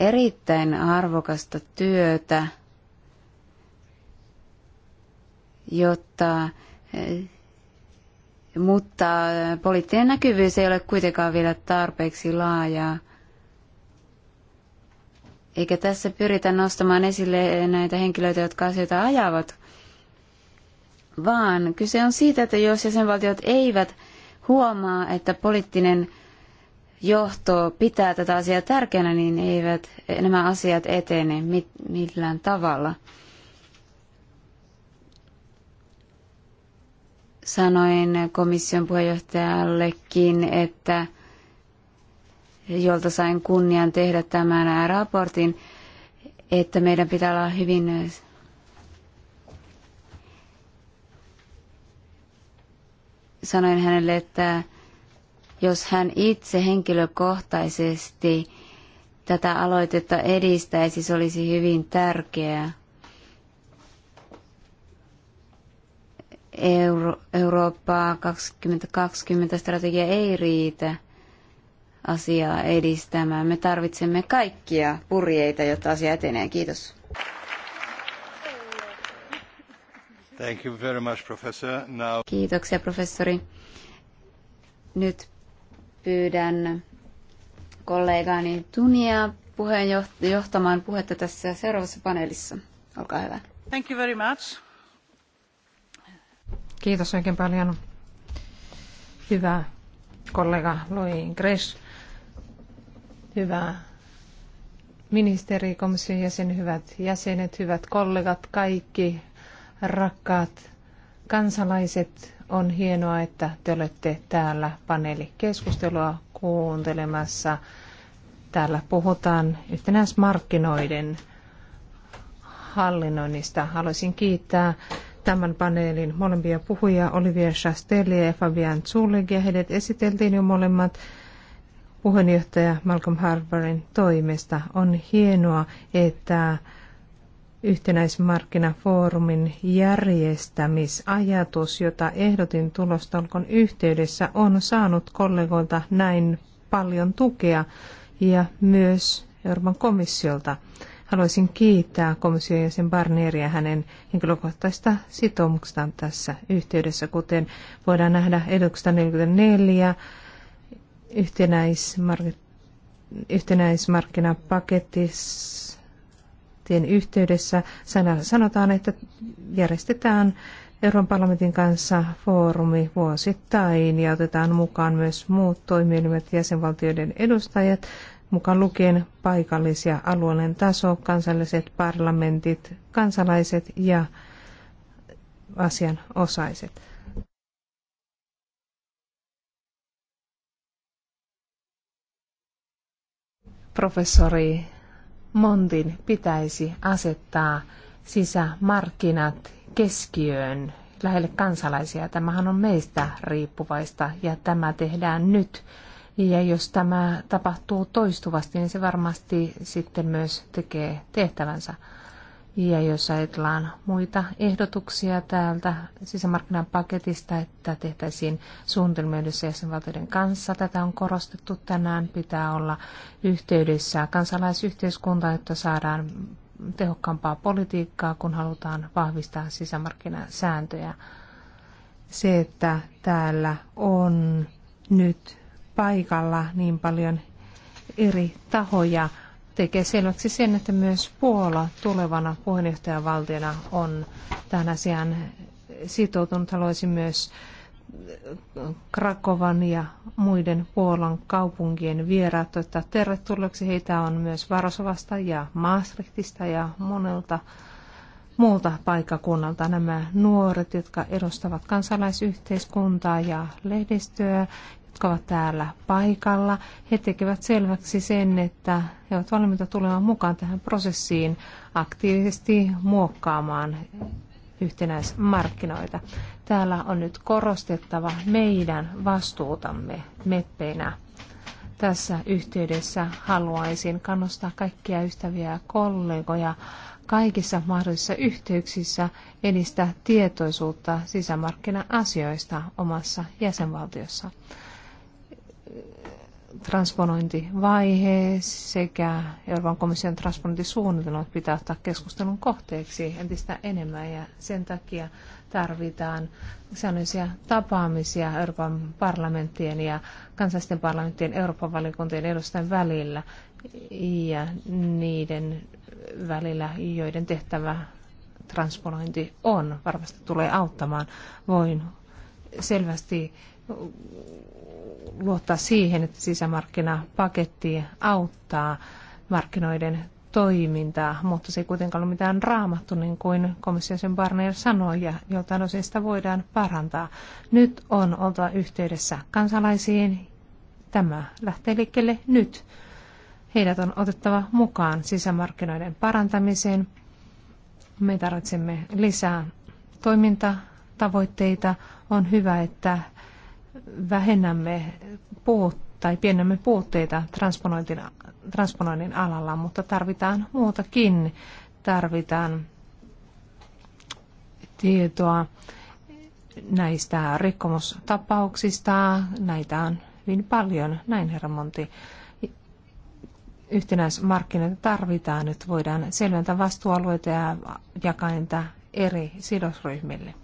erittäin arvokasta työtä, jotta, eh, mutta poliittinen näkyvyys ei ole kuitenkaan vielä tarpeeksi laajaa. Eikä tässä pyritä nostamaan esille näitä henkilöitä, jotka asioita ajavat, vaan kyse on siitä, että jos jäsenvaltiot eivät huomaa, että poliittinen johto pitää tätä asiaa tärkeänä, niin eivät nämä asiat etene millään tavalla. Sanoin komission puheenjohtajallekin, että jolta sain kunnian tehdä tämän raportin, että meidän pitää olla hyvin sanoin hänelle, että jos hän itse henkilökohtaisesti tätä aloitetta edistäisi, se olisi hyvin tärkeää. Euro- Eurooppaa 2020 strategia ei riitä asiaa edistämään. Me tarvitsemme kaikkia purjeita, jotta asia etenee. Kiitos. Thank you very much, professor. Now... Kiitoksia, professori. Nyt pyydän kollegaani Tunia johtamaan puhetta tässä seuraavassa paneelissa. Olkaa hyvä. Thank you very much. Kiitos oikein paljon. Hyvä kollega Louis Gresh, hyvä ministeri, komission jäsen, hyvät jäsenet, hyvät kollegat, kaikki rakkaat kansalaiset, on hienoa, että te olette täällä paneelikeskustelua kuuntelemassa. Täällä puhutaan yhtenäismarkkinoiden hallinnoinnista. Haluaisin kiittää tämän paneelin molempia puhujia, Olivier Chastelli ja Fabian Zulig, ja heidät esiteltiin jo molemmat puheenjohtaja Malcolm Harbourin toimesta. On hienoa, että yhtenäismarkkinafoorumin järjestämisajatus, jota ehdotin tulostolkon yhteydessä, on saanut kollegoilta näin paljon tukea ja myös Euroopan komissiolta. Haluaisin kiittää komission jäsen Barnieria hänen henkilökohtaisesta sitoumuksestaan tässä yhteydessä, kuten voidaan nähdä eduksesta 44 yhtenäismark- yhtenäismarkkinapaketissa debattien yhteydessä sanotaan, että järjestetään Euroopan parlamentin kanssa foorumi vuosittain ja otetaan mukaan myös muut toimielimet jäsenvaltioiden edustajat, mukaan lukien paikallis- ja alueellinen taso, kansalliset parlamentit, kansalaiset ja asianosaiset. Professori Montin pitäisi asettaa sisämarkkinat keskiöön lähelle kansalaisia. Tämähän on meistä riippuvaista ja tämä tehdään nyt. Ja jos tämä tapahtuu toistuvasti, niin se varmasti sitten myös tekee tehtävänsä. Ja jos ajatellaan muita ehdotuksia täältä sisämarkkina-paketista, että tehtäisiin suunnitelmia yhdessä jäsenvaltioiden kanssa, tätä on korostettu tänään, pitää olla yhteydessä kansalaisyhteiskuntaan, että saadaan tehokkaampaa politiikkaa, kun halutaan vahvistaa sisämarkkinasääntöjä. Se, että täällä on nyt paikalla niin paljon eri tahoja, tekee selväksi sen, että myös Puola tulevana puheenjohtajavaltiona on tähän asiaan sitoutunut. Haluaisin myös Krakovan ja muiden Puolan kaupunkien vieraat ottaa tervetulleeksi. Heitä on myös Varosovasta ja Maastrichtista ja monelta muulta paikkakunnalta nämä nuoret, jotka edustavat kansalaisyhteiskuntaa ja lehdistöä jotka ovat täällä paikalla. He tekevät selväksi sen, että he ovat valmiita tulemaan mukaan tähän prosessiin aktiivisesti muokkaamaan yhtenäismarkkinoita. Täällä on nyt korostettava meidän vastuutamme meppeinä. Tässä yhteydessä haluaisin kannustaa kaikkia ystäviä ja kollegoja kaikissa mahdollisissa yhteyksissä edistää tietoisuutta sisämarkkina-asioista omassa jäsenvaltiossa transponointivaihe sekä Euroopan komission transponointisuunnitelmat pitää ottaa keskustelun kohteeksi entistä enemmän ja sen takia tarvitaan säännöllisiä tapaamisia Euroopan parlamenttien ja kansallisten parlamenttien Euroopan valiokuntien edustajien välillä ja niiden välillä, joiden tehtävä transponointi on, varmasti tulee auttamaan. Voin selvästi luottaa siihen, että sisämarkkinapaketti auttaa markkinoiden toimintaa, mutta se ei kuitenkaan ole mitään raamattu, niin kuin komissiosen Barnier sanoi, ja joltain osin sitä voidaan parantaa. Nyt on oltava yhteydessä kansalaisiin. Tämä lähtee liikkeelle nyt. Heidät on otettava mukaan sisämarkkinoiden parantamiseen. Me tarvitsemme lisää toimintatavoitteita. On hyvä, että vähennämme puut tai pienemme puutteita transponointin, transponoinnin alalla, mutta tarvitaan muutakin. Tarvitaan tietoa näistä rikkomustapauksista. Näitä on hyvin paljon, näin herra Monti. Yhtenäismarkkinoita tarvitaan, nyt voidaan selventää vastuualueita ja jakaa niitä eri sidosryhmille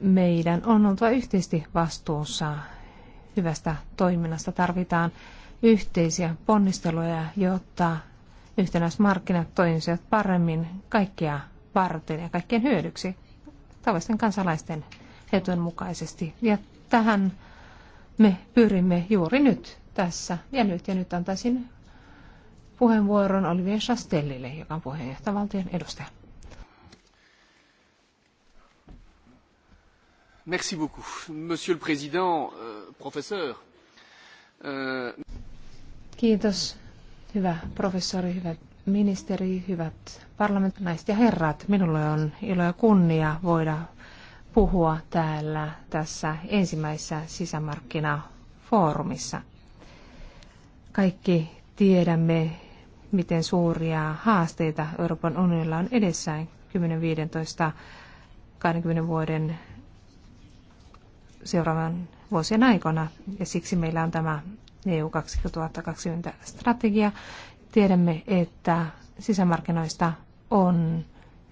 meidän on oltava yhteisesti vastuussa hyvästä toiminnasta. Tarvitaan yhteisiä ponnisteluja, jotta yhtenäismarkkinat toimisivat paremmin kaikkia varten ja kaikkien hyödyksi tavallisten kansalaisten etujen mukaisesti. Ja tähän me pyrimme juuri nyt tässä ja nyt. Ja nyt antaisin puheenvuoron Olivier Chastellille, joka on puheenjohtajavaltion edustaja. Monsieur le Président, euh, professeur. Euh, Kiitos, hyvä professori, hyvät ministeri, hyvät parlamentin naiset ja herrat. Minulle on ilo ja kunnia voida puhua täällä tässä ensimmäisessä sisämarkkinafoorumissa. Kaikki tiedämme, miten suuria haasteita Euroopan unionilla on edessään 10, 15, 20 vuoden seuraavan vuosien aikana. Ja siksi meillä on tämä EU 2020 strategia. Tiedämme, että sisämarkkinoista on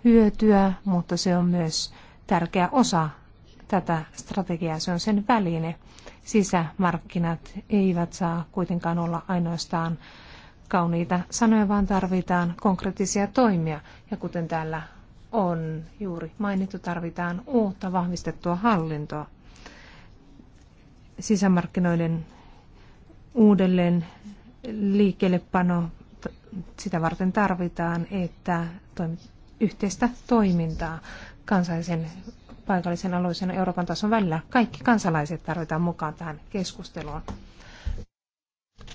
hyötyä, mutta se on myös tärkeä osa tätä strategiaa, se on sen väline. Sisämarkkinat eivät saa kuitenkaan olla ainoastaan kauniita sanoja, vaan tarvitaan konkreettisia toimia. Ja kuten täällä on juuri mainittu, tarvitaan uutta vahvistettua hallintoa sisämarkkinoiden uudelleen liikkeellepano, sitä varten tarvitaan, että yhteistä toimintaa kansallisen paikallisen alueisen Euroopan tason välillä. Kaikki kansalaiset tarvitaan mukaan tähän keskusteluun.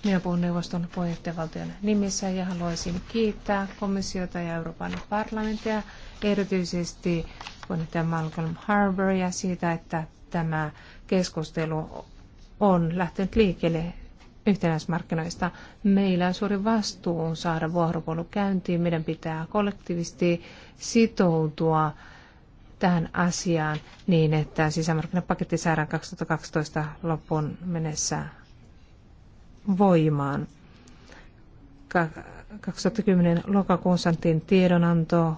Minä puhun neuvoston puheenjohtajavaltion nimissä ja haluaisin kiittää komissiota ja Euroopan parlamenttia, erityisesti puheenjohtaja Malcolm Harbouria siitä, että tämä keskustelu on lähtenyt liikkeelle yhtenäismarkkinoista. Meillä on suuri vastuu saada vuoropuolu käyntiin. Meidän pitää kollektiivisesti sitoutua tähän asiaan niin, että sisämarkkinapaketti saadaan 2012 loppuun mennessä voimaan. 2010 lokakuun saatiin tiedonanto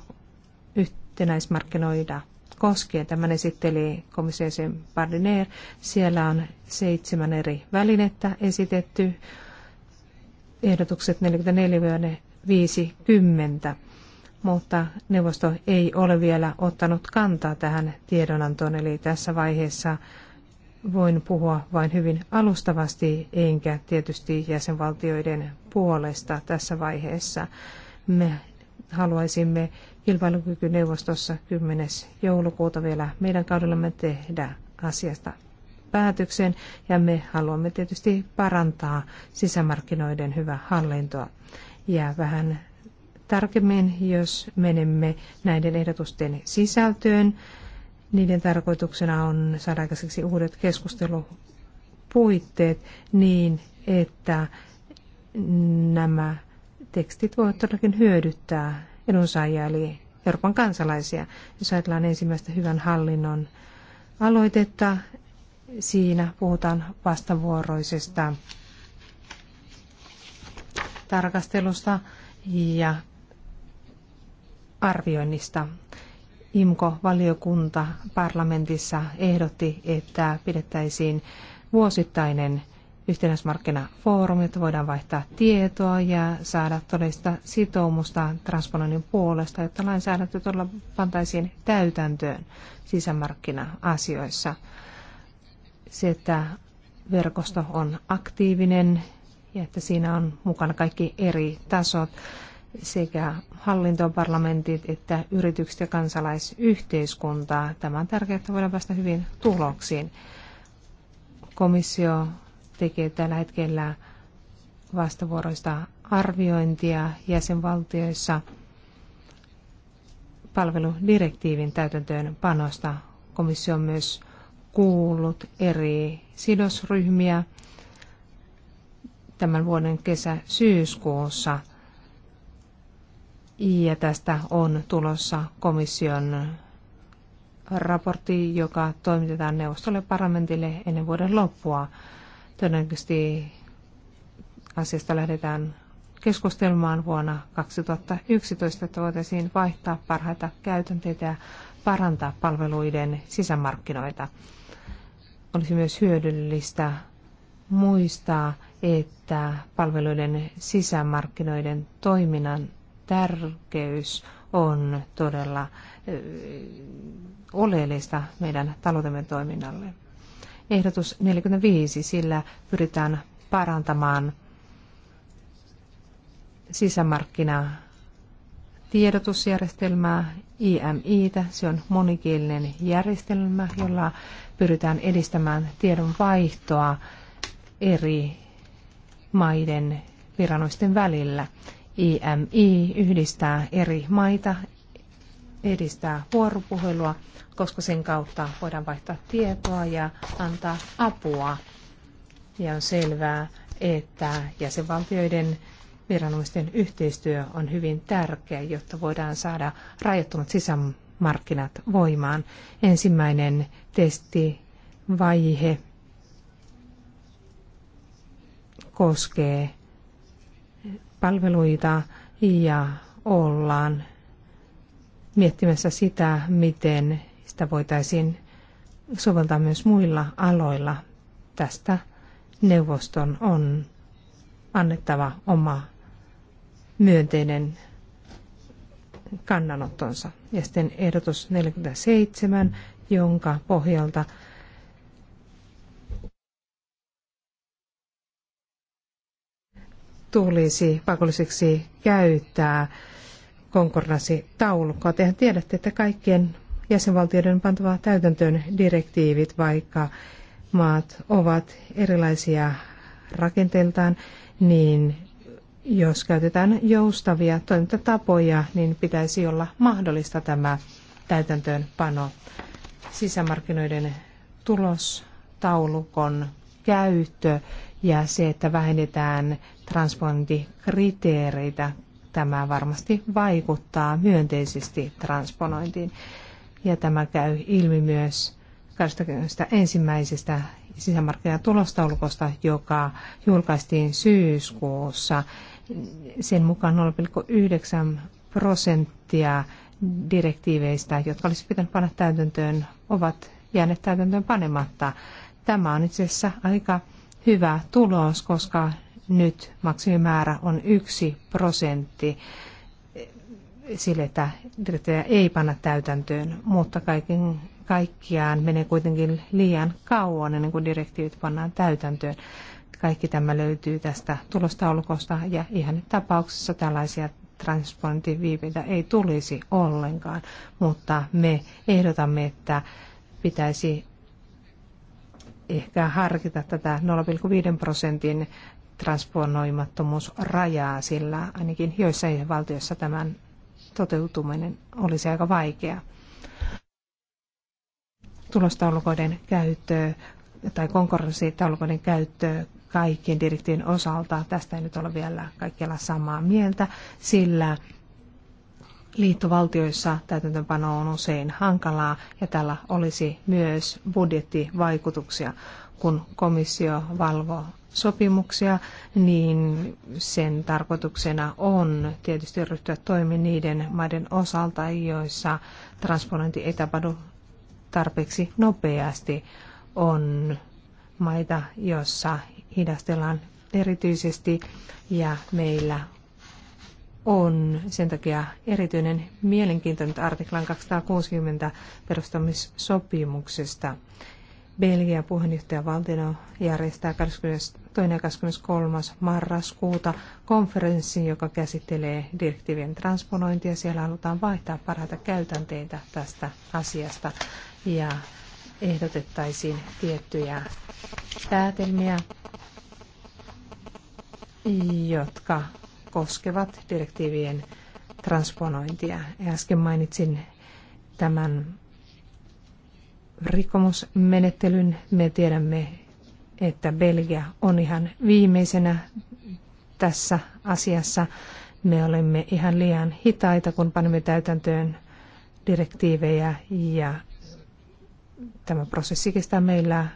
yhtenäismarkkinoida Koskee Tämän esitteli komissiosen Bardineer. Siellä on seitsemän eri välinettä esitetty, ehdotukset 44-50, mutta neuvosto ei ole vielä ottanut kantaa tähän tiedonantoon, eli tässä vaiheessa voin puhua vain hyvin alustavasti, enkä tietysti jäsenvaltioiden puolesta tässä vaiheessa. Me haluaisimme kilpailukykyneuvostossa 10. joulukuuta vielä meidän kaudellamme tehdä asiasta päätöksen ja me haluamme tietysti parantaa sisämarkkinoiden hyvää hallintoa. Ja vähän tarkemmin, jos menemme näiden ehdotusten sisältöön, niiden tarkoituksena on saada aikaiseksi uudet keskustelupuitteet niin, että nämä tekstit voivat todellakin hyödyttää edunsaajia, eli Euroopan kansalaisia. Jos ajatellaan ensimmäistä hyvän hallinnon aloitetta, siinä puhutaan vastavuoroisesta tarkastelusta ja arvioinnista. IMKO-valiokunta parlamentissa ehdotti, että pidettäisiin vuosittainen yhtenäismarkkinafoorumit, voidaan vaihtaa tietoa ja saada todellista sitoumusta transponoinnin puolesta, jotta lainsäädäntö todella pantaisiin täytäntöön sisämarkkina-asioissa. Se, että verkosto on aktiivinen ja että siinä on mukana kaikki eri tasot, sekä hallintoparlamentit että yritykset ja kansalaisyhteiskuntaa. Tämä on tärkeää, että voidaan päästä hyvin tuloksiin. Komissio tekee tällä hetkellä vastavuoroista arviointia jäsenvaltioissa palveludirektiivin täytäntöön panosta. Komissio on myös kuullut eri sidosryhmiä tämän vuoden kesä-syyskuussa. Ja tästä on tulossa komission raportti, joka toimitetaan neuvostolle parlamentille ennen vuoden loppua. Todennäköisesti asiasta lähdetään keskustelmaan vuonna 2011, että voitaisiin vaihtaa parhaita käytänteitä ja parantaa palveluiden sisämarkkinoita. Olisi myös hyödyllistä muistaa, että palveluiden sisämarkkinoiden toiminnan tärkeys on todella oleellista meidän taloutemme toiminnalle ehdotus 45, sillä pyritään parantamaan sisämarkkina tiedotusjärjestelmää, IMItä. Se on monikielinen järjestelmä, jolla pyritään edistämään tiedon vaihtoa eri maiden viranomaisten välillä. IMI yhdistää eri maita edistää vuoropuhelua, koska sen kautta voidaan vaihtaa tietoa ja antaa apua. Ja on selvää, että jäsenvaltioiden viranomaisten yhteistyö on hyvin tärkeä, jotta voidaan saada rajoittumat sisämarkkinat voimaan. Ensimmäinen testivaihe koskee palveluita ja ollaan miettimässä sitä, miten sitä voitaisiin soveltaa myös muilla aloilla. Tästä neuvoston on annettava oma myönteinen kannanottonsa. Ja sitten ehdotus 47, jonka pohjalta tulisi pakolliseksi käyttää taulukkoa. Tehän tiedätte, että kaikkien jäsenvaltioiden pantava täytäntöön direktiivit, vaikka maat ovat erilaisia rakenteeltaan, niin jos käytetään joustavia toimintatapoja, niin pitäisi olla mahdollista tämä täytäntöönpano. Sisämarkkinoiden tulostaulukon käyttö ja se, että vähennetään transpointikriteereitä tämä varmasti vaikuttaa myönteisesti transponointiin. Ja tämä käy ilmi myös 21. sisämarkkinatulostaulukosta, joka julkaistiin syyskuussa. Sen mukaan 0,9 prosenttia direktiiveistä, jotka olisi pitänyt panna täytäntöön, ovat jääneet täytäntöön panematta. Tämä on itse asiassa aika hyvä tulos, koska nyt maksimimäärä on yksi prosentti sille, että direktiiviä ei panna täytäntöön, mutta kaiken kaikkiaan menee kuitenkin liian kauan ennen kuin direktiivit pannaan täytäntöön. Kaikki tämä löytyy tästä tulostaulukosta ja ihan tapauksessa tällaisia transpointiviipeitä ei tulisi ollenkaan, mutta me ehdotamme, että pitäisi ehkä harkita tätä 0,5 prosentin transponoimattomuus rajaa, sillä ainakin joissain valtioissa tämän toteutuminen olisi aika vaikea. Tulostaulukoiden käyttö tai konkurssitaulukoiden käyttö kaikkien direktiivin osalta. Tästä ei nyt ole vielä kaikkialla samaa mieltä, sillä liittovaltioissa täytäntöpano on usein hankalaa ja tällä olisi myös budjettivaikutuksia kun komissio valvoo sopimuksia, niin sen tarkoituksena on tietysti ryhtyä toimiin niiden maiden osalta, joissa transponointi ei tapahdu tarpeeksi nopeasti. On maita, joissa hidastellaan erityisesti ja meillä on sen takia erityinen mielenkiintoinen artiklan 260 perustamissopimuksesta. Belgia puheenjohtajavaltio järjestää 22. ja 23. marraskuuta konferenssin, joka käsittelee direktiivien transponointia. Siellä halutaan vaihtaa parhaita käytänteitä tästä asiasta ja ehdotettaisiin tiettyjä päätelmiä, jotka koskevat direktiivien transponointia. Äsken mainitsin tämän rikomusmenettelyn. Me tiedämme, että Belgia on ihan viimeisenä tässä asiassa. Me olemme ihan liian hitaita, kun panemme täytäntöön direktiivejä ja tämä prosessi kestää meillä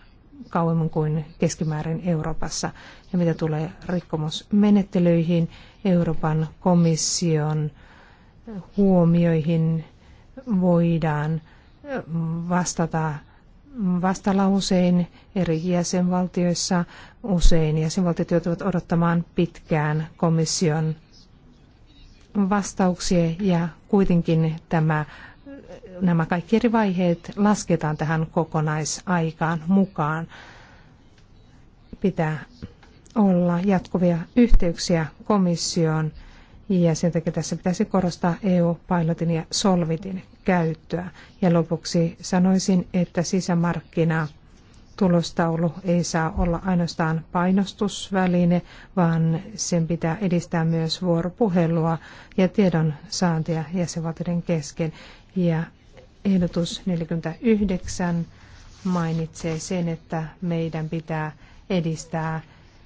kauemmin kuin keskimäärin Euroopassa. Ja mitä tulee rikkomusmenettelyihin, Euroopan komission huomioihin voidaan vastata vastalauseen eri jäsenvaltioissa. Usein jäsenvaltiot joutuvat odottamaan pitkään komission vastauksia ja kuitenkin tämä, nämä kaikki eri vaiheet lasketaan tähän kokonaisaikaan mukaan. Pitää olla jatkuvia yhteyksiä komissioon ja sen takia tässä pitäisi korostaa EU-pilotin ja solvitin käyttöä. Ja lopuksi sanoisin, että sisämarkkina tulostaulu ei saa olla ainoastaan painostusväline, vaan sen pitää edistää myös vuoropuhelua ja tiedon saantia jäsenvaltioiden kesken. Ja ehdotus 49 mainitsee sen, että meidän pitää edistää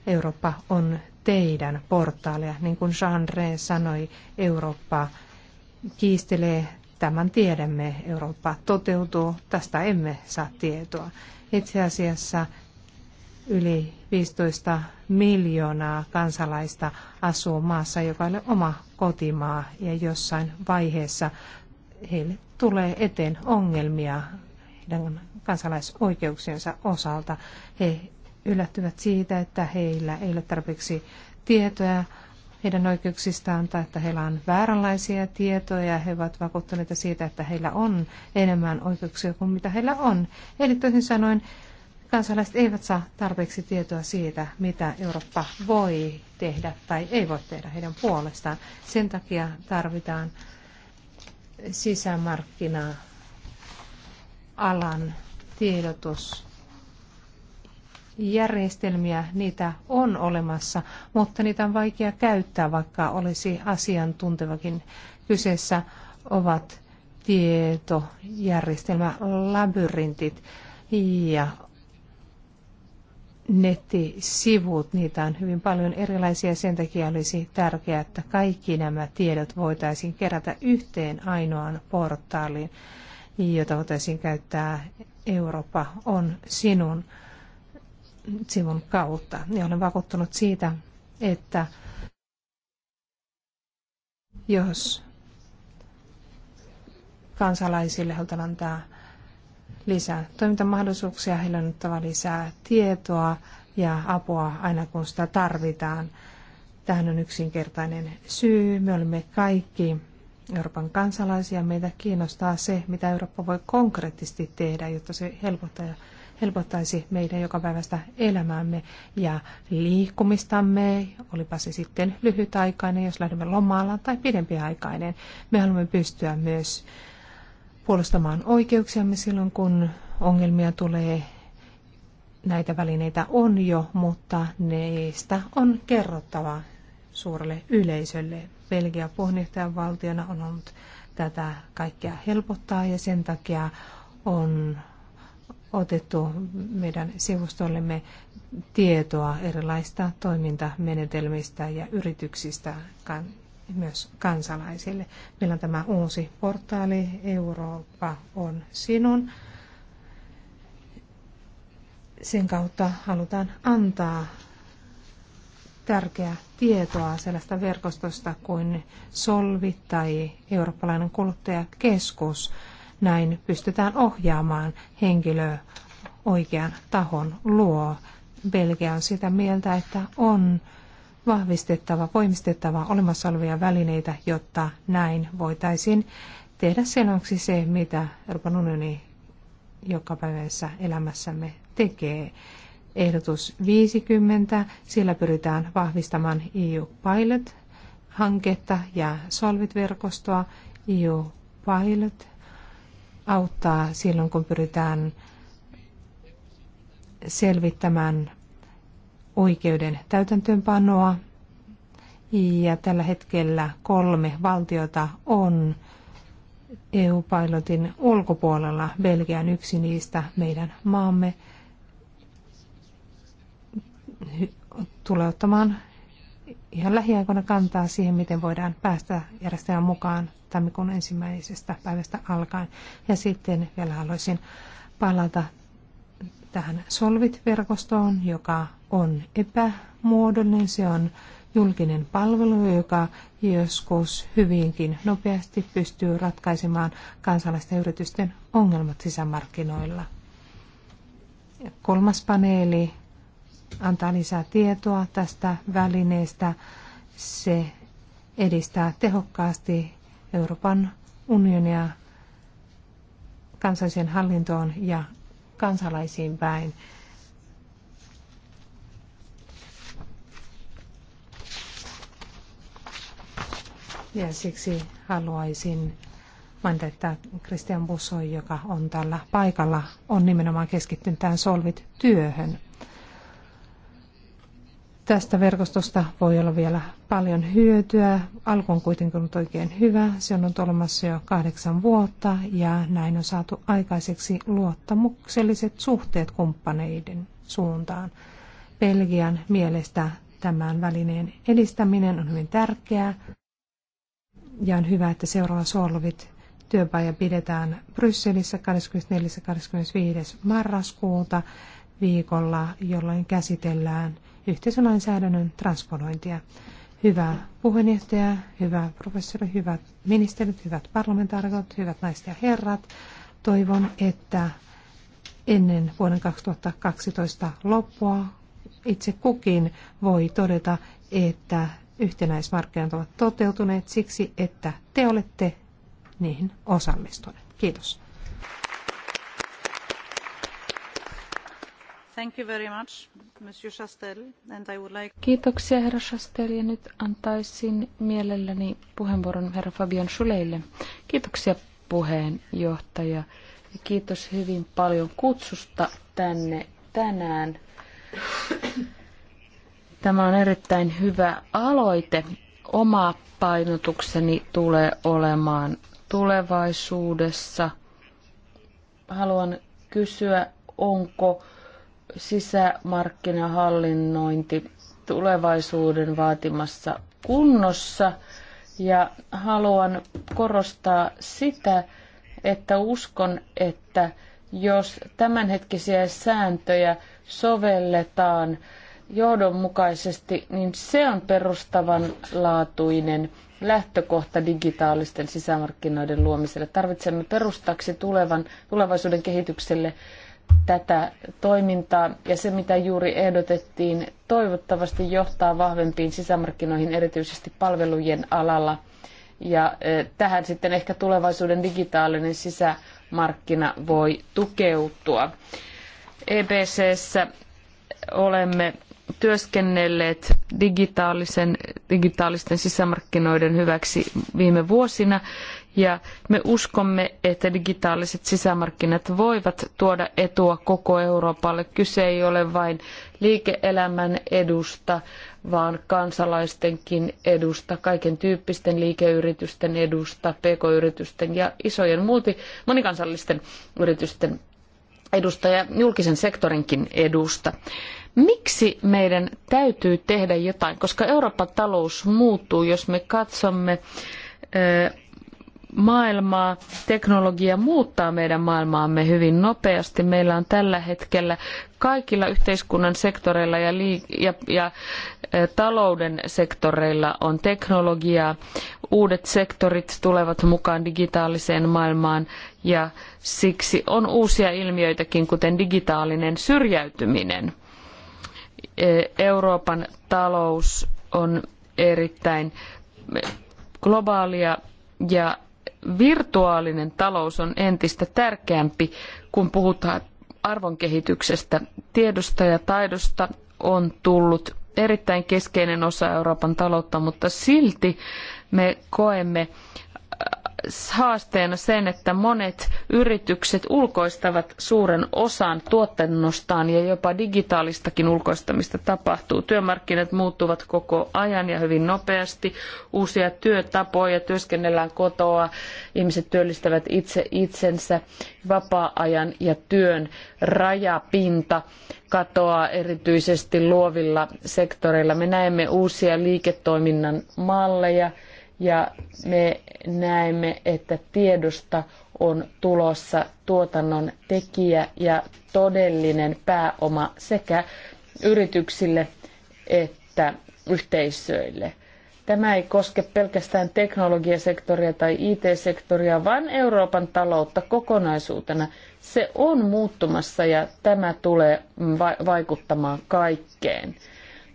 Eurooppa on teidän portaalia. Niin kuin Jean Rey sanoi, Eurooppa kiistelee Tämän tiedämme, Eurooppa toteutuu, tästä emme saa tietoa. Itse asiassa yli 15 miljoonaa kansalaista asuu maassa, joka ei ole oma kotimaa, ja jossain vaiheessa heille tulee eteen ongelmia heidän kansalaisoikeuksiensa osalta. He yllättyvät siitä, että heillä ei ole tarpeeksi tietoja heidän oikeuksistaan tai että heillä on vääränlaisia tietoja. He ovat vakuuttuneita siitä, että heillä on enemmän oikeuksia kuin mitä heillä on. Eli toisin sanoen kansalaiset eivät saa tarpeeksi tietoa siitä, mitä Eurooppa voi tehdä tai ei voi tehdä heidän puolestaan. Sen takia tarvitaan sisämarkkina-alan tiedotus järjestelmiä, niitä on olemassa, mutta niitä on vaikea käyttää, vaikka olisi asiantuntevakin. Kyseessä ovat tietojärjestelmälabyrintit ja nettisivut, niitä on hyvin paljon erilaisia, sen takia olisi tärkeää, että kaikki nämä tiedot voitaisiin kerätä yhteen ainoaan portaaliin, jota voitaisiin käyttää Eurooppa on sinun sivun kautta. Ja olen vakuuttunut siitä, että jos kansalaisille halutaan antaa lisää toimintamahdollisuuksia, heillä on lisää tietoa ja apua aina kun sitä tarvitaan. Tähän on yksinkertainen syy. Me olemme kaikki Euroopan kansalaisia. Meitä kiinnostaa se, mitä Eurooppa voi konkreettisesti tehdä, jotta se helpottaa helpottaisi meidän jokapäiväistä elämäämme ja liikkumistamme, olipa se sitten lyhytaikainen, jos lähdemme lomalla tai pidempiaikainen. Me haluamme pystyä myös puolustamaan oikeuksiamme silloin, kun ongelmia tulee. Näitä välineitä on jo, mutta neistä on kerrottava suurelle yleisölle. Belgia puheenjohtajan valtiona on ollut tätä kaikkea helpottaa ja sen takia on otettu meidän sivustollemme tietoa erilaista toimintamenetelmistä ja yrityksistä myös kansalaisille. Meillä on tämä uusi portaali Eurooppa on sinun. Sen kautta halutaan antaa tärkeää tietoa sellaista verkostosta kuin Solvi tai Eurooppalainen kuluttajakeskus. keskus näin pystytään ohjaamaan henkilö oikean tahon luo. Belgia on sitä mieltä, että on vahvistettava, voimistettava olemassa olevia välineitä, jotta näin voitaisiin tehdä selväksi se, mitä Euroopan unioni joka päivässä elämässämme tekee. Ehdotus 50, sillä pyritään vahvistamaan EU Pilot-hanketta ja Solvit-verkostoa. EU Pilot auttaa silloin, kun pyritään selvittämään oikeuden täytäntöönpanoa. Ja tällä hetkellä kolme valtiota on EU-pilotin ulkopuolella. Belgian yksi niistä meidän maamme tulee ottamaan ihan lähiaikoina kantaa siihen, miten voidaan päästä järjestelmään mukaan tammikuun ensimmäisestä päivästä alkaen. Ja sitten vielä haluaisin palata tähän Solvit-verkostoon, joka on epämuodollinen. Se on julkinen palvelu, joka joskus hyvinkin nopeasti pystyy ratkaisemaan kansalaisten yritysten ongelmat sisämarkkinoilla. kolmas paneeli antaa lisää tietoa tästä välineestä. Se edistää tehokkaasti Euroopan unionia kansalliseen hallintoon ja kansalaisiin päin. Ja siksi haluaisin mainita, että Christian Busso, joka on tällä paikalla, on nimenomaan keskittynyt tähän solvit-työhön. Tästä verkostosta voi olla vielä paljon hyötyä. Alku on kuitenkin ollut oikein hyvä. Se on ollut olemassa jo kahdeksan vuotta ja näin on saatu aikaiseksi luottamukselliset suhteet kumppaneiden suuntaan. Belgian mielestä tämän välineen edistäminen on hyvin tärkeää ja on hyvä, että seuraava Solvit työpaja pidetään Brysselissä 24. 25. marraskuuta viikolla, jolloin käsitellään – yhteisölainsäädännön transponointia. Hyvä puheenjohtaja, hyvä professori, hyvät ministerit, hyvät parlamentaarikot, hyvät naiset ja herrat. Toivon, että ennen vuoden 2012 loppua itse kukin voi todeta, että yhtenäismarkkinat ovat toteutuneet siksi, että te olette niihin osallistuneet. Kiitos. Kiitoksia, herra Chastel, ja nyt antaisin mielelläni puheenvuoron herra Fabian Schuleille. Kiitoksia, puheenjohtaja. Ja kiitos hyvin paljon kutsusta tänne tänään. Tämä on erittäin hyvä aloite. Oma painotukseni tulee olemaan tulevaisuudessa. Haluan kysyä, onko sisämarkkinahallinnointi tulevaisuuden vaatimassa kunnossa. Ja haluan korostaa sitä, että uskon, että jos tämänhetkisiä sääntöjä sovelletaan johdonmukaisesti, niin se on perustavanlaatuinen lähtökohta digitaalisten sisämarkkinoiden luomiselle. Tarvitsemme perustaksi tulevan, tulevaisuuden kehitykselle tätä toimintaa ja se, mitä juuri ehdotettiin, toivottavasti johtaa vahvempiin sisämarkkinoihin erityisesti palvelujen alalla. Ja eh, tähän sitten ehkä tulevaisuuden digitaalinen sisämarkkina voi tukeutua. EBCssä olemme työskennelleet digitaalisen, digitaalisten sisämarkkinoiden hyväksi viime vuosina ja me uskomme, että digitaaliset sisämarkkinat voivat tuoda etua koko Euroopalle. Kyse ei ole vain liike-elämän edusta, vaan kansalaistenkin edusta, kaiken tyyppisten liikeyritysten edusta, pk-yritysten ja isojen multi, monikansallisten yritysten edusta ja julkisen sektorinkin edusta miksi meidän täytyy tehdä jotain, koska Euroopan talous muuttuu, jos me katsomme maailmaa. Teknologia muuttaa meidän maailmaamme hyvin nopeasti. Meillä on tällä hetkellä kaikilla yhteiskunnan sektoreilla ja, ja, ja talouden sektoreilla on teknologiaa. Uudet sektorit tulevat mukaan digitaaliseen maailmaan ja siksi on uusia ilmiöitäkin, kuten digitaalinen syrjäytyminen. E, Euroopan talous on erittäin globaalia ja virtuaalinen talous on entistä tärkeämpi, kun puhutaan arvonkehityksestä. Tiedosta ja taidosta on tullut erittäin keskeinen osa Euroopan taloutta, mutta silti me koemme haasteena sen, että monet yritykset ulkoistavat suuren osan tuotannostaan ja jopa digitaalistakin ulkoistamista tapahtuu. Työmarkkinat muuttuvat koko ajan ja hyvin nopeasti. Uusia työtapoja, työskennellään kotoa, ihmiset työllistävät itse itsensä, vapaa-ajan ja työn rajapinta katoaa erityisesti luovilla sektoreilla. Me näemme uusia liiketoiminnan malleja ja me näemme, että tiedosta on tulossa tuotannon tekijä ja todellinen pääoma sekä yrityksille että yhteisöille. Tämä ei koske pelkästään teknologiasektoria tai IT-sektoria, vaan Euroopan taloutta kokonaisuutena. Se on muuttumassa ja tämä tulee vaikuttamaan kaikkeen.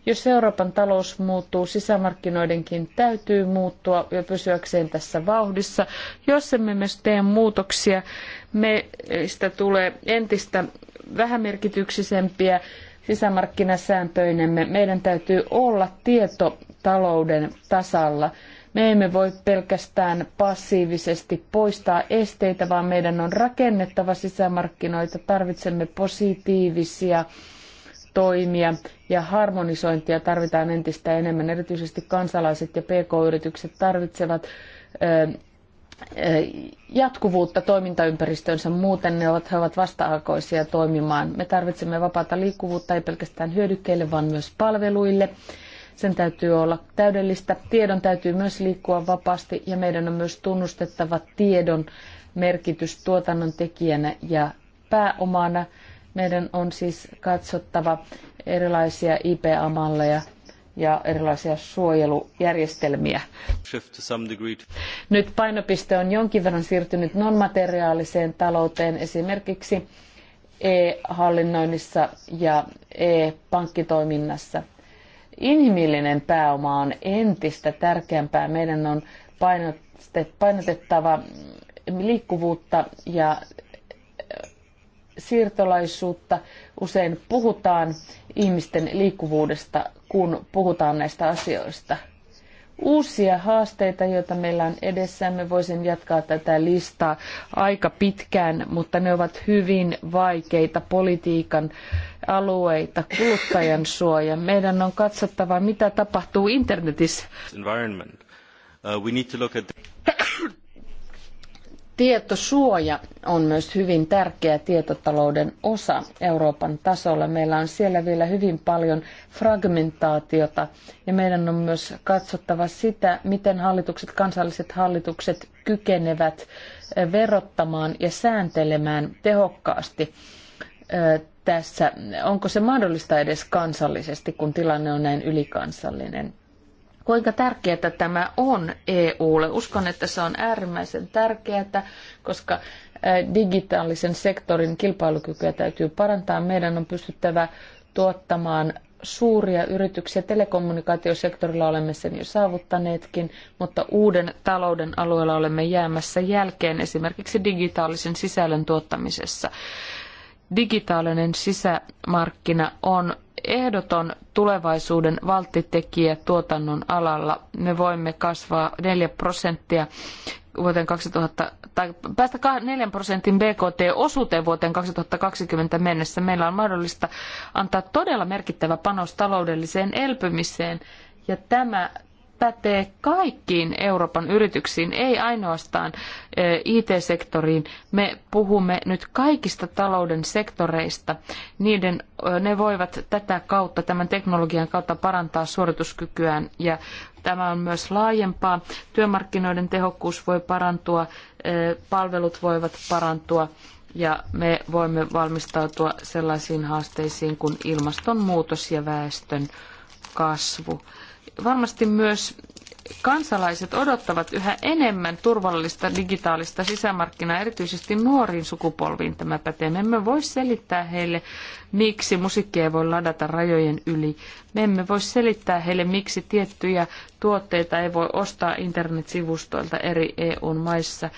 Jos Euroopan talous muuttuu, sisämarkkinoidenkin täytyy muuttua ja pysyäkseen tässä vauhdissa. Jos emme myös tee muutoksia, meistä tulee entistä vähämerkityksisempiä sisämarkkinasääntöinemme. Meidän täytyy olla tietotalouden tasalla. Me emme voi pelkästään passiivisesti poistaa esteitä, vaan meidän on rakennettava sisämarkkinoita. Tarvitsemme positiivisia toimia ja harmonisointia tarvitaan entistä enemmän. Erityisesti kansalaiset ja pk-yritykset tarvitsevat jatkuvuutta toimintaympäristönsä muuten ne ovat, he ovat vasta toimimaan. Me tarvitsemme vapaata liikkuvuutta ei pelkästään hyödykkeille, vaan myös palveluille. Sen täytyy olla täydellistä. Tiedon täytyy myös liikkua vapaasti ja meidän on myös tunnustettava tiedon merkitys tuotannon tekijänä ja pääomana – meidän on siis katsottava erilaisia IPA-malleja ja erilaisia suojelujärjestelmiä. Nyt painopiste on jonkin verran siirtynyt nonmateriaaliseen talouteen, esimerkiksi e-hallinnoinnissa ja e-pankkitoiminnassa. Inhimillinen pääoma on entistä tärkeämpää. Meidän on painotettava liikkuvuutta ja siirtolaisuutta. Usein puhutaan ihmisten liikkuvuudesta, kun puhutaan näistä asioista. Uusia haasteita, joita meillä on edessämme, voisin jatkaa tätä listaa aika pitkään, mutta ne ovat hyvin vaikeita politiikan alueita, kuluttajan suoja. Meidän on katsottava, mitä tapahtuu internetissä. Environment. Uh, we need to look at the Tietosuoja on myös hyvin tärkeä tietotalouden osa Euroopan tasolla. Meillä on siellä vielä hyvin paljon fragmentaatiota ja meidän on myös katsottava sitä, miten hallitukset, kansalliset hallitukset kykenevät verottamaan ja sääntelemään tehokkaasti tässä. Onko se mahdollista edes kansallisesti, kun tilanne on näin ylikansallinen? kuinka tärkeää tämä on EUlle. Uskon, että se on äärimmäisen tärkeää, koska digitaalisen sektorin kilpailukykyä täytyy parantaa. Meidän on pystyttävä tuottamaan suuria yrityksiä. Telekommunikaatiosektorilla olemme sen jo saavuttaneetkin, mutta uuden talouden alueella olemme jäämässä jälkeen esimerkiksi digitaalisen sisällön tuottamisessa. Digitaalinen sisämarkkina on ehdoton tulevaisuuden valttitekijä tuotannon alalla. Me voimme kasvaa 4 prosenttia vuoteen 2000, tai päästä 4 prosentin BKT-osuuteen vuoteen 2020 mennessä. Meillä on mahdollista antaa todella merkittävä panos taloudelliseen elpymiseen, ja tämä pätee kaikkiin Euroopan yrityksiin, ei ainoastaan eh, IT-sektoriin. Me puhumme nyt kaikista talouden sektoreista. Niiden, eh, ne voivat tätä kautta, tämän teknologian kautta parantaa suorituskykyään ja tämä on myös laajempaa. Työmarkkinoiden tehokkuus voi parantua, eh, palvelut voivat parantua ja me voimme valmistautua sellaisiin haasteisiin kuin ilmastonmuutos ja väestön kasvu. Varmasti myös kansalaiset odottavat yhä enemmän turvallista digitaalista sisämarkkinaa, erityisesti nuoriin sukupolviin tämä pätee. Me emme voi selittää heille, miksi musiikkia ei voi ladata rajojen yli. Me emme voi selittää heille, miksi tiettyjä tuotteita ei voi ostaa internetsivustoilta eri eu maissa.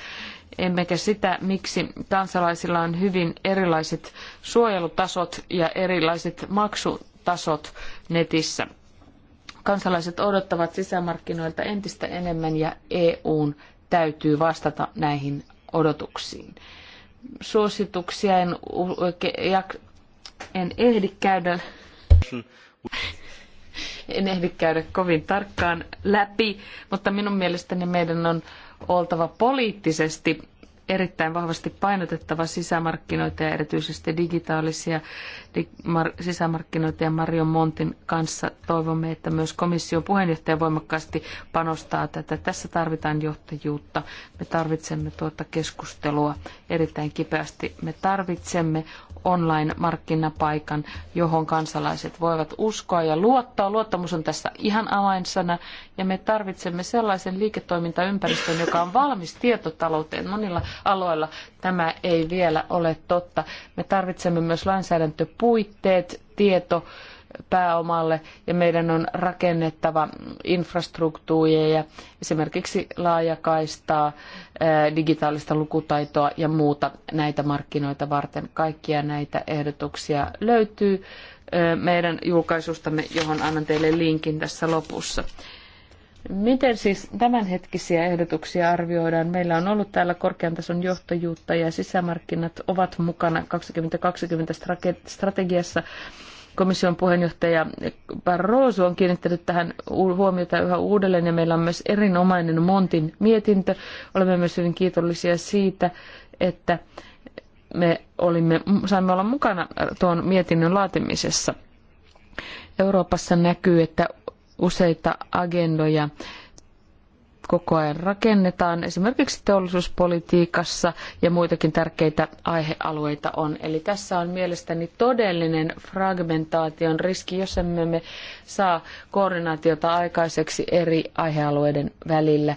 Emmekä sitä, miksi kansalaisilla on hyvin erilaiset suojelutasot ja erilaiset maksutasot netissä Kansalaiset odottavat sisämarkkinoilta entistä enemmän ja EUn täytyy vastata näihin odotuksiin. Suosituksia en, en ehdi käydä en ehdi käydä kovin tarkkaan läpi, mutta minun mielestäni meidän on oltava poliittisesti erittäin vahvasti painotettava sisämarkkinoita ja erityisesti digitaalisia sisämarkkinoita ja Mario Montin kanssa toivomme, että myös komission puheenjohtaja voimakkaasti panostaa tätä. Tässä tarvitaan johtajuutta. Me tarvitsemme tuota keskustelua erittäin kipeästi. Me tarvitsemme online-markkinapaikan, johon kansalaiset voivat uskoa ja luottaa. Luottamus on tässä ihan avainsana ja me tarvitsemme sellaisen liiketoimintaympäristön, joka on valmis tietotalouteen. Monilla no niin, aloilla. Tämä ei vielä ole totta. Me tarvitsemme myös lainsäädäntöpuitteet, tieto, pääomalle ja meidän on rakennettava infrastruktuuria, esimerkiksi laajakaistaa, digitaalista lukutaitoa ja muuta näitä markkinoita varten. Kaikkia näitä ehdotuksia löytyy meidän julkaisustamme, johon annan teille linkin tässä lopussa. Miten siis tämänhetkisiä ehdotuksia arvioidaan? Meillä on ollut täällä korkean tason johtajuutta ja sisämarkkinat ovat mukana 2020 strategiassa. Komission puheenjohtaja Barroso on kiinnittänyt tähän huomiota yhä uudelleen ja meillä on myös erinomainen Montin mietintö. Olemme myös hyvin kiitollisia siitä, että me olimme, saimme olla mukana tuon mietinnön laatimisessa. Euroopassa näkyy, että useita agendoja koko ajan rakennetaan esimerkiksi teollisuuspolitiikassa ja muitakin tärkeitä aihealueita on. Eli tässä on mielestäni todellinen fragmentaation riski, jos emme me saa koordinaatiota aikaiseksi eri aihealueiden välillä.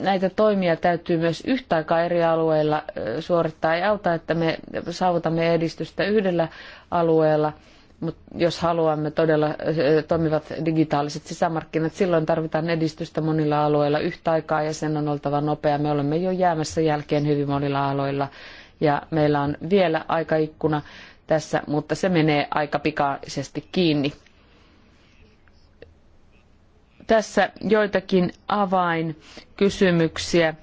Näitä toimia täytyy myös yhtä aikaa eri alueilla suorittaa. Ei auta, että me saavutamme edistystä yhdellä alueella – mutta jos haluamme todella toimivat digitaaliset sisämarkkinat, silloin tarvitaan edistystä monilla aloilla yhtä aikaa ja sen on oltava nopea. Me olemme jo jäämässä jälkeen hyvin monilla aloilla ja meillä on vielä aikaikkuna tässä, mutta se menee aika pikaisesti kiinni. Tässä joitakin avainkysymyksiä. kysymyksiä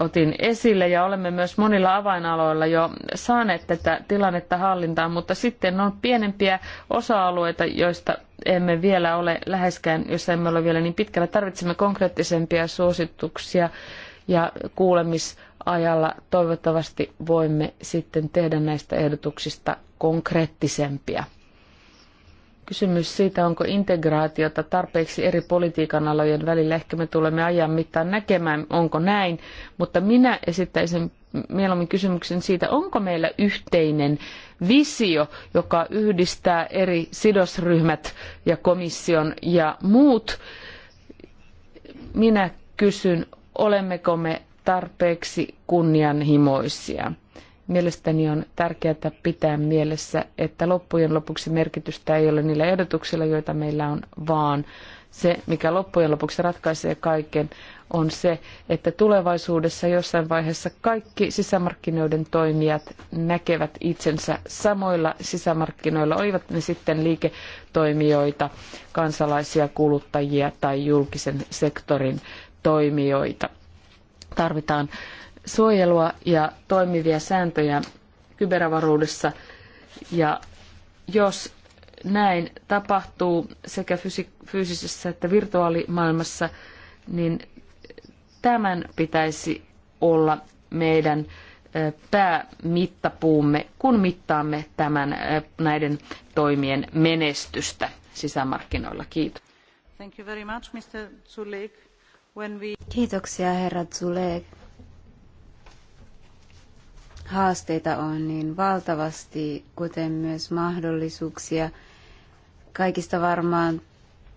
otin esille ja olemme myös monilla avainaloilla jo saaneet tätä tilannetta hallintaan, mutta sitten on pienempiä osa-alueita, joista emme vielä ole läheskään, jos emme ole vielä niin pitkällä. Tarvitsemme konkreettisempia suosituksia ja kuulemisajalla toivottavasti voimme sitten tehdä näistä ehdotuksista konkreettisempia kysymys siitä, onko integraatiota tarpeeksi eri politiikan alojen välillä. Ehkä me tulemme ajan mittaan näkemään, onko näin, mutta minä esittäisin mieluummin kysymyksen siitä, onko meillä yhteinen visio, joka yhdistää eri sidosryhmät ja komission ja muut. Minä kysyn, olemmeko me tarpeeksi kunnianhimoisia. Mielestäni on tärkeää pitää mielessä, että loppujen lopuksi merkitystä ei ole niillä ehdotuksilla, joita meillä on, vaan se, mikä loppujen lopuksi ratkaisee kaiken, on se, että tulevaisuudessa jossain vaiheessa kaikki sisämarkkinoiden toimijat näkevät itsensä samoilla sisämarkkinoilla, olivat ne sitten liiketoimijoita, kansalaisia, kuluttajia tai julkisen sektorin toimijoita. Tarvitaan suojelua ja toimivia sääntöjä kyberavaruudessa. Ja jos näin tapahtuu sekä fyysisessä että virtuaalimaailmassa, niin tämän pitäisi olla meidän päämittapuumme, kun mittaamme tämän, näiden toimien menestystä sisämarkkinoilla. Kiitos. Thank you very much, Mr. When we... Kiitoksia, herra Zulek haasteita on niin valtavasti, kuten myös mahdollisuuksia. Kaikista varmaan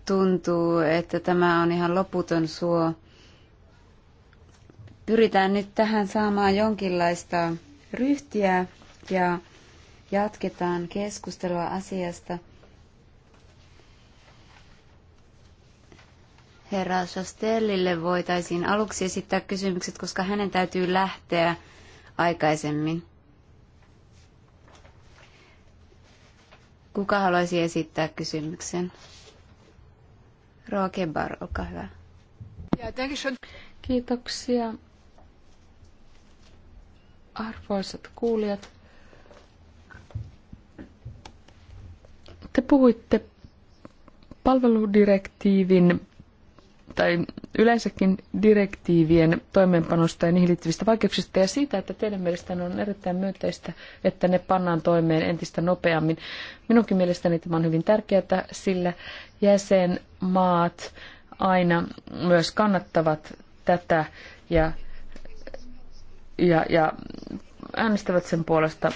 tuntuu, että tämä on ihan loputon suo. Pyritään nyt tähän saamaan jonkinlaista ryhtiä ja jatketaan keskustelua asiasta. Herra Sostellille voitaisiin aluksi esittää kysymykset, koska hänen täytyy lähteä aikaisemmin. Kuka haluaisi esittää kysymyksen? Roa Kebar, olkaa hyvä. Kiitoksia. Arvoisat kuulijat, te puhuitte palveludirektiivin tai yleensäkin direktiivien toimeenpanosta ja niihin liittyvistä vaikeuksista ja siitä, että teidän mielestänne on erittäin myönteistä, että ne pannaan toimeen entistä nopeammin. Minunkin mielestäni tämä on hyvin tärkeää, sillä jäsenmaat aina myös kannattavat tätä ja, ja, ja äänestävät sen puolesta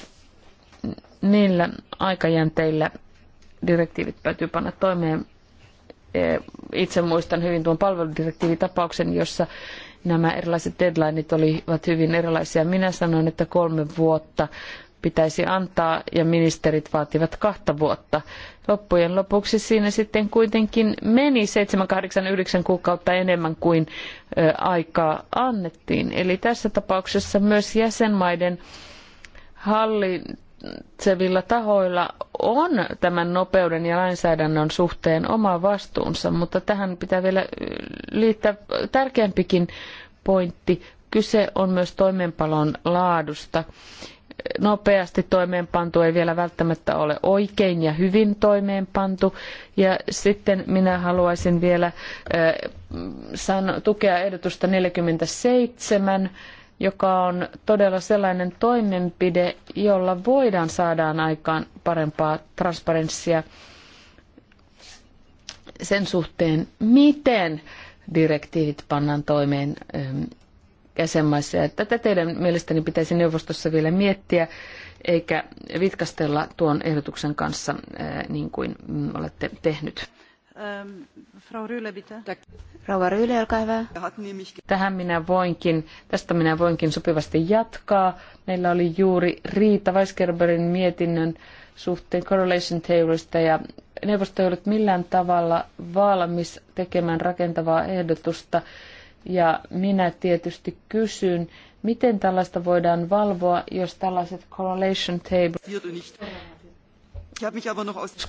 niillä aikajänteillä direktiivit täytyy panna toimeen Eh, itse muistan hyvin tuon palveludirektiivitapauksen, jossa nämä erilaiset deadlineit olivat hyvin erilaisia. Minä sanoin, että kolme vuotta pitäisi antaa ja ministerit vaativat kahta vuotta. Loppujen lopuksi siinä sitten kuitenkin meni 7, 8, 9 kuukautta enemmän kuin eh, aikaa annettiin. Eli tässä tapauksessa myös jäsenmaiden halli, valitsevilla tahoilla on tämän nopeuden ja lainsäädännön suhteen oma vastuunsa, mutta tähän pitää vielä liittää tärkeämpikin pointti. Kyse on myös toimeenpalon laadusta. Nopeasti toimeenpantu ei vielä välttämättä ole oikein ja hyvin toimeenpantu. Ja sitten minä haluaisin vielä tukea ehdotusta 47 joka on todella sellainen toimenpide, jolla voidaan saada aikaan parempaa transparenssia sen suhteen, miten direktiivit pannaan toimeen ähm, jäsenmaissa. Ja tätä teidän mielestäni pitäisi neuvostossa vielä miettiä, eikä vitkastella tuon ehdotuksen kanssa äh, niin kuin mm, olette tehnyt. Ähm, Rouva Ryyle, olkaa hyvä. Tähän minä voinkin, tästä minä voinkin sopivasti jatkaa. Meillä oli juuri Riita Weisgerberin mietinnön suhteen correlation tableista ja neuvosto ei ollut millään tavalla valmis tekemään rakentavaa ehdotusta. Ja minä tietysti kysyn, miten tällaista voidaan valvoa, jos tällaiset correlation tables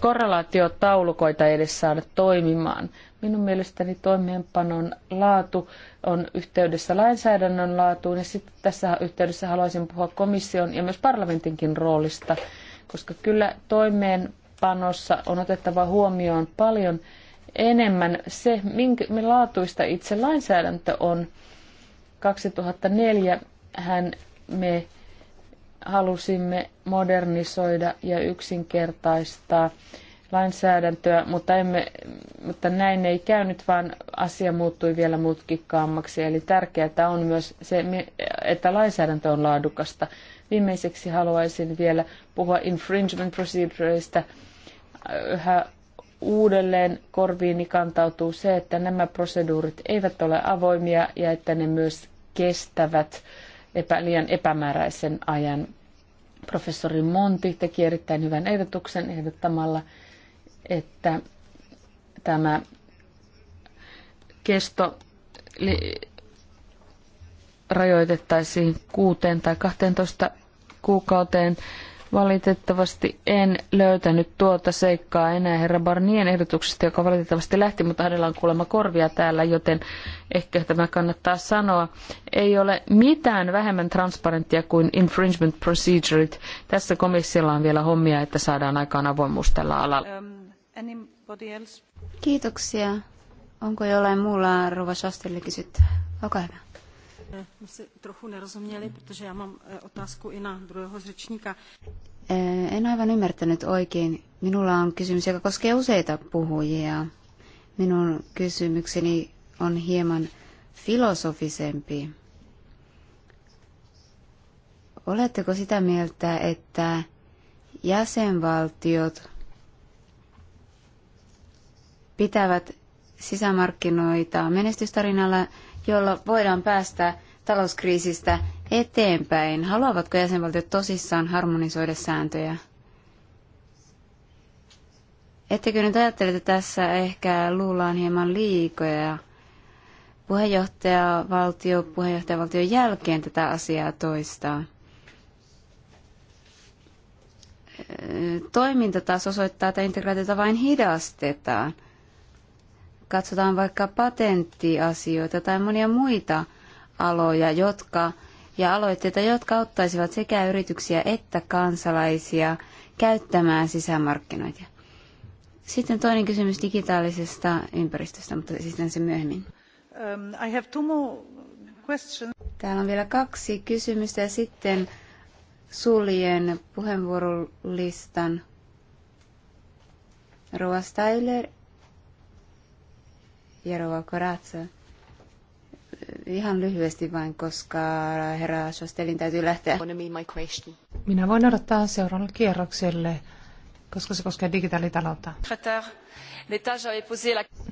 Korrelaatiotaulukoita ei edes saada toimimaan. Minun mielestäni toimeenpanon laatu on yhteydessä lainsäädännön laatuun ja sitten tässä yhteydessä haluaisin puhua komission ja myös parlamentinkin roolista, koska kyllä toimeenpanossa on otettava huomioon paljon enemmän se, minkä laatuista itse lainsäädäntö on. 2004 hän me halusimme modernisoida ja yksinkertaistaa lainsäädäntöä, mutta, emme, mutta näin ei käynyt, vaan asia muuttui vielä mutkikkaammaksi. Eli tärkeää on myös se, että lainsäädäntö on laadukasta. Viimeiseksi haluaisin vielä puhua infringement procedureista. Yhä uudelleen korviini kantautuu se, että nämä proseduurit eivät ole avoimia ja että ne myös kestävät epä, liian epämääräisen ajan. Professori Monti teki erittäin hyvän ehdotuksen ehdottamalla, että tämä kesto rajoitettaisiin kuuteen tai 12 kuukauteen Valitettavasti en löytänyt tuota seikkaa enää herra Barnien ehdotuksesta, joka valitettavasti lähti, mutta hänellä on kuulemma korvia täällä, joten ehkä tämä kannattaa sanoa. Ei ole mitään vähemmän transparenttia kuin infringement procedure. Tässä komissiolla on vielä hommia, että saadaan aikaan avoimuus tällä alalla. Um, Kiitoksia. Onko jollain muulla Rova Shastelle Olkaa hyvä. Eh, my si trochu nerozuměli, protože já mám eh, otázku i na druhého řečníka. Eh, en aivan ymmärtänyt oikein. Minulla on kysymys, joka koskee useita puhujia. Minun kysymykseni on hieman filosofisempi. Oletteko sitä mieltä, että jäsenvaltiot pitävät sisämarkkinoita menestystarinalla jolla voidaan päästä talouskriisistä eteenpäin. Haluavatko jäsenvaltiot tosissaan harmonisoida sääntöjä? Ettekö nyt ajattele, että tässä ehkä luullaan hieman liikoja? Puheenjohtajavaltio puheenjohtajavaltion jälkeen tätä asiaa toistaa. Toiminta taas osoittaa, että integraatiota vain hidastetaan – katsotaan vaikka patenttiasioita tai monia muita aloja jotka, ja aloitteita, jotka auttaisivat sekä yrityksiä että kansalaisia käyttämään sisämarkkinoita. Sitten toinen kysymys digitaalisesta ympäristöstä, mutta esitän se myöhemmin. Um, I have two more Täällä on vielä kaksi kysymystä ja sitten suljen puheenvuorolistan. Rova Steiler Jarova Koratsa. Ihan lyhyesti vain, koska herra Sostelin täytyy lähteä. Minä voin odottaa seuraavalle kierrokselle, koska se koskee digitaalitaloutta.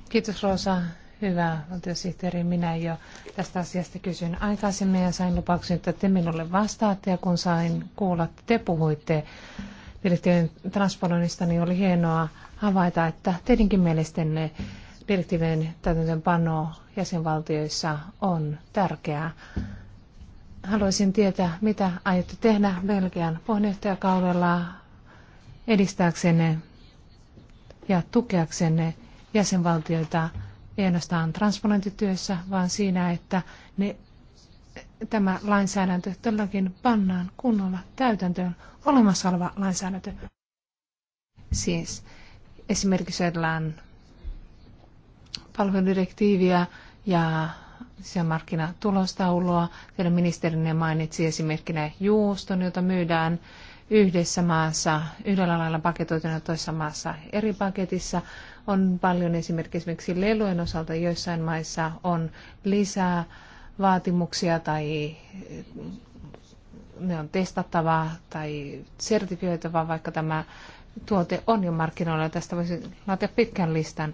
Kiitos Rosa. Hyvä valtiosihteeri, minä jo tästä asiasta kysyin aikaisemmin ja sain lupauksen, että te minulle vastaatte ja kun sain kuulla, että te puhuitte direktiivin transponoinnista, niin oli hienoa havaita, että teidänkin mielestänne direktiivien täytäntöönpano jäsenvaltioissa on tärkeää. Haluaisin tietää, mitä aiotte tehdä Belgian puheenjohtajakaudella edistääksenne ja tukeaksenne jäsenvaltioita ei ainoastaan transponointityössä, vaan siinä, että ne, tämä lainsäädäntö todellakin pannaan kunnolla täytäntöön olemassa oleva lainsäädäntö. Siis esimerkiksi ajatellaan palveludirektiiviä ja sisämarkkinatulostaulua. Teillä ministerinne mainitsi esimerkkinä juuston, jota myydään yhdessä maassa yhdellä lailla paketoituna toisessa maassa eri paketissa. On paljon esimerkiksi, esimerkiksi lelujen osalta joissain maissa on lisää vaatimuksia tai eh, ne on testattavaa tai sertifioitavaa, vaikka tämä tuote on jo markkinoilla. Tästä voisi laatia pitkän listan.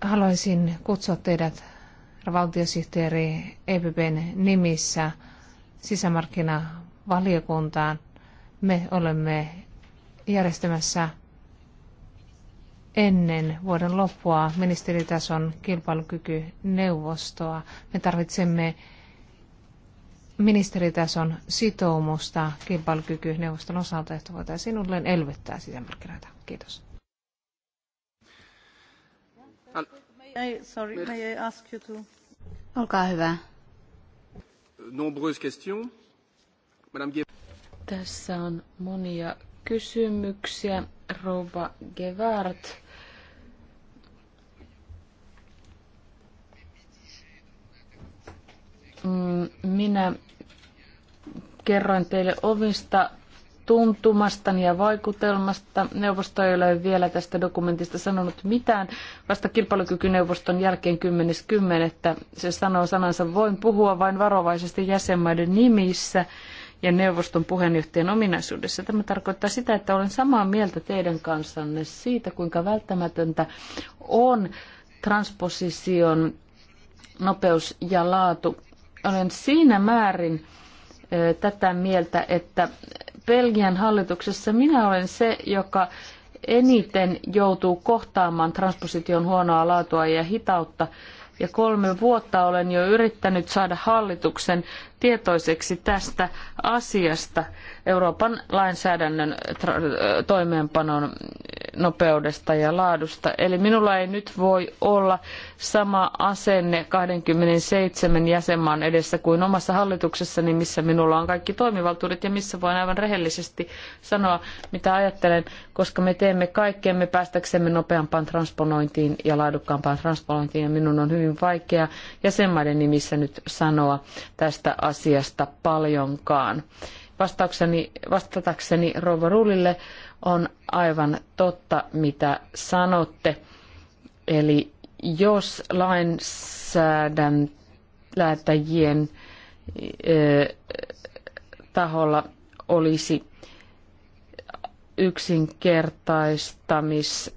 Haluaisin kutsua teidät valtiosihteeri EPPn nimissä sisämarkkinavaliokuntaan. Me olemme järjestämässä ennen vuoden loppua ministeritason kilpailukykyneuvostoa. Me tarvitsemme ministeritason sitoumusta kilpailukykyneuvoston osalta, jotta voitaisiin uudelleen elvyttää sisämarkkinoita. Kiitos tässä on monia kysymyksiä. Rouva Gevart. Mm, minä kerroin teille ovista tuntumastani ja vaikutelmasta. Neuvosto ei ole vielä tästä dokumentista sanonut mitään. Vasta kilpailukykyneuvoston jälkeen 10.10. se sanoo sanansa, voin puhua vain varovaisesti jäsenmaiden nimissä ja neuvoston puheenjohtajan ominaisuudessa. Tämä tarkoittaa sitä, että olen samaa mieltä teidän kanssanne siitä, kuinka välttämätöntä on transposition nopeus ja laatu. Olen siinä määrin tätä mieltä, että Belgian hallituksessa minä olen se, joka eniten joutuu kohtaamaan transposition huonoa laatua ja hitautta. Ja kolme vuotta olen jo yrittänyt saada hallituksen tietoiseksi tästä asiasta. Euroopan lainsäädännön toimeenpanon nopeudesta ja laadusta. Eli minulla ei nyt voi olla sama asenne 27 jäsenmaan edessä kuin omassa hallituksessani, missä minulla on kaikki toimivaltuudet ja missä voin aivan rehellisesti sanoa, mitä ajattelen, koska me teemme kaikkemme päästäksemme nopeampaan transponointiin ja laadukkaampaan transponointiin ja minun on hyvin vaikea jäsenmaiden nimissä nyt sanoa tästä asiasta paljonkaan. Vastaukseni, vastatakseni Rouva Ruulille on aivan totta, mitä sanotte. Eli jos lainsäädäntäjien taholla olisi yksinkertaistamis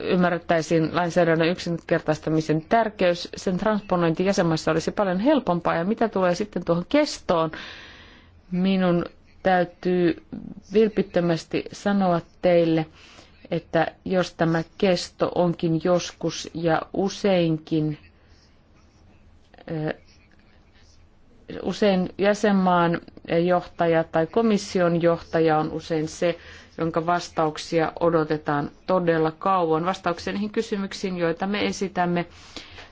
ymmärrettäisiin lainsäädännön yksinkertaistamisen tärkeys, sen transponointi jäsenmaissa olisi paljon helpompaa. Ja mitä tulee sitten tuohon kestoon, Minun täytyy vilpittömästi sanoa teille, että jos tämä kesto onkin joskus ja useinkin usein jäsenmaan johtaja tai komission johtaja on usein se, jonka vastauksia odotetaan todella kauan. Vastauksia niihin kysymyksiin, joita me esitämme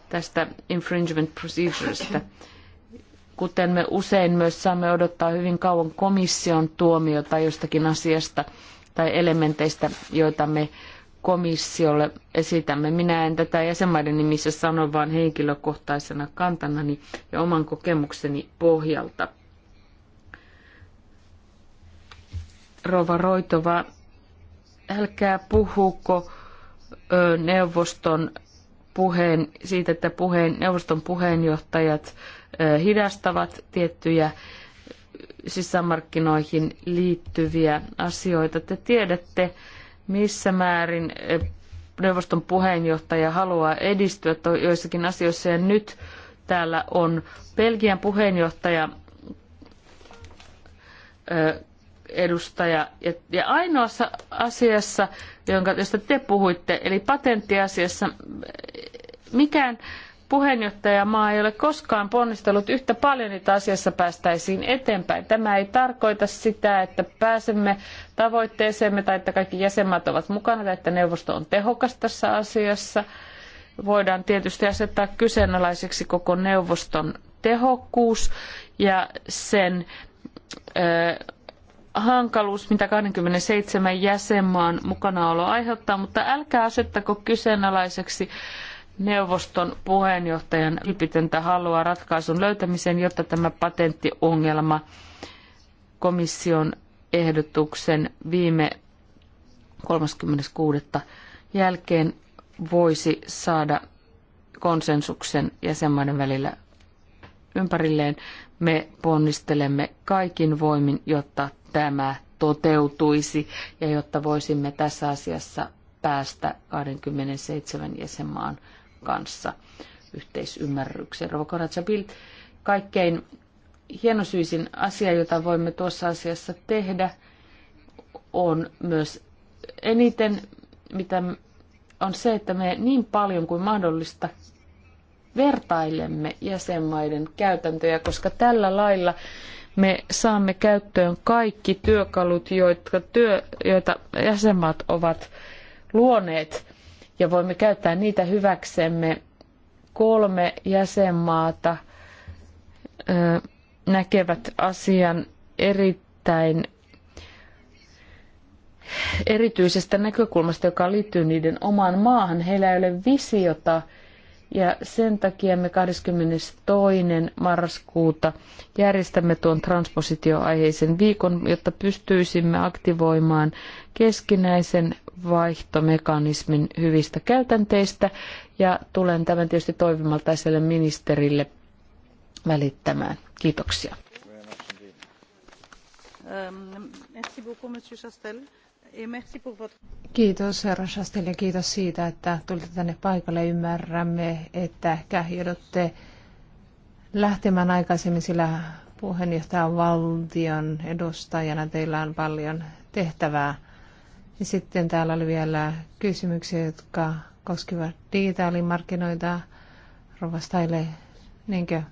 tästä infringement procedureista kuten me usein myös saamme odottaa hyvin kauan komission tuomiota jostakin asiasta tai elementeistä, joita me komissiolle esitämme. Minä en tätä jäsenmaiden nimissä sano, vaan henkilökohtaisena kantanani ja oman kokemukseni pohjalta. Rova Roitova, älkää puhuko neuvoston puheen, siitä, että puheen, neuvoston puheenjohtajat hidastavat tiettyjä sisämarkkinoihin liittyviä asioita. Te tiedätte, missä määrin neuvoston puheenjohtaja haluaa edistyä joissakin asioissa ja nyt täällä on Belgian puheenjohtaja edustaja ja, ainoassa asiassa, jonka, josta te puhuitte, eli patenttiasiassa, mikään puheenjohtajamaa ei ole koskaan ponnistellut yhtä paljon, että asiassa päästäisiin eteenpäin. Tämä ei tarkoita sitä, että pääsemme tavoitteeseemme tai että kaikki jäsenmaat ovat mukana tai että neuvosto on tehokas tässä asiassa. Voidaan tietysti asettaa kyseenalaiseksi koko neuvoston tehokkuus ja sen ö, hankaluus, mitä 27 jäsenmaan mukanaolo aiheuttaa, mutta älkää asettako kyseenalaiseksi neuvoston puheenjohtajan ypitöntä halua ratkaisun löytämiseen, jotta tämä patenttiongelma komission ehdotuksen viime 36. jälkeen voisi saada konsensuksen jäsenmaiden välillä ympärilleen. Me ponnistelemme kaikin voimin, jotta tämä toteutuisi ja jotta voisimme tässä asiassa päästä 27 jäsenmaan kanssa yhteisymmärryksen. Rovokoratsa kaikkein hienosyisin asia, jota voimme tuossa asiassa tehdä, on myös eniten, mitä on se, että me niin paljon kuin mahdollista vertailemme jäsenmaiden käytäntöjä, koska tällä lailla me saamme käyttöön kaikki työkalut, joita, työ, joita jäsenmaat ovat luoneet ja voimme käyttää niitä hyväksemme. Kolme jäsenmaata näkevät asian erittäin erityisestä näkökulmasta, joka liittyy niiden omaan maahan. Heillä ei ole visiota ja sen takia me 22. marraskuuta järjestämme tuon transpositioaiheisen viikon, jotta pystyisimme aktivoimaan keskinäisen vaihtomekanismin hyvistä käytänteistä ja tulen tämän tietysti toimivaltaiselle ministerille välittämään. Kiitoksia. Kiitos herra Chastel ja kiitos siitä, että tulitte tänne paikalle. Ymmärrämme, että ehkä joudutte lähtemään aikaisemmin, sillä puheenjohtajan valtion edustajana teillä on paljon tehtävää. Ja sitten täällä oli vielä kysymyksiä, jotka koskivat digitaalimarkkinoita. Rova Staile, niinkö?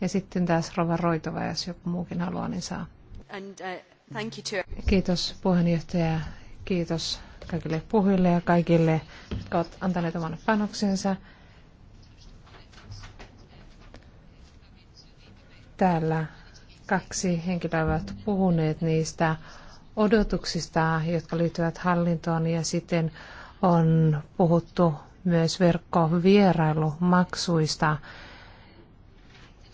Ja sitten taas Rova Roitova, jos joku muukin haluaa, niin saa. And, uh, thank you to... Kiitos puheenjohtaja, kiitos kaikille puhujille ja kaikille, jotka ovat antaneet oman panoksensa. Täällä kaksi henkilöä ovat puhuneet niistä odotuksista, jotka liittyvät hallintoon ja sitten on puhuttu myös verkkovierailumaksuista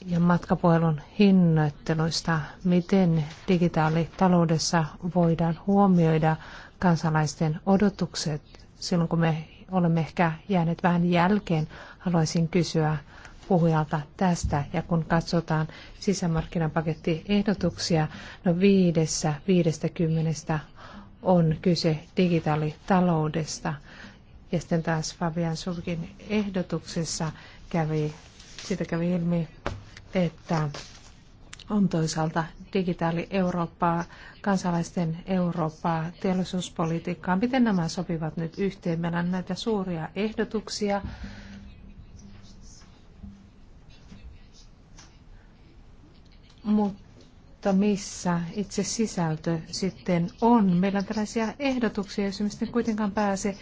ja matkapuhelun hinnoitteluista, miten digitaalitaloudessa voidaan huomioida kansalaisten odotukset silloin, kun me olemme ehkä jääneet vähän jälkeen. Haluaisin kysyä puhujalta tästä. Ja kun katsotaan sisämarkkinapakettiehdotuksia, no viidessä, viidestä kymmenestä on kyse digitaalitaloudesta. Ja sitten taas Fabian Surkin ehdotuksessa kävi, siitä kävi ilmi, että on toisaalta digitaali Eurooppaa, kansalaisten Eurooppaa, teollisuuspolitiikkaa. Miten nämä sopivat nyt yhteen? Meillä on näitä suuria ehdotuksia Mutta missä itse sisältö sitten on? Meillä on tällaisia ehdotuksia, jos emme sitten kuitenkaan pääse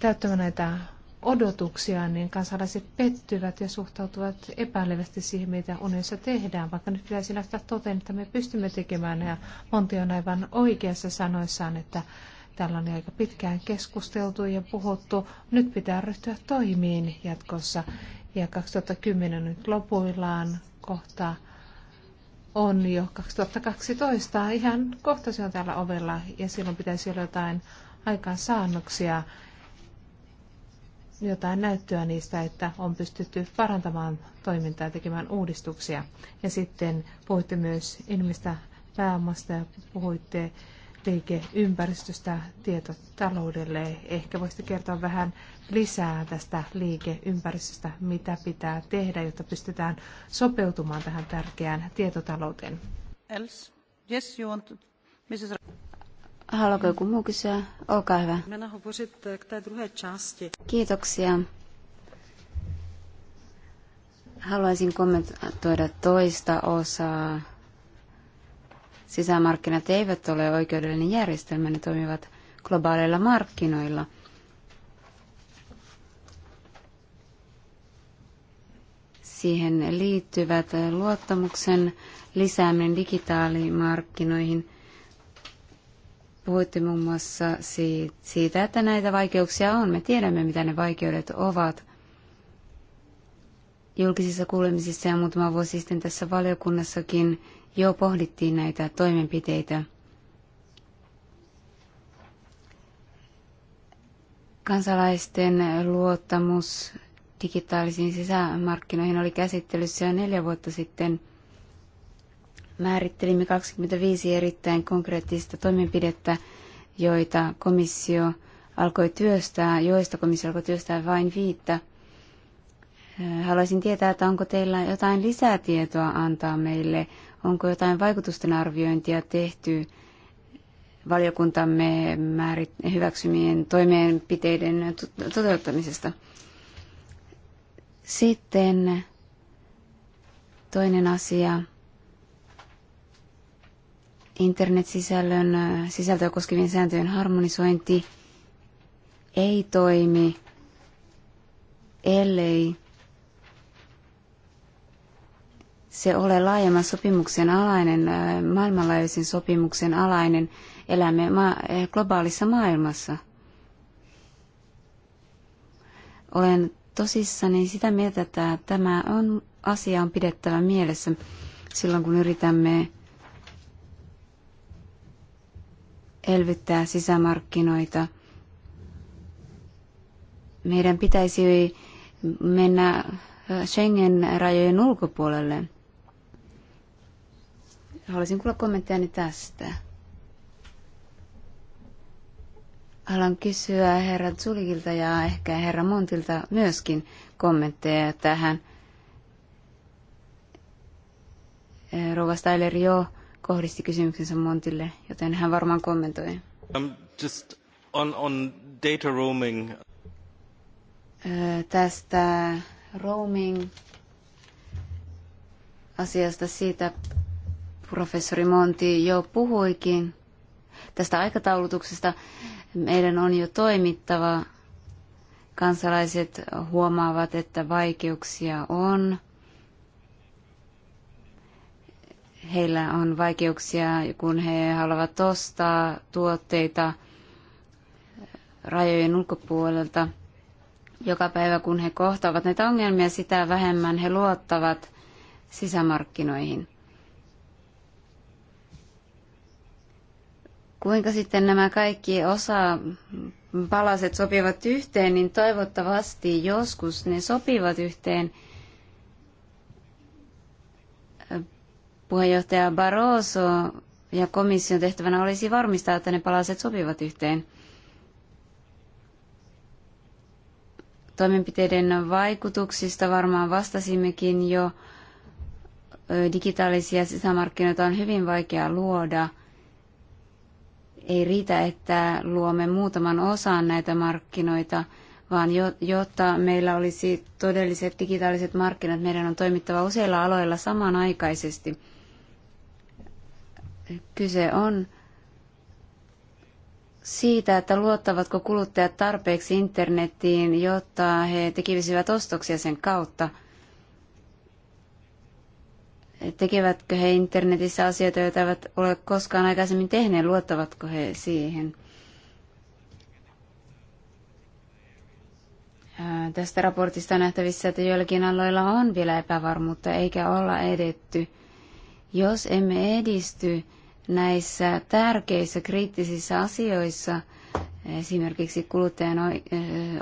täyttämään näitä odotuksia, niin kansalaiset pettyvät ja suhtautuvat epäilevästi siihen, mitä unessa tehdään, vaikka nyt pitäisi lähteä toteen, että me pystymme tekemään. Ja Monti on aivan oikeassa sanoissaan, että täällä on aika pitkään keskusteltu ja puhuttu. Nyt pitää ryhtyä toimiin jatkossa. Ja 2010 on nyt lopuillaan kohta on jo 2012. Ihan kohta se on täällä ovella ja silloin pitäisi olla jotain aikaansaannoksia, jotain näyttöä niistä, että on pystytty parantamaan toimintaa ja tekemään uudistuksia. Ja sitten puhuitte myös ilmistä pääomasta ja puhuitte liikeympäristöstä tietotaloudelle. Ehkä voisitte kertoa vähän lisää tästä liikeympäristöstä, mitä pitää tehdä, jotta pystytään sopeutumaan tähän tärkeään tietotalouteen. Else? Yes, you want Mrs. joku muu kysyä? Olkaa hyvä. Eh, Kiitoksia. Haluaisin kommentoida toista osaa. Sisämarkkinat eivät ole oikeudellinen järjestelmä, ne toimivat globaaleilla markkinoilla – siihen liittyvät luottamuksen lisääminen digitaalimarkkinoihin. Puhuitte muun muassa siitä, että näitä vaikeuksia on. Me tiedämme, mitä ne vaikeudet ovat. Julkisissa kuulemisissa ja muutama vuosi sitten tässä valiokunnassakin jo pohdittiin näitä toimenpiteitä. Kansalaisten luottamus digitaalisiin sisämarkkinoihin oli käsittelyssä jo neljä vuotta sitten. Määrittelimme 25 erittäin konkreettista toimenpidettä, joita komissio alkoi työstää, joista komissio alkoi työstää vain viittä. Äh, haluaisin tietää, että onko teillä jotain lisätietoa antaa meille, onko jotain vaikutusten arviointia tehty valiokuntamme määrit, hyväksymien toimenpiteiden toteuttamisesta. Sitten toinen asia, internet sisällön sisältöä koskevien sääntöjen harmonisointi ei toimi, ellei se ole laajemman sopimuksen alainen, maailmanlaajuisen sopimuksen alainen. Elämme ma- globaalissa maailmassa. Olen tosissani sitä mieltä, että tämä on, asia on pidettävä mielessä silloin, kun yritämme elvyttää sisämarkkinoita. Meidän pitäisi mennä äh, Schengen-rajojen ulkopuolelle. Haluaisin kuulla kommentteja tästä. Haluan kysyä herra Zulikilta ja ehkä herra Montilta myöskin kommentteja tähän. Rouva Steiler jo kohdisti kysymyksensä Montille, joten hän varmaan kommentoi. Um, just on, on data roaming. Tästä roaming-asiasta siitä professori Monti jo puhuikin, tästä aikataulutuksesta. Meidän on jo toimittava. Kansalaiset huomaavat, että vaikeuksia on. Heillä on vaikeuksia, kun he haluavat ostaa tuotteita rajojen ulkopuolelta. Joka päivä, kun he kohtaavat näitä ongelmia, sitä vähemmän he luottavat sisämarkkinoihin. kuinka sitten nämä kaikki osa palaset sopivat yhteen, niin toivottavasti joskus ne sopivat yhteen. Puheenjohtaja Barroso ja komission tehtävänä olisi varmistaa, että ne palaset sopivat yhteen. Toimenpiteiden vaikutuksista varmaan vastasimmekin jo. Digitaalisia sisämarkkinoita on hyvin vaikea luoda ei riitä, että luomme muutaman osan näitä markkinoita, vaan jotta meillä olisi todelliset digitaaliset markkinat, meidän on toimittava useilla aloilla samanaikaisesti. Kyse on siitä, että luottavatko kuluttajat tarpeeksi internettiin, jotta he tekisivät ostoksia sen kautta – tekevätkö he internetissä asioita, joita eivät ole koskaan aikaisemmin tehneet, luottavatko he siihen. Tästä raportista on nähtävissä, että joillakin aloilla on vielä epävarmuutta eikä olla edetty. Jos emme edisty näissä tärkeissä kriittisissä asioissa, esimerkiksi kuluttajan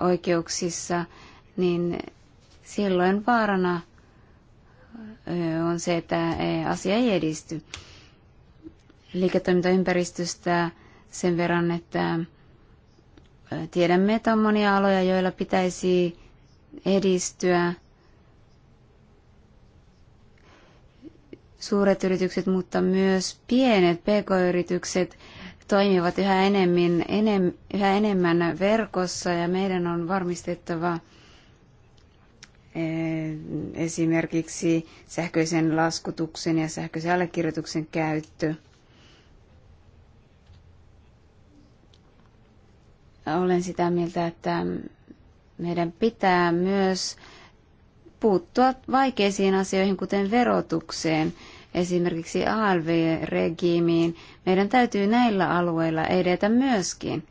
oikeuksissa, niin silloin vaarana on se, että e, asia ei edisty. Liiketoimintaympäristöstä sen verran, että e, tiedämme, että on monia aloja, joilla pitäisi edistyä. Suuret yritykset, mutta myös pienet pk-yritykset toimivat yhä enemmän, enem, yhä enemmän verkossa ja meidän on varmistettava, Eh, esimerkiksi sähköisen laskutuksen ja sähköisen allekirjoituksen käyttö. Olen sitä mieltä, että meidän pitää myös puuttua vaikeisiin asioihin, kuten verotukseen, esimerkiksi ALV-regiimiin. Meidän täytyy näillä alueilla edetä myöskin –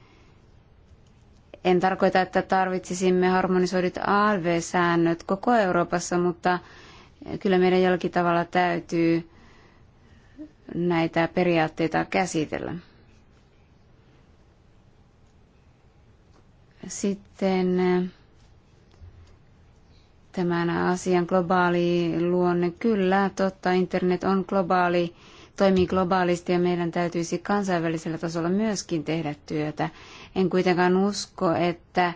en tarkoita, että tarvitsisimme harmonisoidut ALV-säännöt koko Euroopassa, mutta kyllä meidän jollakin tavalla täytyy näitä periaatteita käsitellä. Sitten eh, tämän asian globaali luonne. Kyllä, totta, internet on globaali, toimii globaalisti ja meidän täytyisi kansainvälisellä tasolla myöskin tehdä työtä. En kuitenkaan usko, että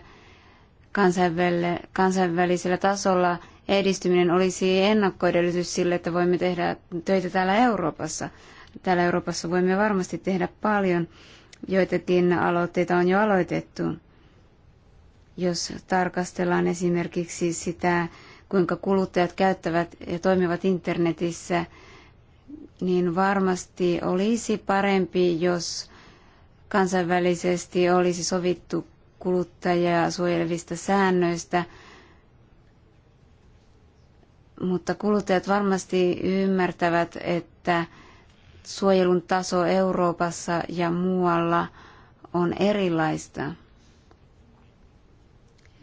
kansainvälisellä tasolla edistyminen olisi ennakkoedellytys sille, että voimme tehdä töitä täällä Euroopassa. Täällä Euroopassa voimme varmasti tehdä paljon. Joitakin aloitteita on jo aloitettu. Jos tarkastellaan esimerkiksi sitä, kuinka kuluttajat käyttävät ja toimivat internetissä, niin varmasti olisi parempi, jos kansainvälisesti olisi sovittu kuluttajaa suojelevista säännöistä, mutta kuluttajat varmasti ymmärtävät, että suojelun taso Euroopassa ja muualla on erilaista.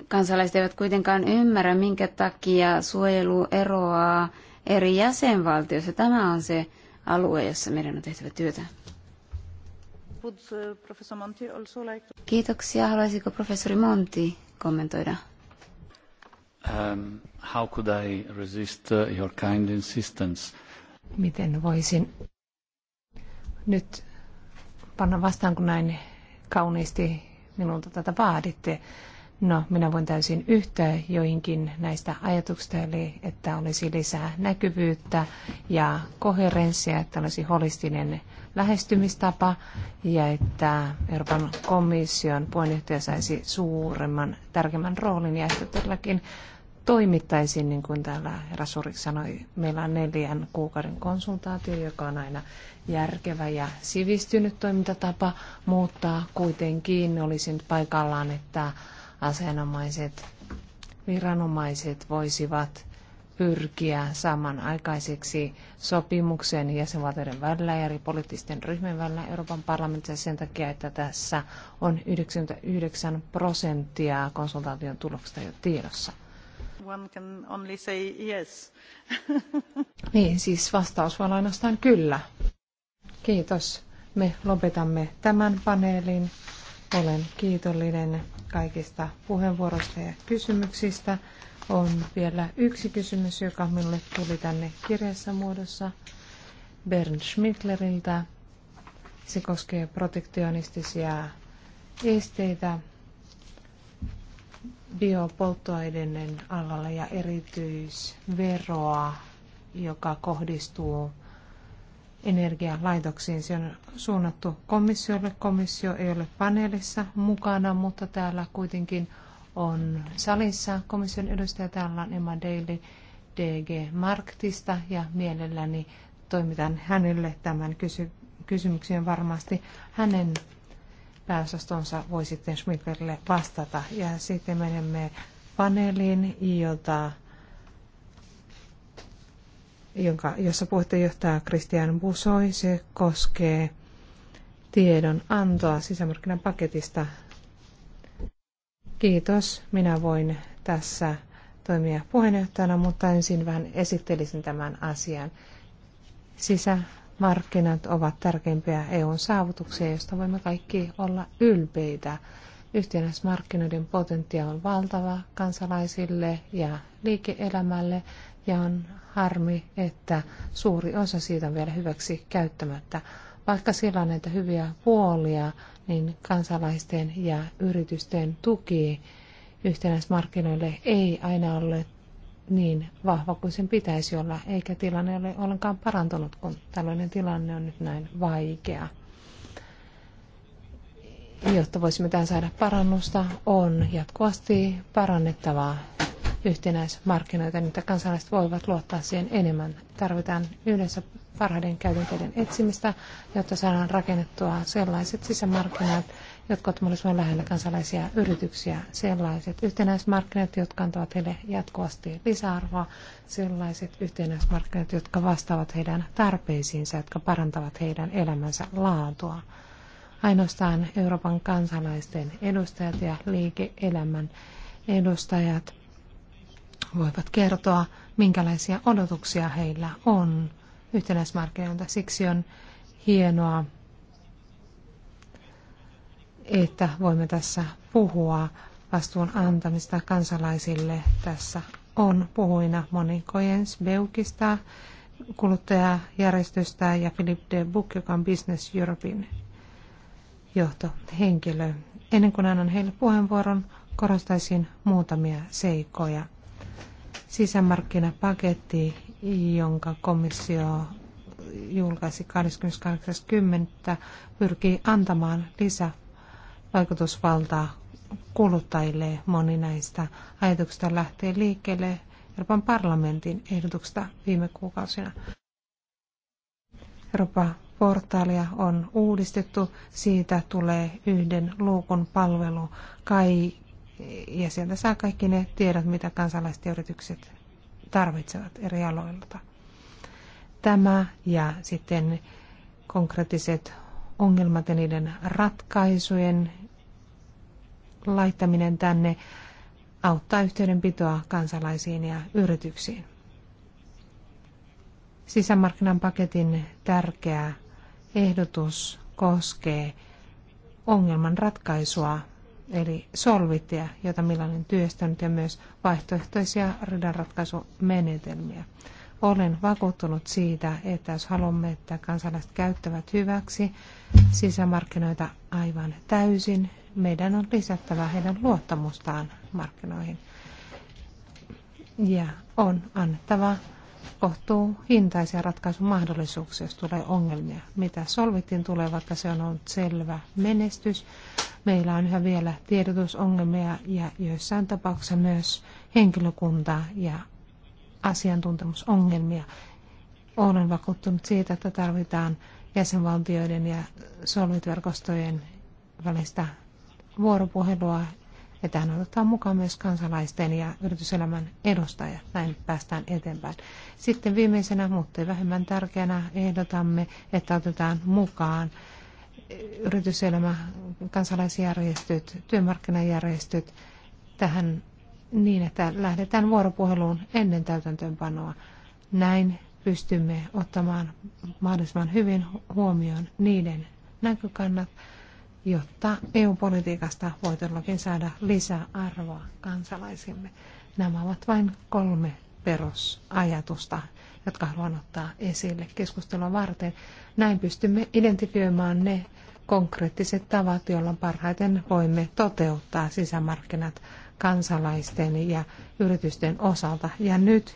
Kansalaiset eivät kuitenkaan ymmärrä, minkä takia suojelu eroaa eri jäsenvaltioissa. Tämä on se alue, jossa meidän on tehtävä työtä. Eh, Kiitoksia. Haluaisiko professori Monti kommentoida? Um, how could I resist uh, your kind insistence? Miten voisin nyt panna vastaan, kun näin kauniisti minulta tätä vaaditte. No, minä voin täysin yhtyä joihinkin näistä ajatuksista, eli että olisi lisää näkyvyyttä ja koherenssia, että olisi holistinen lähestymistapa ja että Euroopan komission puheenjohtaja saisi suuremman, tärkeimmän roolin ja että todellakin toimittaisiin, niin kuin täällä herra sanoi, meillä on neljän kuukauden konsultaatio, joka on aina järkevä ja sivistynyt toimintatapa, mutta kuitenkin olisi nyt paikallaan, että asianomaiset viranomaiset voisivat pyrkiä saamaan aikaiseksi sopimuksen jäsenvaltioiden välillä ja eri poliittisten ryhmien välillä Euroopan parlamentissa sen takia, että tässä on 99 prosenttia konsultaation tuloksista jo tiedossa. One can only say yes. niin, siis vastaus vaan ainoastaan kyllä. Kiitos. Me lopetamme tämän paneelin. Olen kiitollinen kaikista puheenvuoroista ja kysymyksistä on vielä yksi kysymys, joka minulle tuli tänne kirjassa muodossa Bernd Schmittleriltä. Se koskee protektionistisia esteitä biopolttoaineiden alalla ja erityisveroa, joka kohdistuu energialaitoksiin. Se on suunnattu komissiolle. Komissio ei ole paneelissa mukana, mutta täällä kuitenkin on salissa komission edustaja. Täällä on Emma Daily DG Marktista ja mielelläni toimitan hänelle tämän kysy- kysymyksen varmasti hänen pääosastonsa voi sitten Schmidtille vastata. Ja sitten menemme paneeliin, jota, jonka, jossa puheenjohtaja Christian Busoi. Se koskee tiedon antoa sisämarkkinapaketista Kiitos. Minä voin tässä toimia puheenjohtajana, mutta ensin vähän esittelisin tämän asian. Sisämarkkinat ovat tärkeimpiä EUn saavutuksia, joista voimme kaikki olla ylpeitä. Yhtenäismarkkinoiden potentiaali on valtava kansalaisille ja liike-elämälle ja on harmi, että suuri osa siitä on vielä hyväksi käyttämättä. Vaikka sillä on näitä hyviä puolia, niin kansalaisten ja yritysten tuki yhtenäismarkkinoille ei aina ole niin vahva kuin sen pitäisi olla, eikä tilanne ole ollenkaan parantunut, kun tällainen tilanne on nyt näin vaikea. Jotta voisimme tämän saada parannusta, on jatkuvasti parannettavaa yhtenäismarkkinoita, niin että kansalaiset voivat luottaa siihen enemmän. Tarvitaan yhdessä parhaiden käytänteiden etsimistä, jotta saadaan rakennettua sellaiset sisämarkkinat, jotka ovat mahdollisimman lähellä kansalaisia yrityksiä, sellaiset yhtenäismarkkinat, jotka antavat heille jatkuvasti lisäarvoa, sellaiset yhtenäismarkkinat, jotka vastaavat heidän tarpeisiinsa, jotka parantavat heidän elämänsä laatua. Ainoastaan Euroopan kansalaisten edustajat ja liike-elämän edustajat voivat kertoa, minkälaisia odotuksia heillä on yhtenäismarkkinoita. Siksi on hienoa, että voimme tässä puhua vastuun antamista kansalaisille. Tässä on puhuina moni Kojens Beukista, kuluttajajärjestöstä ja Philip de Book, joka on Business Europein johtohenkilö. Ennen kuin annan heille puheenvuoron, korostaisin muutamia seikkoja. Sisämarkkinapaketti jonka komissio julkaisi 28.10. pyrkii antamaan lisävaikutusvaltaa kuluttajille. Moni näistä ajatuksista lähtee liikkeelle Euroopan parlamentin ehdotuksesta viime kuukausina. Euroopan portaalia on uudistettu. Siitä tulee yhden luukun palvelu kai, ja sieltä saa kaikki ne tiedot, mitä kansalaiset ja yritykset tarvitsevat eri aloilta. Tämä ja sitten konkreettiset ongelmat ja niiden ratkaisujen laittaminen tänne auttaa yhteydenpitoa kansalaisiin ja yrityksiin. Sisämarkkinan paketin tärkeä ehdotus koskee ongelman ratkaisua eli solvitia, jota millainen työstänyt ja myös vaihtoehtoisia radanratkaisumenetelmiä. Olen vakuuttunut siitä, että jos haluamme, että kansalaiset käyttävät hyväksi sisämarkkinoita aivan täysin, meidän on lisättävä heidän luottamustaan markkinoihin. Ja on annettava kohtuu hintaisia ratkaisumahdollisuuksia, jos tulee ongelmia. Mitä solvittiin tulee, vaikka se on ollut selvä menestys. Meillä on yhä vielä tiedotusongelmia ja joissain tapauksissa myös henkilökuntaa ja asiantuntemusongelmia. Olen vakuuttunut siitä, että tarvitaan jäsenvaltioiden ja solvitverkostojen välistä vuoropuhelua ja tähän ottaa mukaan myös kansalaisten ja yrityselämän edustajat. Näin päästään eteenpäin. Sitten viimeisenä, mutta ei vähemmän tärkeänä, ehdotamme, että otetaan mukaan yrityselämä, kansalaisjärjestöt, työmarkkinajärjestöt tähän niin, että lähdetään vuoropuheluun ennen täytäntöönpanoa. Näin pystymme ottamaan mahdollisimman hyvin huomioon niiden näkökannat, jotta EU-politiikasta voi todellakin saada lisää arvoa kansalaisille. Nämä ovat vain kolme perusajatusta, jotka haluan ottaa esille keskustelua varten. Näin pystymme identifioimaan ne konkreettiset tavat, joilla parhaiten voimme toteuttaa sisämarkkinat kansalaisten ja yritysten osalta. Ja nyt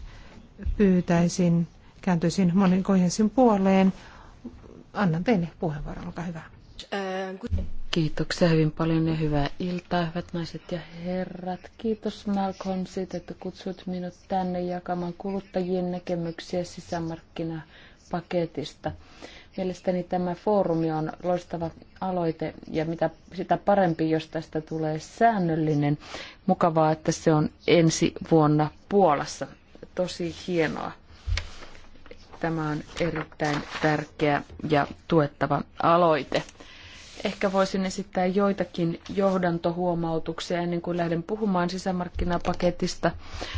pyytäisin, kääntyisin monin puoleen. Annan teille puheenvuoron, olkaa hyvä. Kiitoksia hyvin paljon ja hyvää iltaa, hyvät naiset ja herrat. Kiitos Malcolm siitä, että kutsut minut tänne jakamaan kuluttajien näkemyksiä sisämarkkinapaketista. Mielestäni tämä foorumi on loistava aloite ja mitä, sitä parempi, jos tästä tulee säännöllinen. Mukavaa, että se on ensi vuonna Puolassa. Tosi hienoa. Tämä on erittäin tärkeä ja tuettava aloite. Ehkä voisin esittää joitakin johdantohuomautuksia ennen kuin lähden puhumaan sisämarkkinapaketista.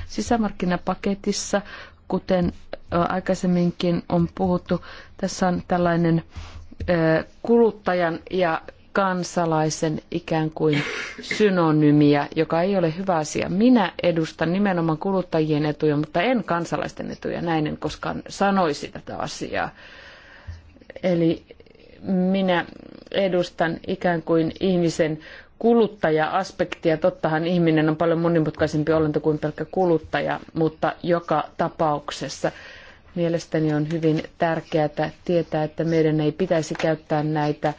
Sisämarkkinapaketissa, kuten aikaisemminkin on puhuttu, tässä on tällainen kuluttajan ja kansalaisen ikään kuin synonymia, joka ei ole hyvä asia. Minä edustan nimenomaan kuluttajien etuja, mutta en kansalaisten etuja. Näin en koskaan sanoisi tätä asiaa. Eli minä edustan ikään kuin ihmisen kuluttaja-aspektia. Tottahan ihminen on paljon monimutkaisempi olento kuin pelkkä kuluttaja, mutta joka tapauksessa mielestäni on hyvin tärkeää tietää, että meidän ei pitäisi käyttää näitä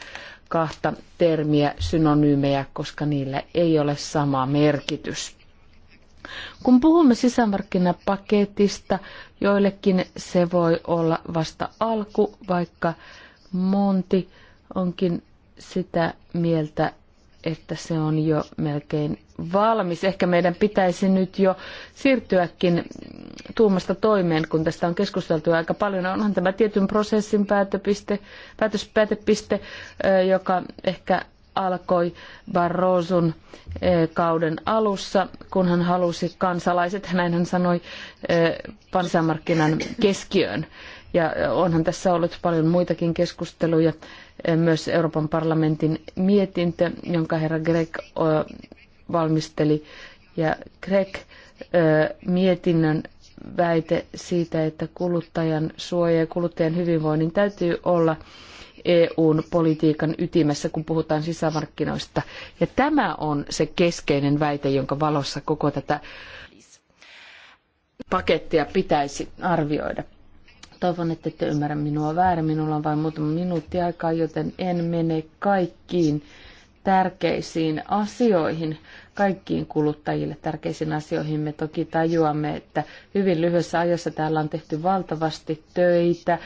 kahta termiä synonyymejä, koska niillä ei ole sama merkitys. Kun puhumme sisämarkkinapaketista, joillekin se voi olla vasta alku, vaikka Monti onkin sitä mieltä, että se on jo melkein valmis. Ehkä meidän pitäisi nyt jo siirtyäkin tuumasta toimeen, kun tästä on keskusteltu aika paljon. Onhan tämä tietyn prosessin päätöpiste, päätös, päätöpiste, joka ehkä alkoi Barroson kauden alussa, kun hän halusi kansalaiset, näin hän sanoi, pansamarkkinan keskiöön. Ja onhan tässä ollut paljon muitakin keskusteluja, myös Euroopan parlamentin mietintö, jonka herra Greg valmisteli. Ja Greg mietinnön väite siitä, että kuluttajan suoja ja kuluttajan hyvinvoinnin täytyy olla EUn politiikan ytimessä, kun puhutaan sisämarkkinoista. Ja tämä on se keskeinen väite, jonka valossa koko tätä pakettia pitäisi arvioida. Toivon, että ette ymmärrä minua väärin. Minulla on vain muutama minuutti aikaa, joten en mene kaikkiin tärkeisiin asioihin, kaikkiin kuluttajille tärkeisiin asioihin. Me toki tajuamme, että hyvin lyhyessä ajassa täällä on tehty valtavasti töitä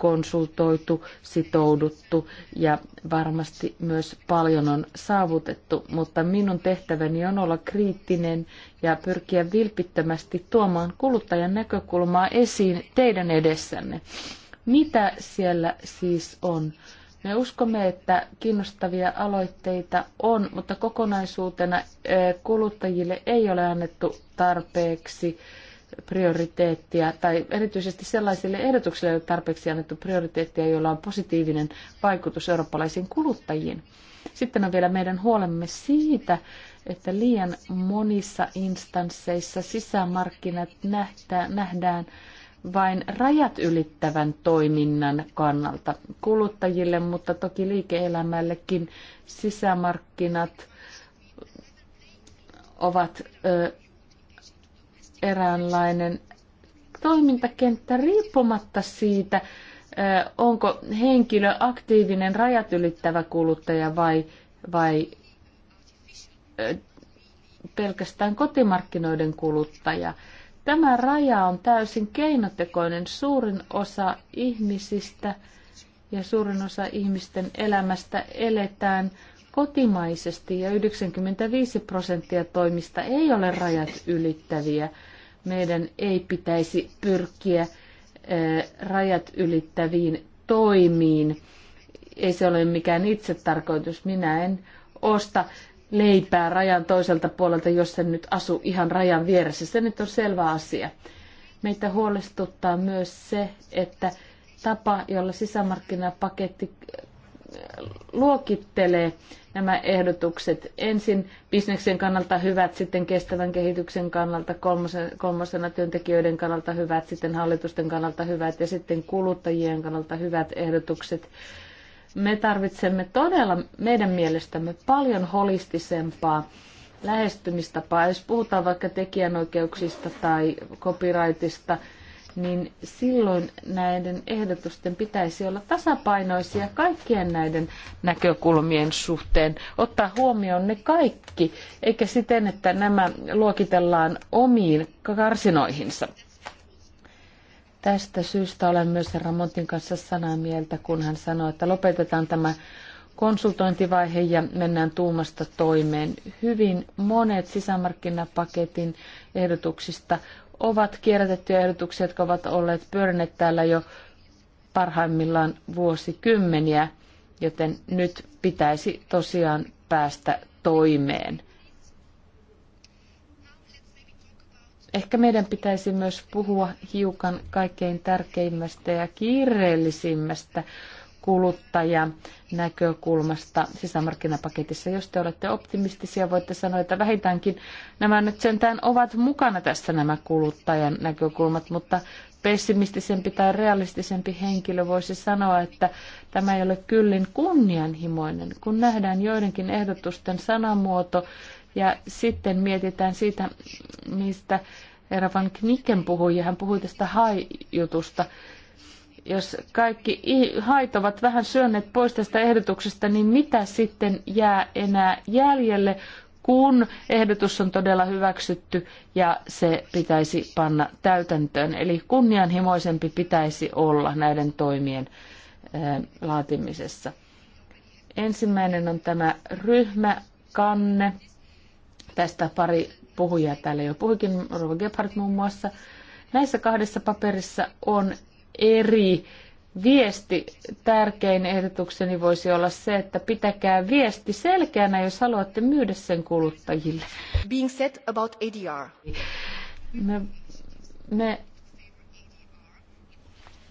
konsultoitu, sitouduttu ja varmasti myös paljon on saavutettu, mutta minun tehtäväni on olla kriittinen ja pyrkiä vilpittömästi tuomaan kuluttajan näkökulmaa esiin teidän edessänne. Mitä siellä siis on? Me uskomme, että kiinnostavia aloitteita on, mutta kokonaisuutena eh, kuluttajille ei ole annettu tarpeeksi prioriteettia tai erityisesti sellaisille ehdotuksille joille tarpeeksi annettu prioriteettia, joilla on positiivinen vaikutus eurooppalaisiin kuluttajiin. Sitten on vielä meidän huolemme siitä, että liian monissa instansseissa sisämarkkinat nähtää, nähdään vain rajat ylittävän toiminnan kannalta kuluttajille, mutta toki liike-elämällekin sisämarkkinat ovat ö, eräänlainen toimintakenttä riippumatta siitä, onko henkilö aktiivinen rajat ylittävä kuluttaja vai, vai pelkästään kotimarkkinoiden kuluttaja. Tämä raja on täysin keinotekoinen. Suurin osa ihmisistä ja suurin osa ihmisten elämästä eletään kotimaisesti ja 95 prosenttia toimista ei ole rajat ylittäviä meidän ei pitäisi pyrkiä rajat ylittäviin toimiin. Ei se ole mikään itse tarkoitus Minä en osta leipää rajan toiselta puolelta, jos en nyt asu ihan rajan vieressä. Se nyt on selvä asia. Meitä huolestuttaa myös se, että tapa, jolla sisämarkkinapaketti luokittelee nämä ehdotukset. Ensin bisneksen kannalta hyvät, sitten kestävän kehityksen kannalta, kolmosena työntekijöiden kannalta hyvät, sitten hallitusten kannalta hyvät ja sitten kuluttajien kannalta hyvät ehdotukset. Me tarvitsemme todella meidän mielestämme paljon holistisempaa lähestymistapaa. Jos puhutaan vaikka tekijänoikeuksista tai copyrightista, niin silloin näiden ehdotusten pitäisi olla tasapainoisia kaikkien näiden näkökulmien suhteen, ottaa huomioon ne kaikki, eikä siten, että nämä luokitellaan omiin karsinoihinsa. Tästä syystä olen myös Ramontin kanssa sanaa mieltä, kun hän sanoi, että lopetetaan tämä konsultointivaihe ja mennään tuumasta toimeen. Hyvin monet sisämarkkinapaketin ehdotuksista ovat kierrätettyjä ehdotuksia, jotka ovat olleet pyörineet täällä jo parhaimmillaan vuosikymmeniä, joten nyt pitäisi tosiaan päästä toimeen. Ehkä meidän pitäisi myös puhua hiukan kaikkein tärkeimmästä ja kiireellisimmästä kuluttajan näkökulmasta sisämarkkinapaketissa. Jos te olette optimistisia, voitte sanoa, että vähintäänkin nämä nyt sentään ovat mukana tässä nämä kuluttajan näkökulmat, mutta pessimistisempi tai realistisempi henkilö voisi sanoa, että tämä ei ole kyllin kunnianhimoinen, kun nähdään joidenkin ehdotusten sanamuoto ja sitten mietitään siitä, mistä Era van Knicken puhui, ja hän puhui tästä haijutusta. jutusta jos kaikki hait ovat vähän syönneet pois tästä ehdotuksesta, niin mitä sitten jää enää jäljelle, kun ehdotus on todella hyväksytty ja se pitäisi panna täytäntöön. Eli kunnianhimoisempi pitäisi olla näiden toimien laatimisessa. Ensimmäinen on tämä ryhmäkanne. Tästä pari puhujaa täällä jo puhuikin, Rova Gebhardt muun muassa. Näissä kahdessa paperissa on eri viesti. Tärkein ehdotukseni voisi olla se, että pitäkää viesti selkeänä, jos haluatte myydä sen kuluttajille. Being said about ADR. Me, me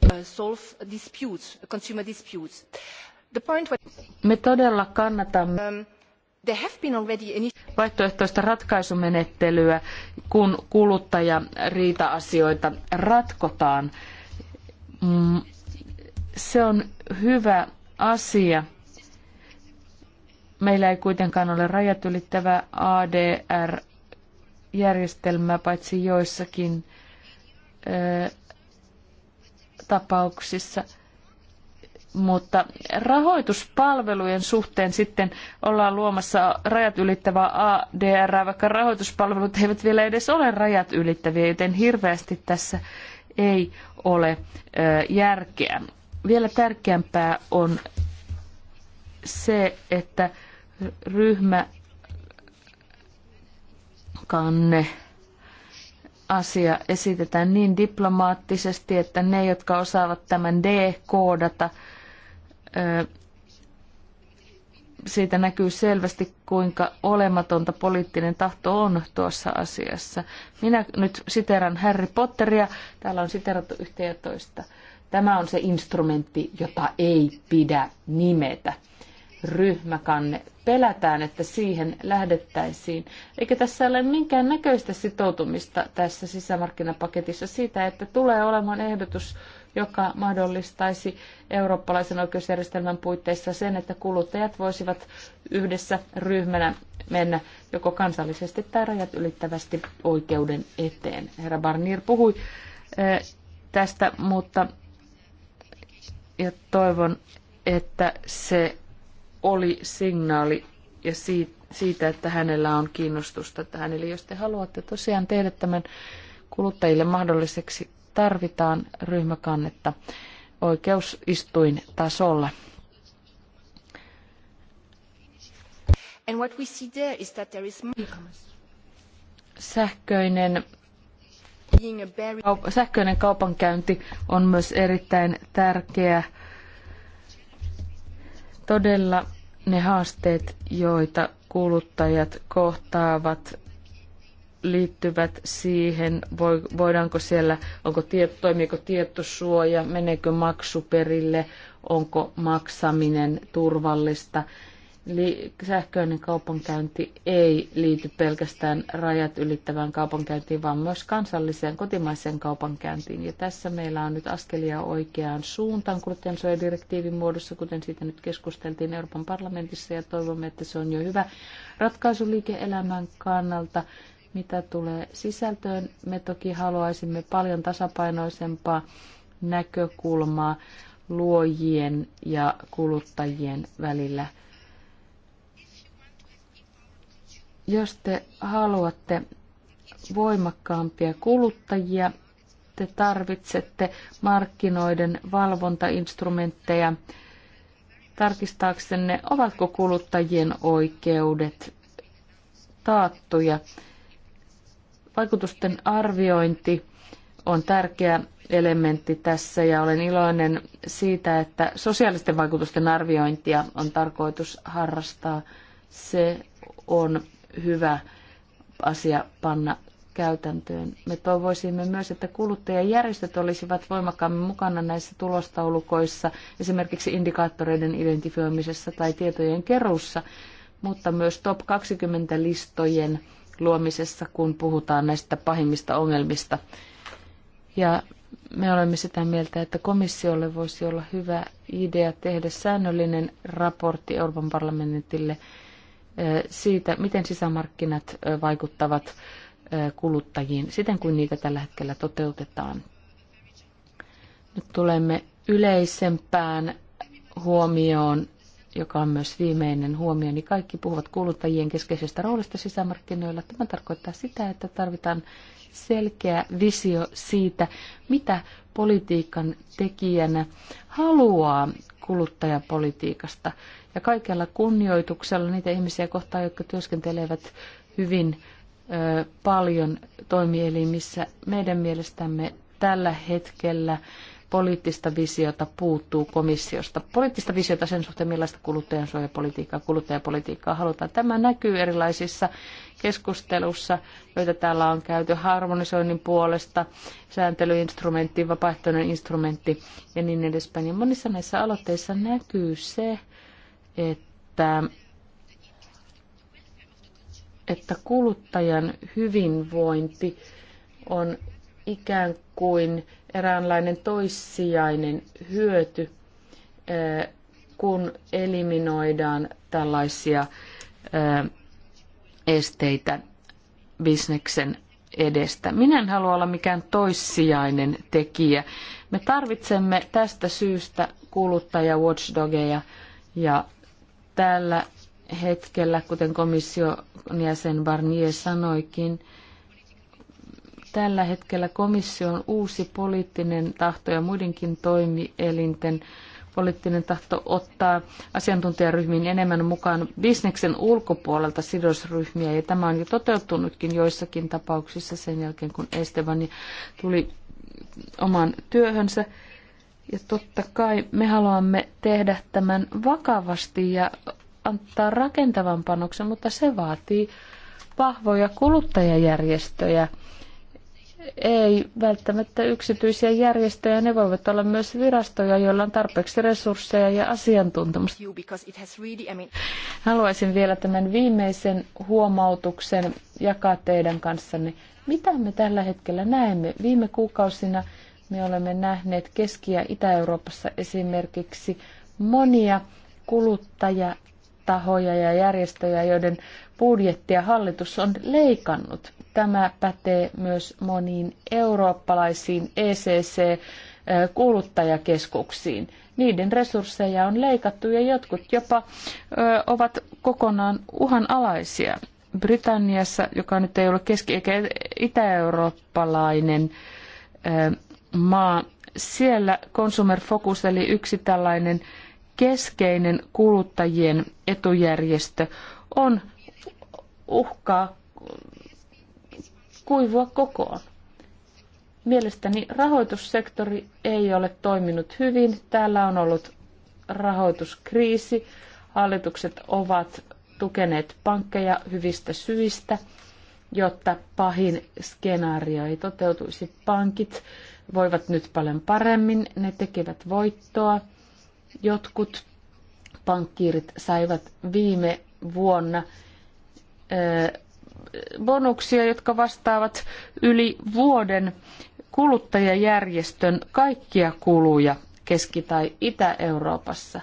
uh, solve disputes, consumer disputes. The point where... Me todella kannatamme um, there have been already any... vaihtoehtoista ratkaisumenettelyä, kun kuluttaja-riita-asioita ratkotaan. Mm, se on hyvä asia. Meillä ei kuitenkaan ole rajat ylittävä ADR-järjestelmä, paitsi joissakin ö, tapauksissa. Mutta rahoituspalvelujen suhteen sitten ollaan luomassa rajat ylittävää ADR, vaikka rahoituspalvelut eivät vielä edes ole rajat ylittäviä, joten hirveästi tässä ei ole järkeä. Vielä tärkeämpää on se, että ryhmä asia esitetään niin diplomaattisesti, että ne, jotka osaavat tämän D-koodata, siitä näkyy selvästi, kuinka olematonta poliittinen tahto on tuossa asiassa. Minä nyt siteran Harry Potteria. Täällä on siterattu yhtä ja toista. Tämä on se instrumentti, jota ei pidä nimetä. Ryhmäkanne. Pelätään, että siihen lähdettäisiin. Eikä tässä ole minkään näköistä sitoutumista tässä sisämarkkinapaketissa siitä, että tulee olemaan ehdotus joka mahdollistaisi eurooppalaisen oikeusjärjestelmän puitteissa sen, että kuluttajat voisivat yhdessä ryhmänä mennä joko kansallisesti tai rajat ylittävästi oikeuden eteen. Herra Barnier puhui eh, tästä, mutta ja toivon, että se oli signaali ja siitä, että hänellä on kiinnostusta tähän. Eli jos te haluatte tosiaan tehdä tämän kuluttajille mahdolliseksi tarvitaan ryhmäkannetta oikeusistuin tasolla. Sähköinen, sähköinen kaupankäynti on myös erittäin tärkeä. Todella ne haasteet, joita kuluttajat kohtaavat liittyvät siihen, voidaanko siellä, onko tieto, toimiiko tietosuoja, meneekö maksu perille, onko maksaminen turvallista. Li- sähköinen kaupankäynti ei liity pelkästään rajat ylittävään kaupankäyntiin, vaan myös kansalliseen kotimaiseen kaupankäyntiin. Ja tässä meillä on nyt askelia oikeaan suuntaan kuluttajansuojadirektiivin muodossa, kuten siitä nyt keskusteltiin Euroopan parlamentissa, ja toivomme, että se on jo hyvä ratkaisu liike-elämän kannalta mitä tulee sisältöön, me toki haluaisimme paljon tasapainoisempaa näkökulmaa luojien ja kuluttajien välillä. Jos te haluatte voimakkaampia kuluttajia, te tarvitsette markkinoiden valvontainstrumentteja tarkistaaksenne, ovatko kuluttajien oikeudet taattuja Vaikutusten arviointi on tärkeä elementti tässä ja olen iloinen siitä, että sosiaalisten vaikutusten arviointia on tarkoitus harrastaa. Se on hyvä asia panna käytäntöön. Me toivoisimme myös, että kuluttajajärjestöt olisivat voimakkaammin mukana näissä tulostaulukoissa, esimerkiksi indikaattoreiden identifioimisessa tai tietojen keruussa, mutta myös top 20 listojen luomisessa, kun puhutaan näistä pahimmista ongelmista. Ja me olemme sitä mieltä, että komissiolle voisi olla hyvä idea tehdä säännöllinen raportti Euroopan parlamentille eh, siitä, miten sisämarkkinat eh, vaikuttavat eh, kuluttajiin siten kuin niitä tällä hetkellä toteutetaan. Nyt tulemme yleisempään huomioon joka on myös viimeinen huomio, niin kaikki puhuvat kuluttajien keskeisestä roolista sisämarkkinoilla. Tämä tarkoittaa sitä, että tarvitaan selkeä visio siitä, mitä politiikan tekijänä haluaa kuluttajapolitiikasta. Ja kaikella kunnioituksella niitä ihmisiä kohtaan, jotka työskentelevät hyvin ö, paljon toimielimissä, meidän mielestämme tällä hetkellä poliittista visiota puuttuu komissiosta. Poliittista visiota sen suhteen, millaista kuluttajansuojapolitiikkaa, kuluttajapolitiikkaa halutaan. Tämä näkyy erilaisissa keskustelussa, joita täällä on käyty harmonisoinnin puolesta, sääntelyinstrumentti, vapaaehtoinen instrumentti ja niin edespäin. Ja monissa näissä aloitteissa näkyy se, että että kuluttajan hyvinvointi on ikään kuin eräänlainen toissijainen hyöty, eh, kun eliminoidaan tällaisia eh, esteitä bisneksen edestä. Minä en halua olla mikään toissijainen tekijä. Me tarvitsemme tästä syystä kuluttaja watchdogeja ja tällä hetkellä, kuten komission jäsen Barnier sanoikin, tällä hetkellä komission uusi poliittinen tahto ja muidenkin toimielinten poliittinen tahto ottaa asiantuntijaryhmiin enemmän mukaan bisneksen ulkopuolelta sidosryhmiä. Ja tämä on jo toteutunutkin joissakin tapauksissa sen jälkeen, kun Estevani tuli oman työhönsä. Ja totta kai me haluamme tehdä tämän vakavasti ja antaa rakentavan panoksen, mutta se vaatii vahvoja kuluttajajärjestöjä ei välttämättä yksityisiä järjestöjä, ne voivat olla myös virastoja, joilla on tarpeeksi resursseja ja asiantuntemusta. Haluaisin vielä tämän viimeisen huomautuksen jakaa teidän kanssanne. Mitä me tällä hetkellä näemme? Viime kuukausina me olemme nähneet Keski- ja Itä-Euroopassa esimerkiksi monia kuluttaja tahoja ja järjestöjä, joiden budjettia hallitus on leikannut. Tämä pätee myös moniin eurooppalaisiin ECC-kuluttajakeskuksiin. Eh, Niiden resursseja on leikattu ja jotkut jopa eh, ovat kokonaan uhanalaisia. Britanniassa, joka nyt ei ole keski- eikä itä-eurooppalainen eh, maa, siellä Consumer Focus eli yksi tällainen keskeinen kuluttajien etujärjestö on uhkaa kuivua kokoon. Mielestäni rahoitussektori ei ole toiminut hyvin. Täällä on ollut rahoituskriisi. Hallitukset ovat tukeneet pankkeja hyvistä syistä, jotta pahin skenaario ei toteutuisi. Pankit voivat nyt paljon paremmin, ne tekevät voittoa Jotkut pankkiirit saivat viime vuonna bonuksia, jotka vastaavat yli vuoden kuluttajajärjestön kaikkia kuluja Keski- tai Itä-Euroopassa.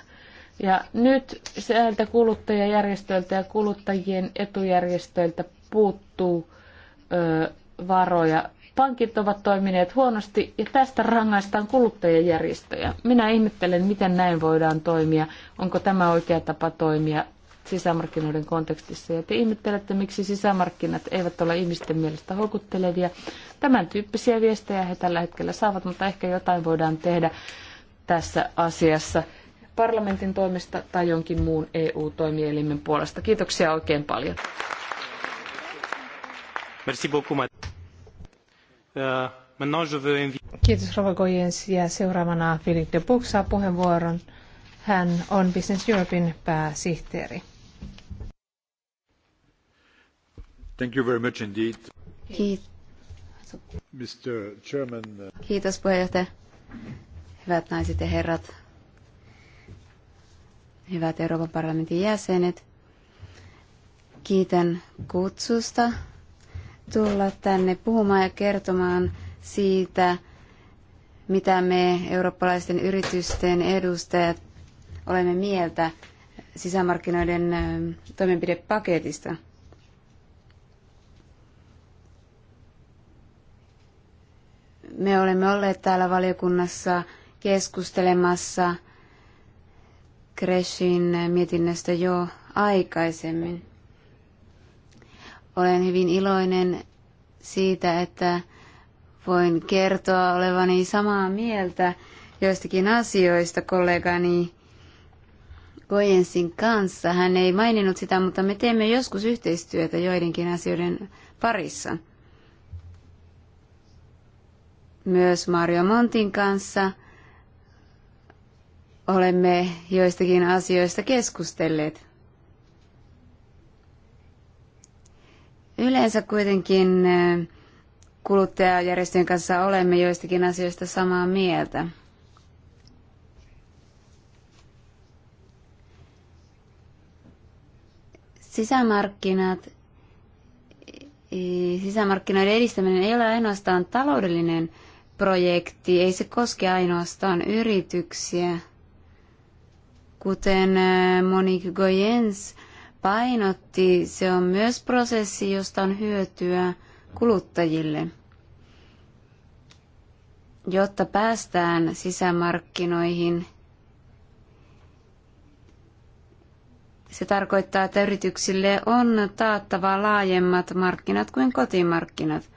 Ja nyt sieltä kuluttajajärjestöiltä ja kuluttajien etujärjestöiltä puuttuu ö, varoja Pankit ovat toimineet huonosti ja tästä rangaistaan kuluttajajärjestöjä. Minä ihmettelen, miten näin voidaan toimia. Onko tämä oikea tapa toimia sisämarkkinoiden kontekstissa. Ja te ihmettelette, miksi sisämarkkinat eivät ole ihmisten mielestä houkuttelevia. Tämän tyyppisiä viestejä he tällä hetkellä saavat, mutta ehkä jotain voidaan tehdä tässä asiassa parlamentin toimesta tai jonkin muun EU-toimielimen puolesta. Kiitoksia oikein paljon. Merci beaucoup. Äh, Kiitos Rova Goyens ja seuraavana Philip de Buch saa puheenvuoron. Hän on Business Europein pääsihteeri. Thank you very much indeed. Mr. Chairman. Uh, Kiitos puheenjohtaja. Hyvät naiset ja herrat. Hyvät Euroopan parlamentin jäsenet. Kiitän kutsusta tulla tänne puhumaan ja kertomaan siitä, mitä me eurooppalaisten yritysten edustajat olemme mieltä sisämarkkinoiden toimenpidepaketista. Me olemme olleet täällä valiokunnassa keskustelemassa Kreshin mietinnöstä jo aikaisemmin. Olen hyvin iloinen siitä, että voin kertoa olevani samaa mieltä joistakin asioista kollegani Gojensin kanssa. Hän ei maininnut sitä, mutta me teemme joskus yhteistyötä joidenkin asioiden parissa. Myös Mario Montin kanssa olemme joistakin asioista keskustelleet. Yleensä kuitenkin kuluttajajärjestöjen kanssa olemme joistakin asioista samaa mieltä. Sisämarkkinat, sisämarkkinoiden edistäminen ei ole ainoastaan taloudellinen projekti, ei se koske ainoastaan yrityksiä. Kuten Monique Goyens painotti, se on myös prosessi, josta on hyötyä kuluttajille. Jotta päästään sisämarkkinoihin, se tarkoittaa, että yrityksille on taattava laajemmat markkinat kuin kotimarkkinat.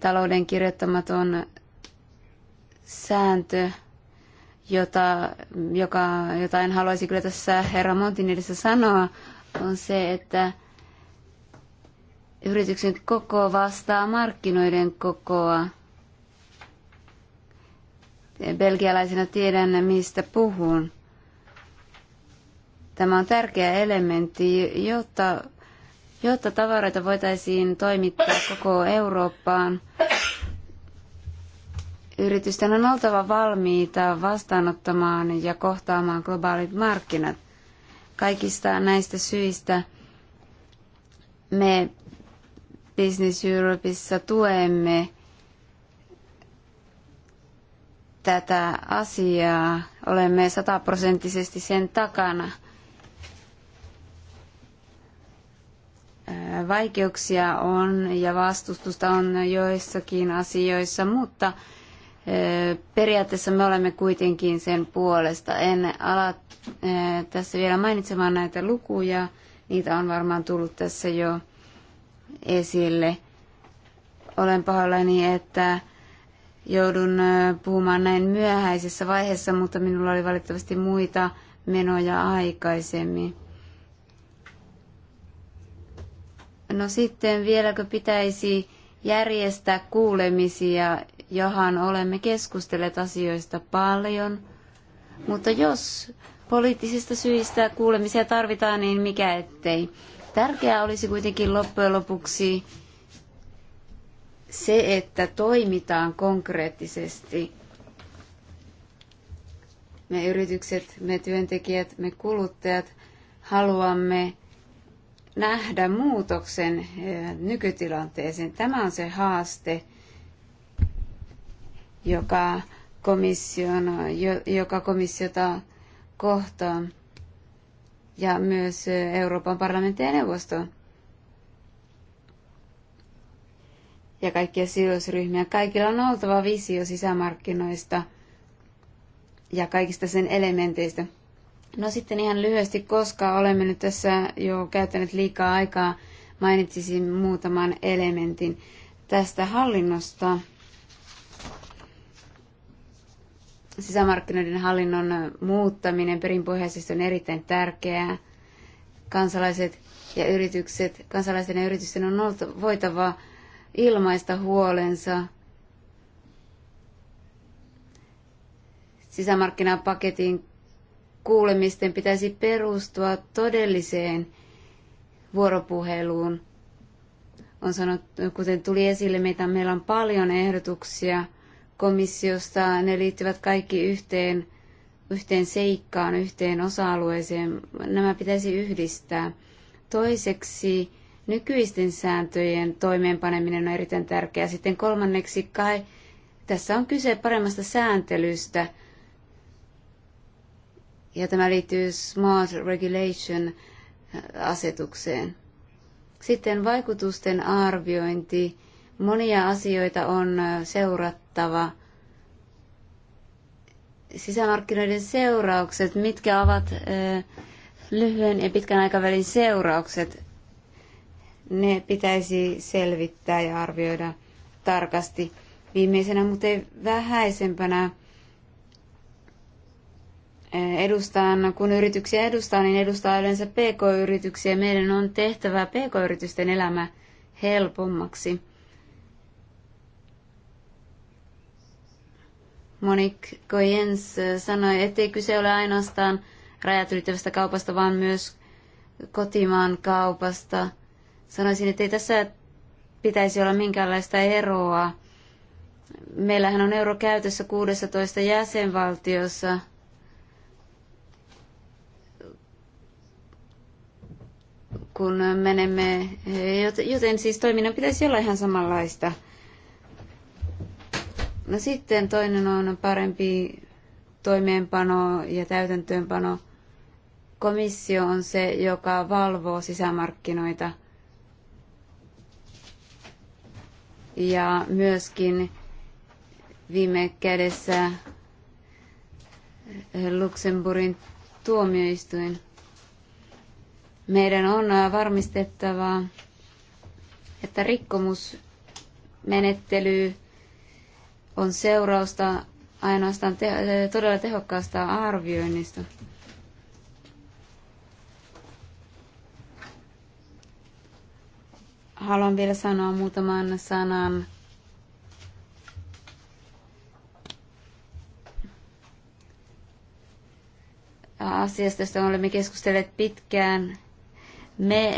Talouden kirjoittamaton sääntö jota, joka, jota en haluaisi kyllä tässä herra Montin edessä sanoa, on se, että yrityksen koko vastaa markkinoiden kokoa. Belgialaisena tiedän, mistä puhun. Tämä on tärkeä elementti, jotta, jotta tavaroita voitaisiin toimittaa koko Eurooppaan. Yritysten on oltava valmiita vastaanottamaan ja kohtaamaan globaalit markkinat. Kaikista näistä syistä me Business Europeissa tuemme tätä asiaa. Olemme sataprosenttisesti sen takana. Vaikeuksia on ja vastustusta on joissakin asioissa, mutta Periaatteessa me olemme kuitenkin sen puolesta. En ala tässä vielä mainitsemaan näitä lukuja. Niitä on varmaan tullut tässä jo esille. Olen pahoillani, että joudun puhumaan näin myöhäisessä vaiheessa, mutta minulla oli valitettavasti muita menoja aikaisemmin. No sitten vieläkö pitäisi järjestää kuulemisia johan olemme keskustelleet asioista paljon. Mutta jos poliittisista syistä kuulemisia tarvitaan, niin mikä ettei. Tärkeää olisi kuitenkin loppujen lopuksi se, että toimitaan konkreettisesti. Me yritykset, me työntekijät, me kuluttajat haluamme nähdä muutoksen eh, nykytilanteeseen. Tämä on se haaste, joka, komission, joka komissiota kohtaa, ja myös Euroopan parlamentin ja neuvostoon. ja kaikkia sidosryhmiä. Kaikilla on oltava visio sisämarkkinoista ja kaikista sen elementeistä. No sitten ihan lyhyesti, koska olemme nyt tässä jo käyttäneet liikaa aikaa, mainitsisin muutaman elementin tästä hallinnosta. sisämarkkinoiden hallinnon muuttaminen perinpohjaisesti on erittäin tärkeää. Kansalaiset ja yritykset, kansalaisten ja yritysten on voitava ilmaista huolensa sisämarkkinapaketin kuulemisten pitäisi perustua todelliseen vuoropuheluun. On sanottu, kuten tuli esille, meitä, meillä on paljon ehdotuksia – komissiosta. Ne liittyvät kaikki yhteen, yhteen seikkaan, yhteen osa-alueeseen. Nämä pitäisi yhdistää. Toiseksi nykyisten sääntöjen toimeenpaneminen on erittäin tärkeää. Sitten kolmanneksi kai, tässä on kyse paremmasta sääntelystä. Ja tämä liittyy Smart Regulation asetukseen. Sitten vaikutusten arviointi. Monia asioita on seurattu kattava sisämarkkinoiden seuraukset, mitkä ovat lyhyen ja pitkän aikavälin seuraukset, ne pitäisi selvittää ja arvioida tarkasti. Viimeisenä, mutta ei vähäisempänä, edustan, kun yrityksiä edustaa, niin edustaa yleensä pk-yrityksiä. Meidän on tehtävä pk-yritysten elämä helpommaksi. Monique Goyens äh, sanoi, ettei kyse ole ainoastaan rajat ylittävästä kaupasta, vaan myös kotimaan kaupasta. Sanoisin, että ei tässä pitäisi olla minkäänlaista eroa. Meillähän on euro käytössä 16 jäsenvaltiossa. kun menemme, joten siis toiminnan pitäisi olla ihan samanlaista. No sitten toinen on parempi toimeenpano ja täytäntöönpano. Komissio on se, joka valvoo sisämarkkinoita ja myöskin viime kädessä Luxemburgin tuomioistuin. Meidän on varmistettava, että rikkomusmenettely on seurausta ainoastaan te- todella tehokkaasta arvioinnista. Haluan vielä sanoa muutaman sanan asiasta, josta olemme keskustelleet pitkään. Me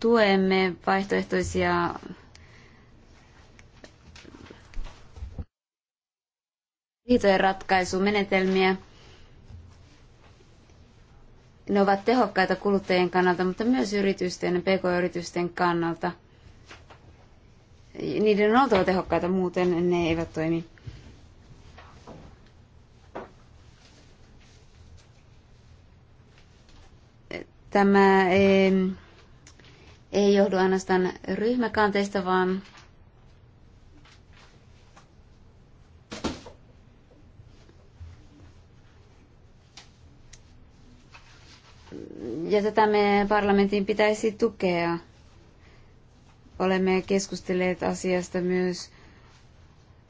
tuemme vaihtoehtoisia riitojen ratkaisumenetelmiä. Ne ovat tehokkaita kuluttajien kannalta, mutta myös yritysten ja pk-yritysten kannalta. Niiden on oltava tehokkaita, muuten ne eivät toimi. Tämä ei johdu ainoastaan ryhmäkanteista, vaan ja tätä me parlamentin pitäisi tukea. Olemme keskustelleet asiasta myös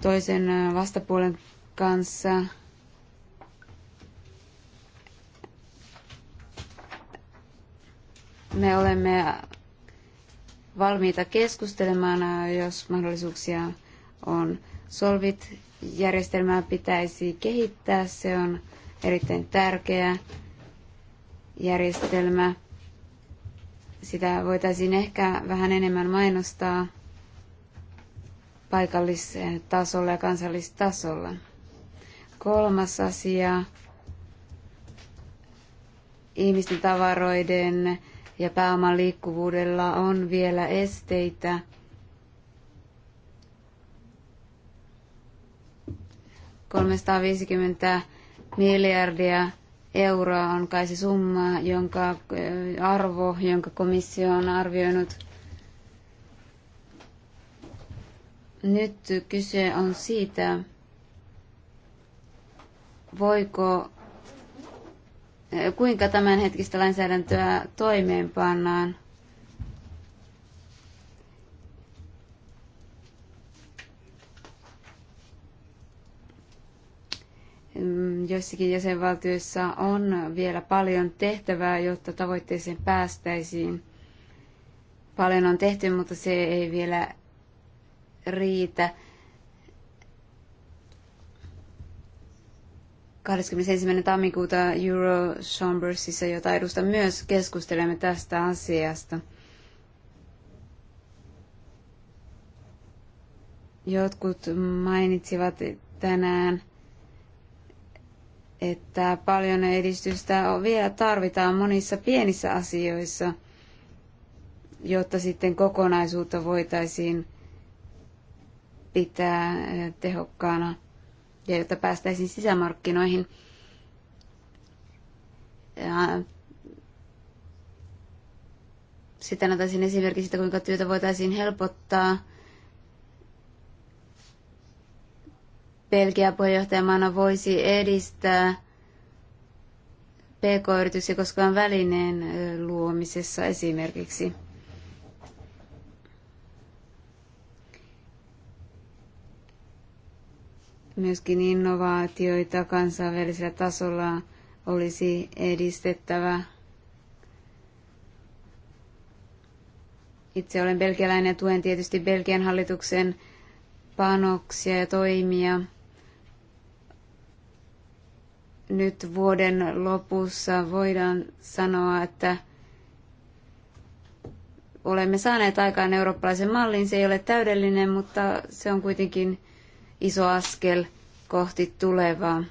toisen vastapuolen kanssa. Me olemme valmiita keskustelemaan, jos mahdollisuuksia on. Solvit-järjestelmää pitäisi kehittää, se on erittäin tärkeää järjestelmä. Sitä voitaisiin ehkä vähän enemmän mainostaa paikallistasolla ja kansallistasolla. Kolmas asia, ihmisten tavaroiden ja pääoman liikkuvuudella on vielä esteitä. kolmesta ...350 miljardia euroa on kai se summa, jonka äh, arvo, jonka komissio on arvioinut. Nyt kyse on siitä, voiko, äh, kuinka tämänhetkistä lainsäädäntöä toimeenpannaan – joissakin jäsenvaltioissa on vielä paljon tehtävää, jotta tavoitteeseen päästäisiin. Paljon on tehty, mutta se ei vielä riitä. 21. tammikuuta Euro Chambersissa, jota edustan myös, keskustelemme tästä asiasta. Jotkut mainitsivat tänään että paljon edistystä on, vielä tarvitaan monissa pienissä asioissa, jotta sitten kokonaisuutta voitaisiin pitää tehokkaana ja jotta päästäisiin sisämarkkinoihin. Ja sitten otaisin esimerkiksi sitä, kuinka työtä voitaisiin helpottaa – Belgia puheenjohtajamaana voisi edistää PK-yrityksiä koskevan välineen luomisessa esimerkiksi. Myöskin innovaatioita kansainvälisellä tasolla olisi edistettävä. Itse olen belgialainen ja tuen tietysti Belgian hallituksen panoksia ja toimia – nyt vuoden lopussa voidaan sanoa, että olemme saaneet aikaan eurooppalaisen mallin. Se ei ole täydellinen, mutta se on kuitenkin iso askel kohti tulevaa.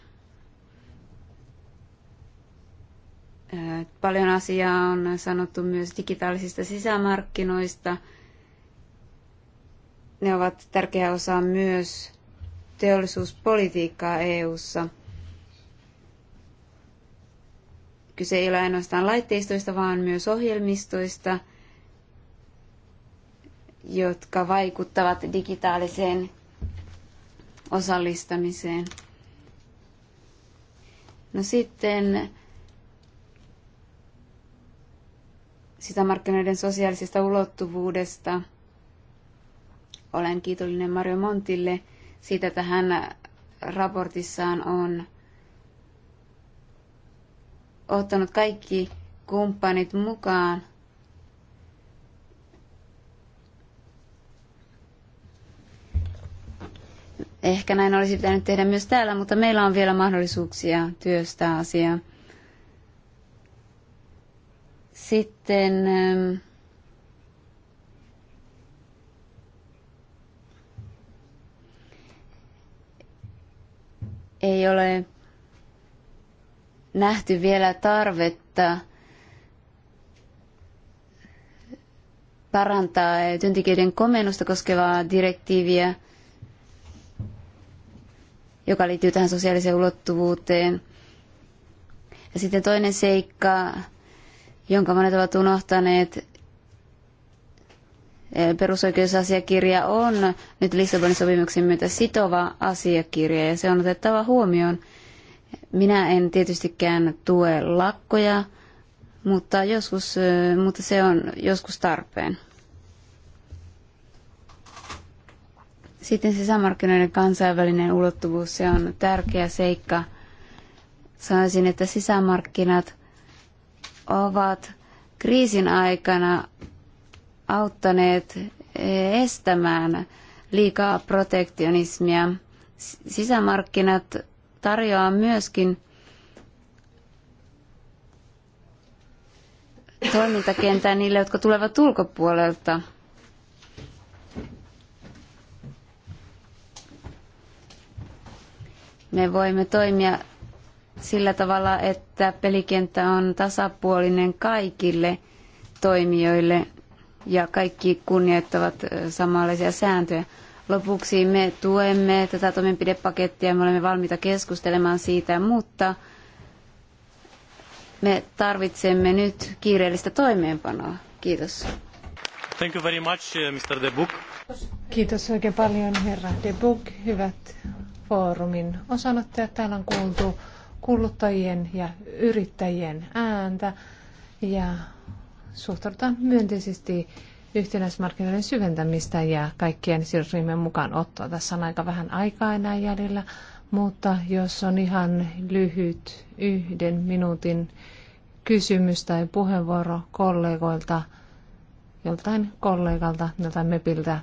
Paljon asiaa on sanottu myös digitaalisista sisämarkkinoista. Ne ovat tärkeä osa myös teollisuuspolitiikkaa EU:ssa. ssa Kyse ei ole ainoastaan laitteistoista, vaan myös ohjelmistoista, jotka vaikuttavat digitaaliseen osallistamiseen. No sitten sisämarkkinoiden sosiaalisesta ulottuvuudesta. Olen kiitollinen Mario Montille siitä, että hän raportissaan on ottanut kaikki kumppanit mukaan. Ehkä näin olisi pitänyt tehdä myös täällä, mutta meillä on vielä mahdollisuuksia työstää asiaa. Sitten ähm, ei ole nähty vielä tarvetta parantaa työntekijöiden komennusta koskevaa direktiiviä, joka liittyy tähän sosiaaliseen ulottuvuuteen. Ja sitten toinen seikka, jonka monet ovat unohtaneet, perusoikeusasiakirja on nyt Lissabonin sopimuksen myötä sitova asiakirja ja se on otettava huomioon – minä en tietystikään tue lakkoja, mutta, joskus, mutta se on joskus tarpeen. Sitten sisämarkkinoiden kansainvälinen ulottuvuus, se on tärkeä seikka. Sanoisin, että sisämarkkinat ovat kriisin aikana auttaneet estämään liikaa protektionismia. Sisämarkkinat tarjoaa myöskin toimintakentää niille, jotka tulevat ulkopuolelta. Me voimme toimia sillä tavalla, että pelikenttä on tasapuolinen kaikille toimijoille ja kaikki kunnioittavat samanlaisia sääntöjä. Lopuksi me tuemme tätä toimenpidepakettia, me olemme valmiita keskustelemaan siitä, mutta me tarvitsemme nyt kiireellistä toimeenpanoa. Kiitos. Thank you very much, eh, Mr. De Kiitos oikein paljon, herra De Book. Hyvät foorumin osanottajat. Täällä on kuultu kuluttajien ja yrittäjien ääntä ja suhtaudutaan myönteisesti yhtenäismarkkinoiden syventämistä ja kaikkien sidosryhmien mukaan ottoa. Tässä on aika vähän aikaa enää jäljellä, mutta jos on ihan lyhyt yhden minuutin kysymys tai puheenvuoro kollegoilta, joltain kollegalta, joltain mepiltä.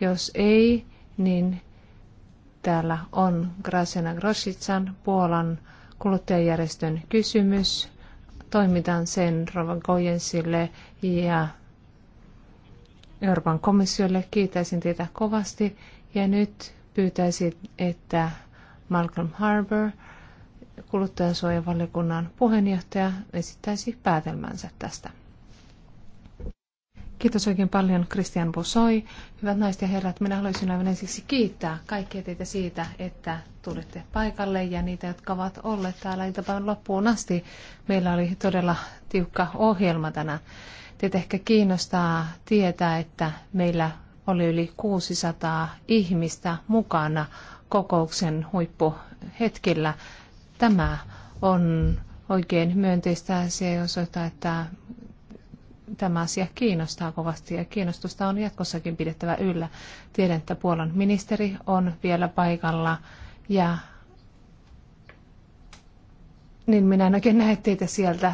Jos ei, niin täällä on Grasena Grosicjan Puolan kuluttajajärjestön kysymys. Toimitan sen Rova Gojensille ja Euroopan komissiolle. Kiitäisin teitä kovasti ja nyt pyytäisin, että Malcolm Harbour, kuluttajansuojavaliokunnan puheenjohtaja, esittäisi päätelmänsä tästä. Kiitos oikein paljon Christian Bosoi. Hyvät naiset ja herrat, minä haluaisin aivan ensiksi kiittää kaikkia teitä siitä, että tulitte paikalle ja niitä, jotka ovat olleet täällä iltapäivän loppuun asti. Meillä oli todella tiukka ohjelma tänään. Teitä ehkä kiinnostaa tietää, että meillä oli yli 600 ihmistä mukana kokouksen huippuhetkillä. Tämä on oikein myönteistä asia, ja osoittaa, että tämä asia kiinnostaa kovasti ja kiinnostusta on jatkossakin pidettävä yllä. Tiedän, että Puolan ministeri on vielä paikalla ja niin minä en oikein teitä sieltä.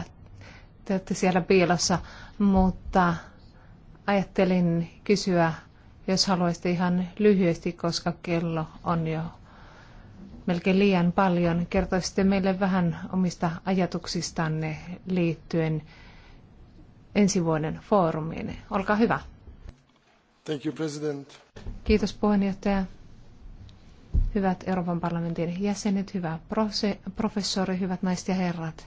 Te olette siellä piilossa, mutta ajattelin kysyä, jos haluaisit ihan lyhyesti, koska kello on jo melkein liian paljon. Kertoisitte meille vähän omista ajatuksistanne liittyen ensi vuoden foorumiin. Olkaa hyvä. Thank you, President. Kiitos puheenjohtaja. Hyvät Euroopan parlamentin jäsenet, hyvä professori, hyvät naiset ja herrat.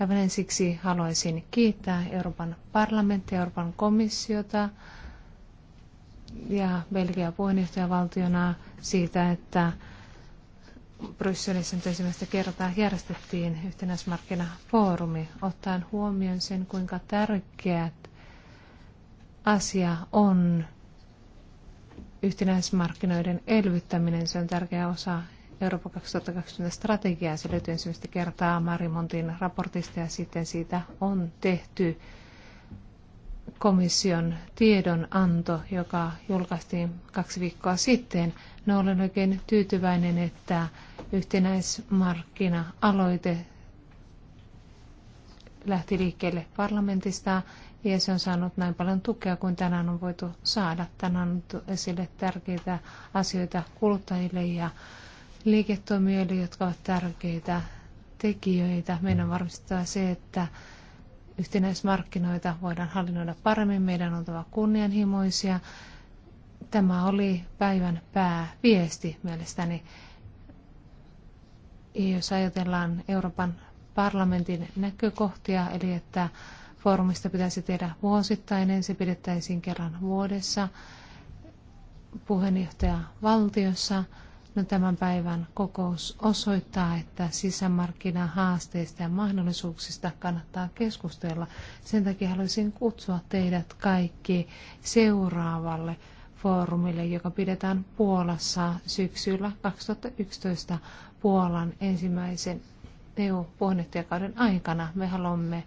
Aivan ensiksi haluaisin kiittää Euroopan parlamenttia, Euroopan komissiota ja Belgia puheenjohtajavaltiona siitä, että Brysselissä nyt ensimmäistä kertaa järjestettiin yhtenäismarkkinafoorumi, ottaen huomioon sen, kuinka tärkeä asia on yhtenäismarkkinoiden elvyttäminen. Se on tärkeä osa Eurooppa 2020 strategiaa. Se löytyy ensimmäistä kertaa Marimontin raportista ja sitten siitä on tehty komission tiedonanto, joka julkaistiin kaksi viikkoa sitten. No olen oikein tyytyväinen, että yhtenäismarkkina-aloite lähti liikkeelle parlamentista ja se on saanut näin paljon tukea kuin tänään on voitu saada. Tänään on esille tärkeitä asioita kuluttajille ja liiketoimijoille, jotka ovat tärkeitä tekijöitä. Meidän varmistaa se, että yhtenäismarkkinoita voidaan hallinnoida paremmin. Meidän on oltava kunnianhimoisia. Tämä oli päivän pääviesti mielestäni. Jos ajatellaan Euroopan parlamentin näkökohtia, eli että foorumista pitäisi tehdä vuosittainen, se pidettäisiin kerran vuodessa puheenjohtajavaltiossa valtiossa No, tämän päivän kokous osoittaa, että sisämarkkinahaasteista ja mahdollisuuksista kannattaa keskustella. Sen takia haluaisin kutsua teidät kaikki seuraavalle foorumille, joka pidetään Puolassa syksyllä 2011 Puolan ensimmäisen EU-puheenjohtajakauden aikana. Me haluamme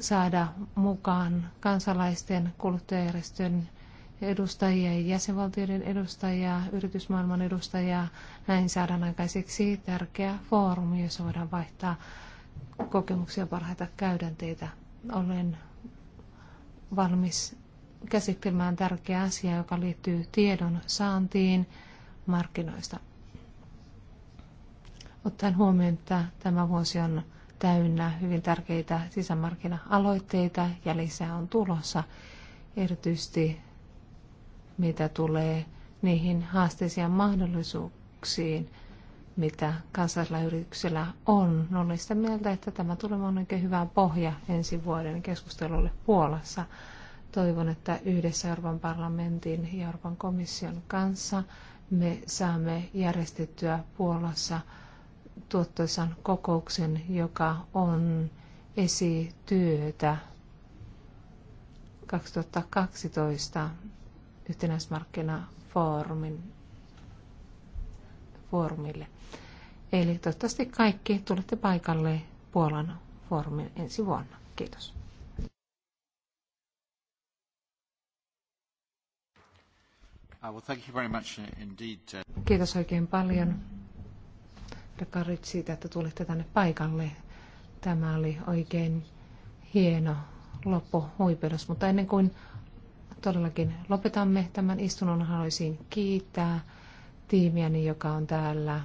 saada mukaan kansalaisten, kuluttajajärjestön, edustajia, jäsenvaltioiden edustajia, yritysmaailman edustajia. Näin saadaan aikaiseksi tärkeä foorumi, jossa voidaan vaihtaa kokemuksia parhaita käytänteitä. Olen valmis käsittelemään tärkeä asia, joka liittyy tiedon saantiin markkinoista. Ottaen huomioon, että tämä vuosi on täynnä hyvin tärkeitä sisämarkkina-aloitteita ja lisää on tulossa. Erityisesti mitä tulee niihin haasteisiin ja mahdollisuuksiin, mitä yrityksellä on. Olen sitä mieltä, että tämä tulee on oikein hyvä pohja ensi vuoden keskustelulle Puolassa. Toivon, että yhdessä Euroopan parlamentin ja Euroopan komission kanssa me saamme järjestettyä Puolassa tuottoisan kokouksen, joka on esityötä 2012 yhtenäismarkkinafoorumin foorumille. Eli toivottavasti kaikki tulette paikalle Puolan foorumin ensi vuonna. Kiitos. Uh, uh, uh, Kiitos oikein paljon, Rekarit, siitä, että tulitte tänne paikalle. Tämä oli oikein hieno loppuhuipennus, mutta ennen kuin todellakin lopetamme tämän istunnon. Haluaisin kiittää tiimiäni, joka on täällä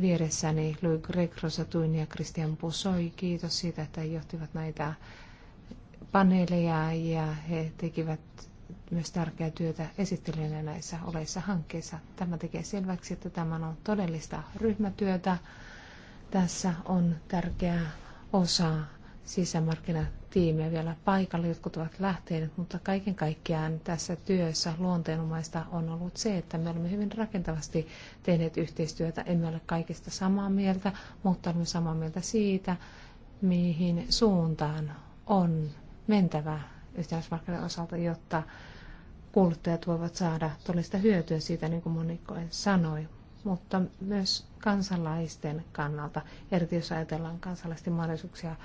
vieressäni, Louis Greg, Rosatuin ja Christian Pusoi. Kiitos siitä, että johtivat näitä paneeleja ja he tekivät myös tärkeää työtä esittelijänä näissä oleissa hankkeissa. Tämä tekee selväksi, että tämä on todellista ryhmätyötä. Tässä on tärkeä osa sisämarkkinat tiimiä vielä paikalla, jotkut ovat lähteneet, mutta kaiken kaikkiaan tässä työssä luonteenomaista on ollut se, että me olemme hyvin rakentavasti tehneet yhteistyötä. Emme ole kaikista samaa mieltä, mutta olemme samaa mieltä siitä, mihin suuntaan on mentävä yhteismarkkinoiden osalta, jotta kuluttajat voivat saada todellista hyötyä siitä, niin kuin Monikoen sanoi, mutta myös kansalaisten kannalta, erityisesti jos ajatellaan kansalaisten mahdollisuuksia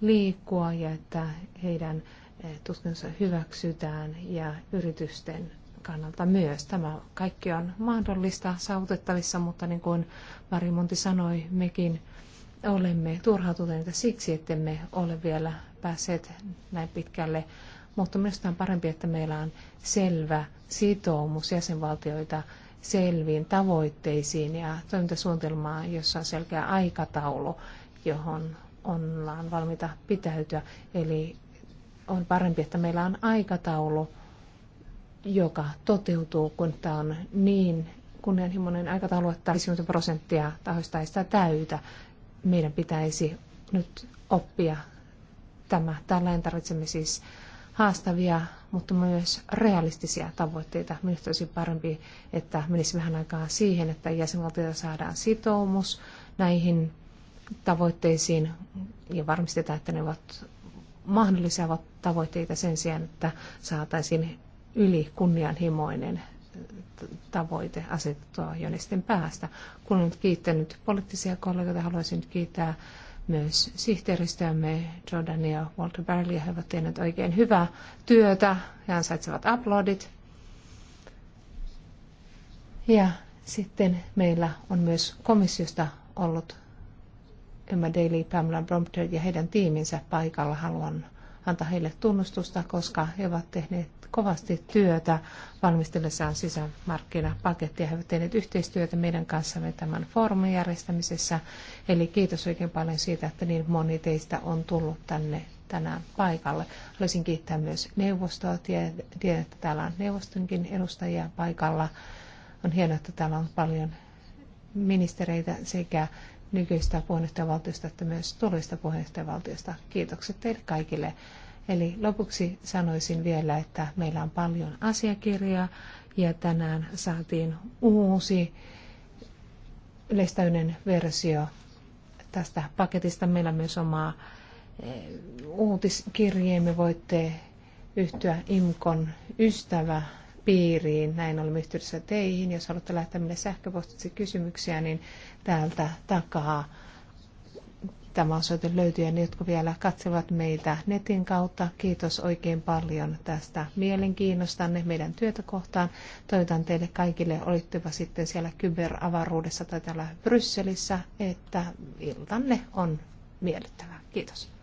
liikkua ja että heidän eh, tutkinsa hyväksytään ja yritysten kannalta myös. Tämä kaikki on mahdollista saavutettavissa, mutta niin kuin Mari Monti sanoi, mekin olemme turhautuneita siksi, että me ole vielä päässeet näin pitkälle. Mutta minusta on parempi, että meillä on selvä sitoumus jäsenvaltioita selviin tavoitteisiin ja toimintasuunnitelmaan, jossa on selkeä aikataulu, johon ollaan valmiita pitäytyä. Eli on parempi, että meillä on aikataulu, joka toteutuu, kun tämä on niin kunnianhimoinen aikataulu, että 50 prosenttia tahoista ei sitä täytä. Meidän pitäisi nyt oppia tämä. Tällainen tarvitsemme siis haastavia, mutta myös realistisia tavoitteita. Minusta olisi parempi, että menisi vähän aikaa siihen, että jäsenvaltiota saadaan sitoumus näihin tavoitteisiin ja varmistetaan, että ne ovat mahdollisia ovat tavoitteita sen sijaan, että saataisiin yli kunnianhimoinen tavoite asettua, jonne sitten päästä. Kun olen kiittänyt poliittisia kollegoita, haluaisin kiittää myös sihteeristöämme Jordania ja Walter Barley. He ovat tehneet oikein hyvää työtä ja ansaitsevat uploadit. Ja sitten meillä on myös komissiosta ollut Emma Daly, Pamela Brompton ja heidän tiiminsä paikalla. Haluan antaa heille tunnustusta, koska he ovat tehneet kovasti työtä valmistellessaan sisämarkkinapakettia. He ovat tehneet yhteistyötä meidän kanssamme tämän foorumin järjestämisessä. Eli kiitos oikein paljon siitä, että niin moni teistä on tullut tänne tänään paikalle. Haluaisin kiittää myös neuvostoa. Tiedän, että täällä on neuvostonkin edustajia paikalla. On hienoa, että täällä on paljon ministereitä sekä nykyistä puheenjohtajavaltiosta että myös tulevista puheenjohtajavaltiosta. Kiitokset teille kaikille. Eli lopuksi sanoisin vielä, että meillä on paljon asiakirjaa ja tänään saatiin uusi yleistäyden versio tästä paketista. Meillä on myös omaa eh, uutiskirjeemme. Voitte yhtyä IMKON ystävä piiriin. Näin olemme yhteydessä teihin. Jos haluatte lähettää meille sähköpostitse kysymyksiä, niin täältä takaa tämä osoite löytyy ja ne, jotka vielä katsovat meitä netin kautta. Kiitos oikein paljon tästä mielenkiinnostanne meidän työtä kohtaan. Toivotan teille kaikille, olitteva sitten siellä kyberavaruudessa tai täällä Brysselissä, että iltanne on miellyttävää. Kiitos.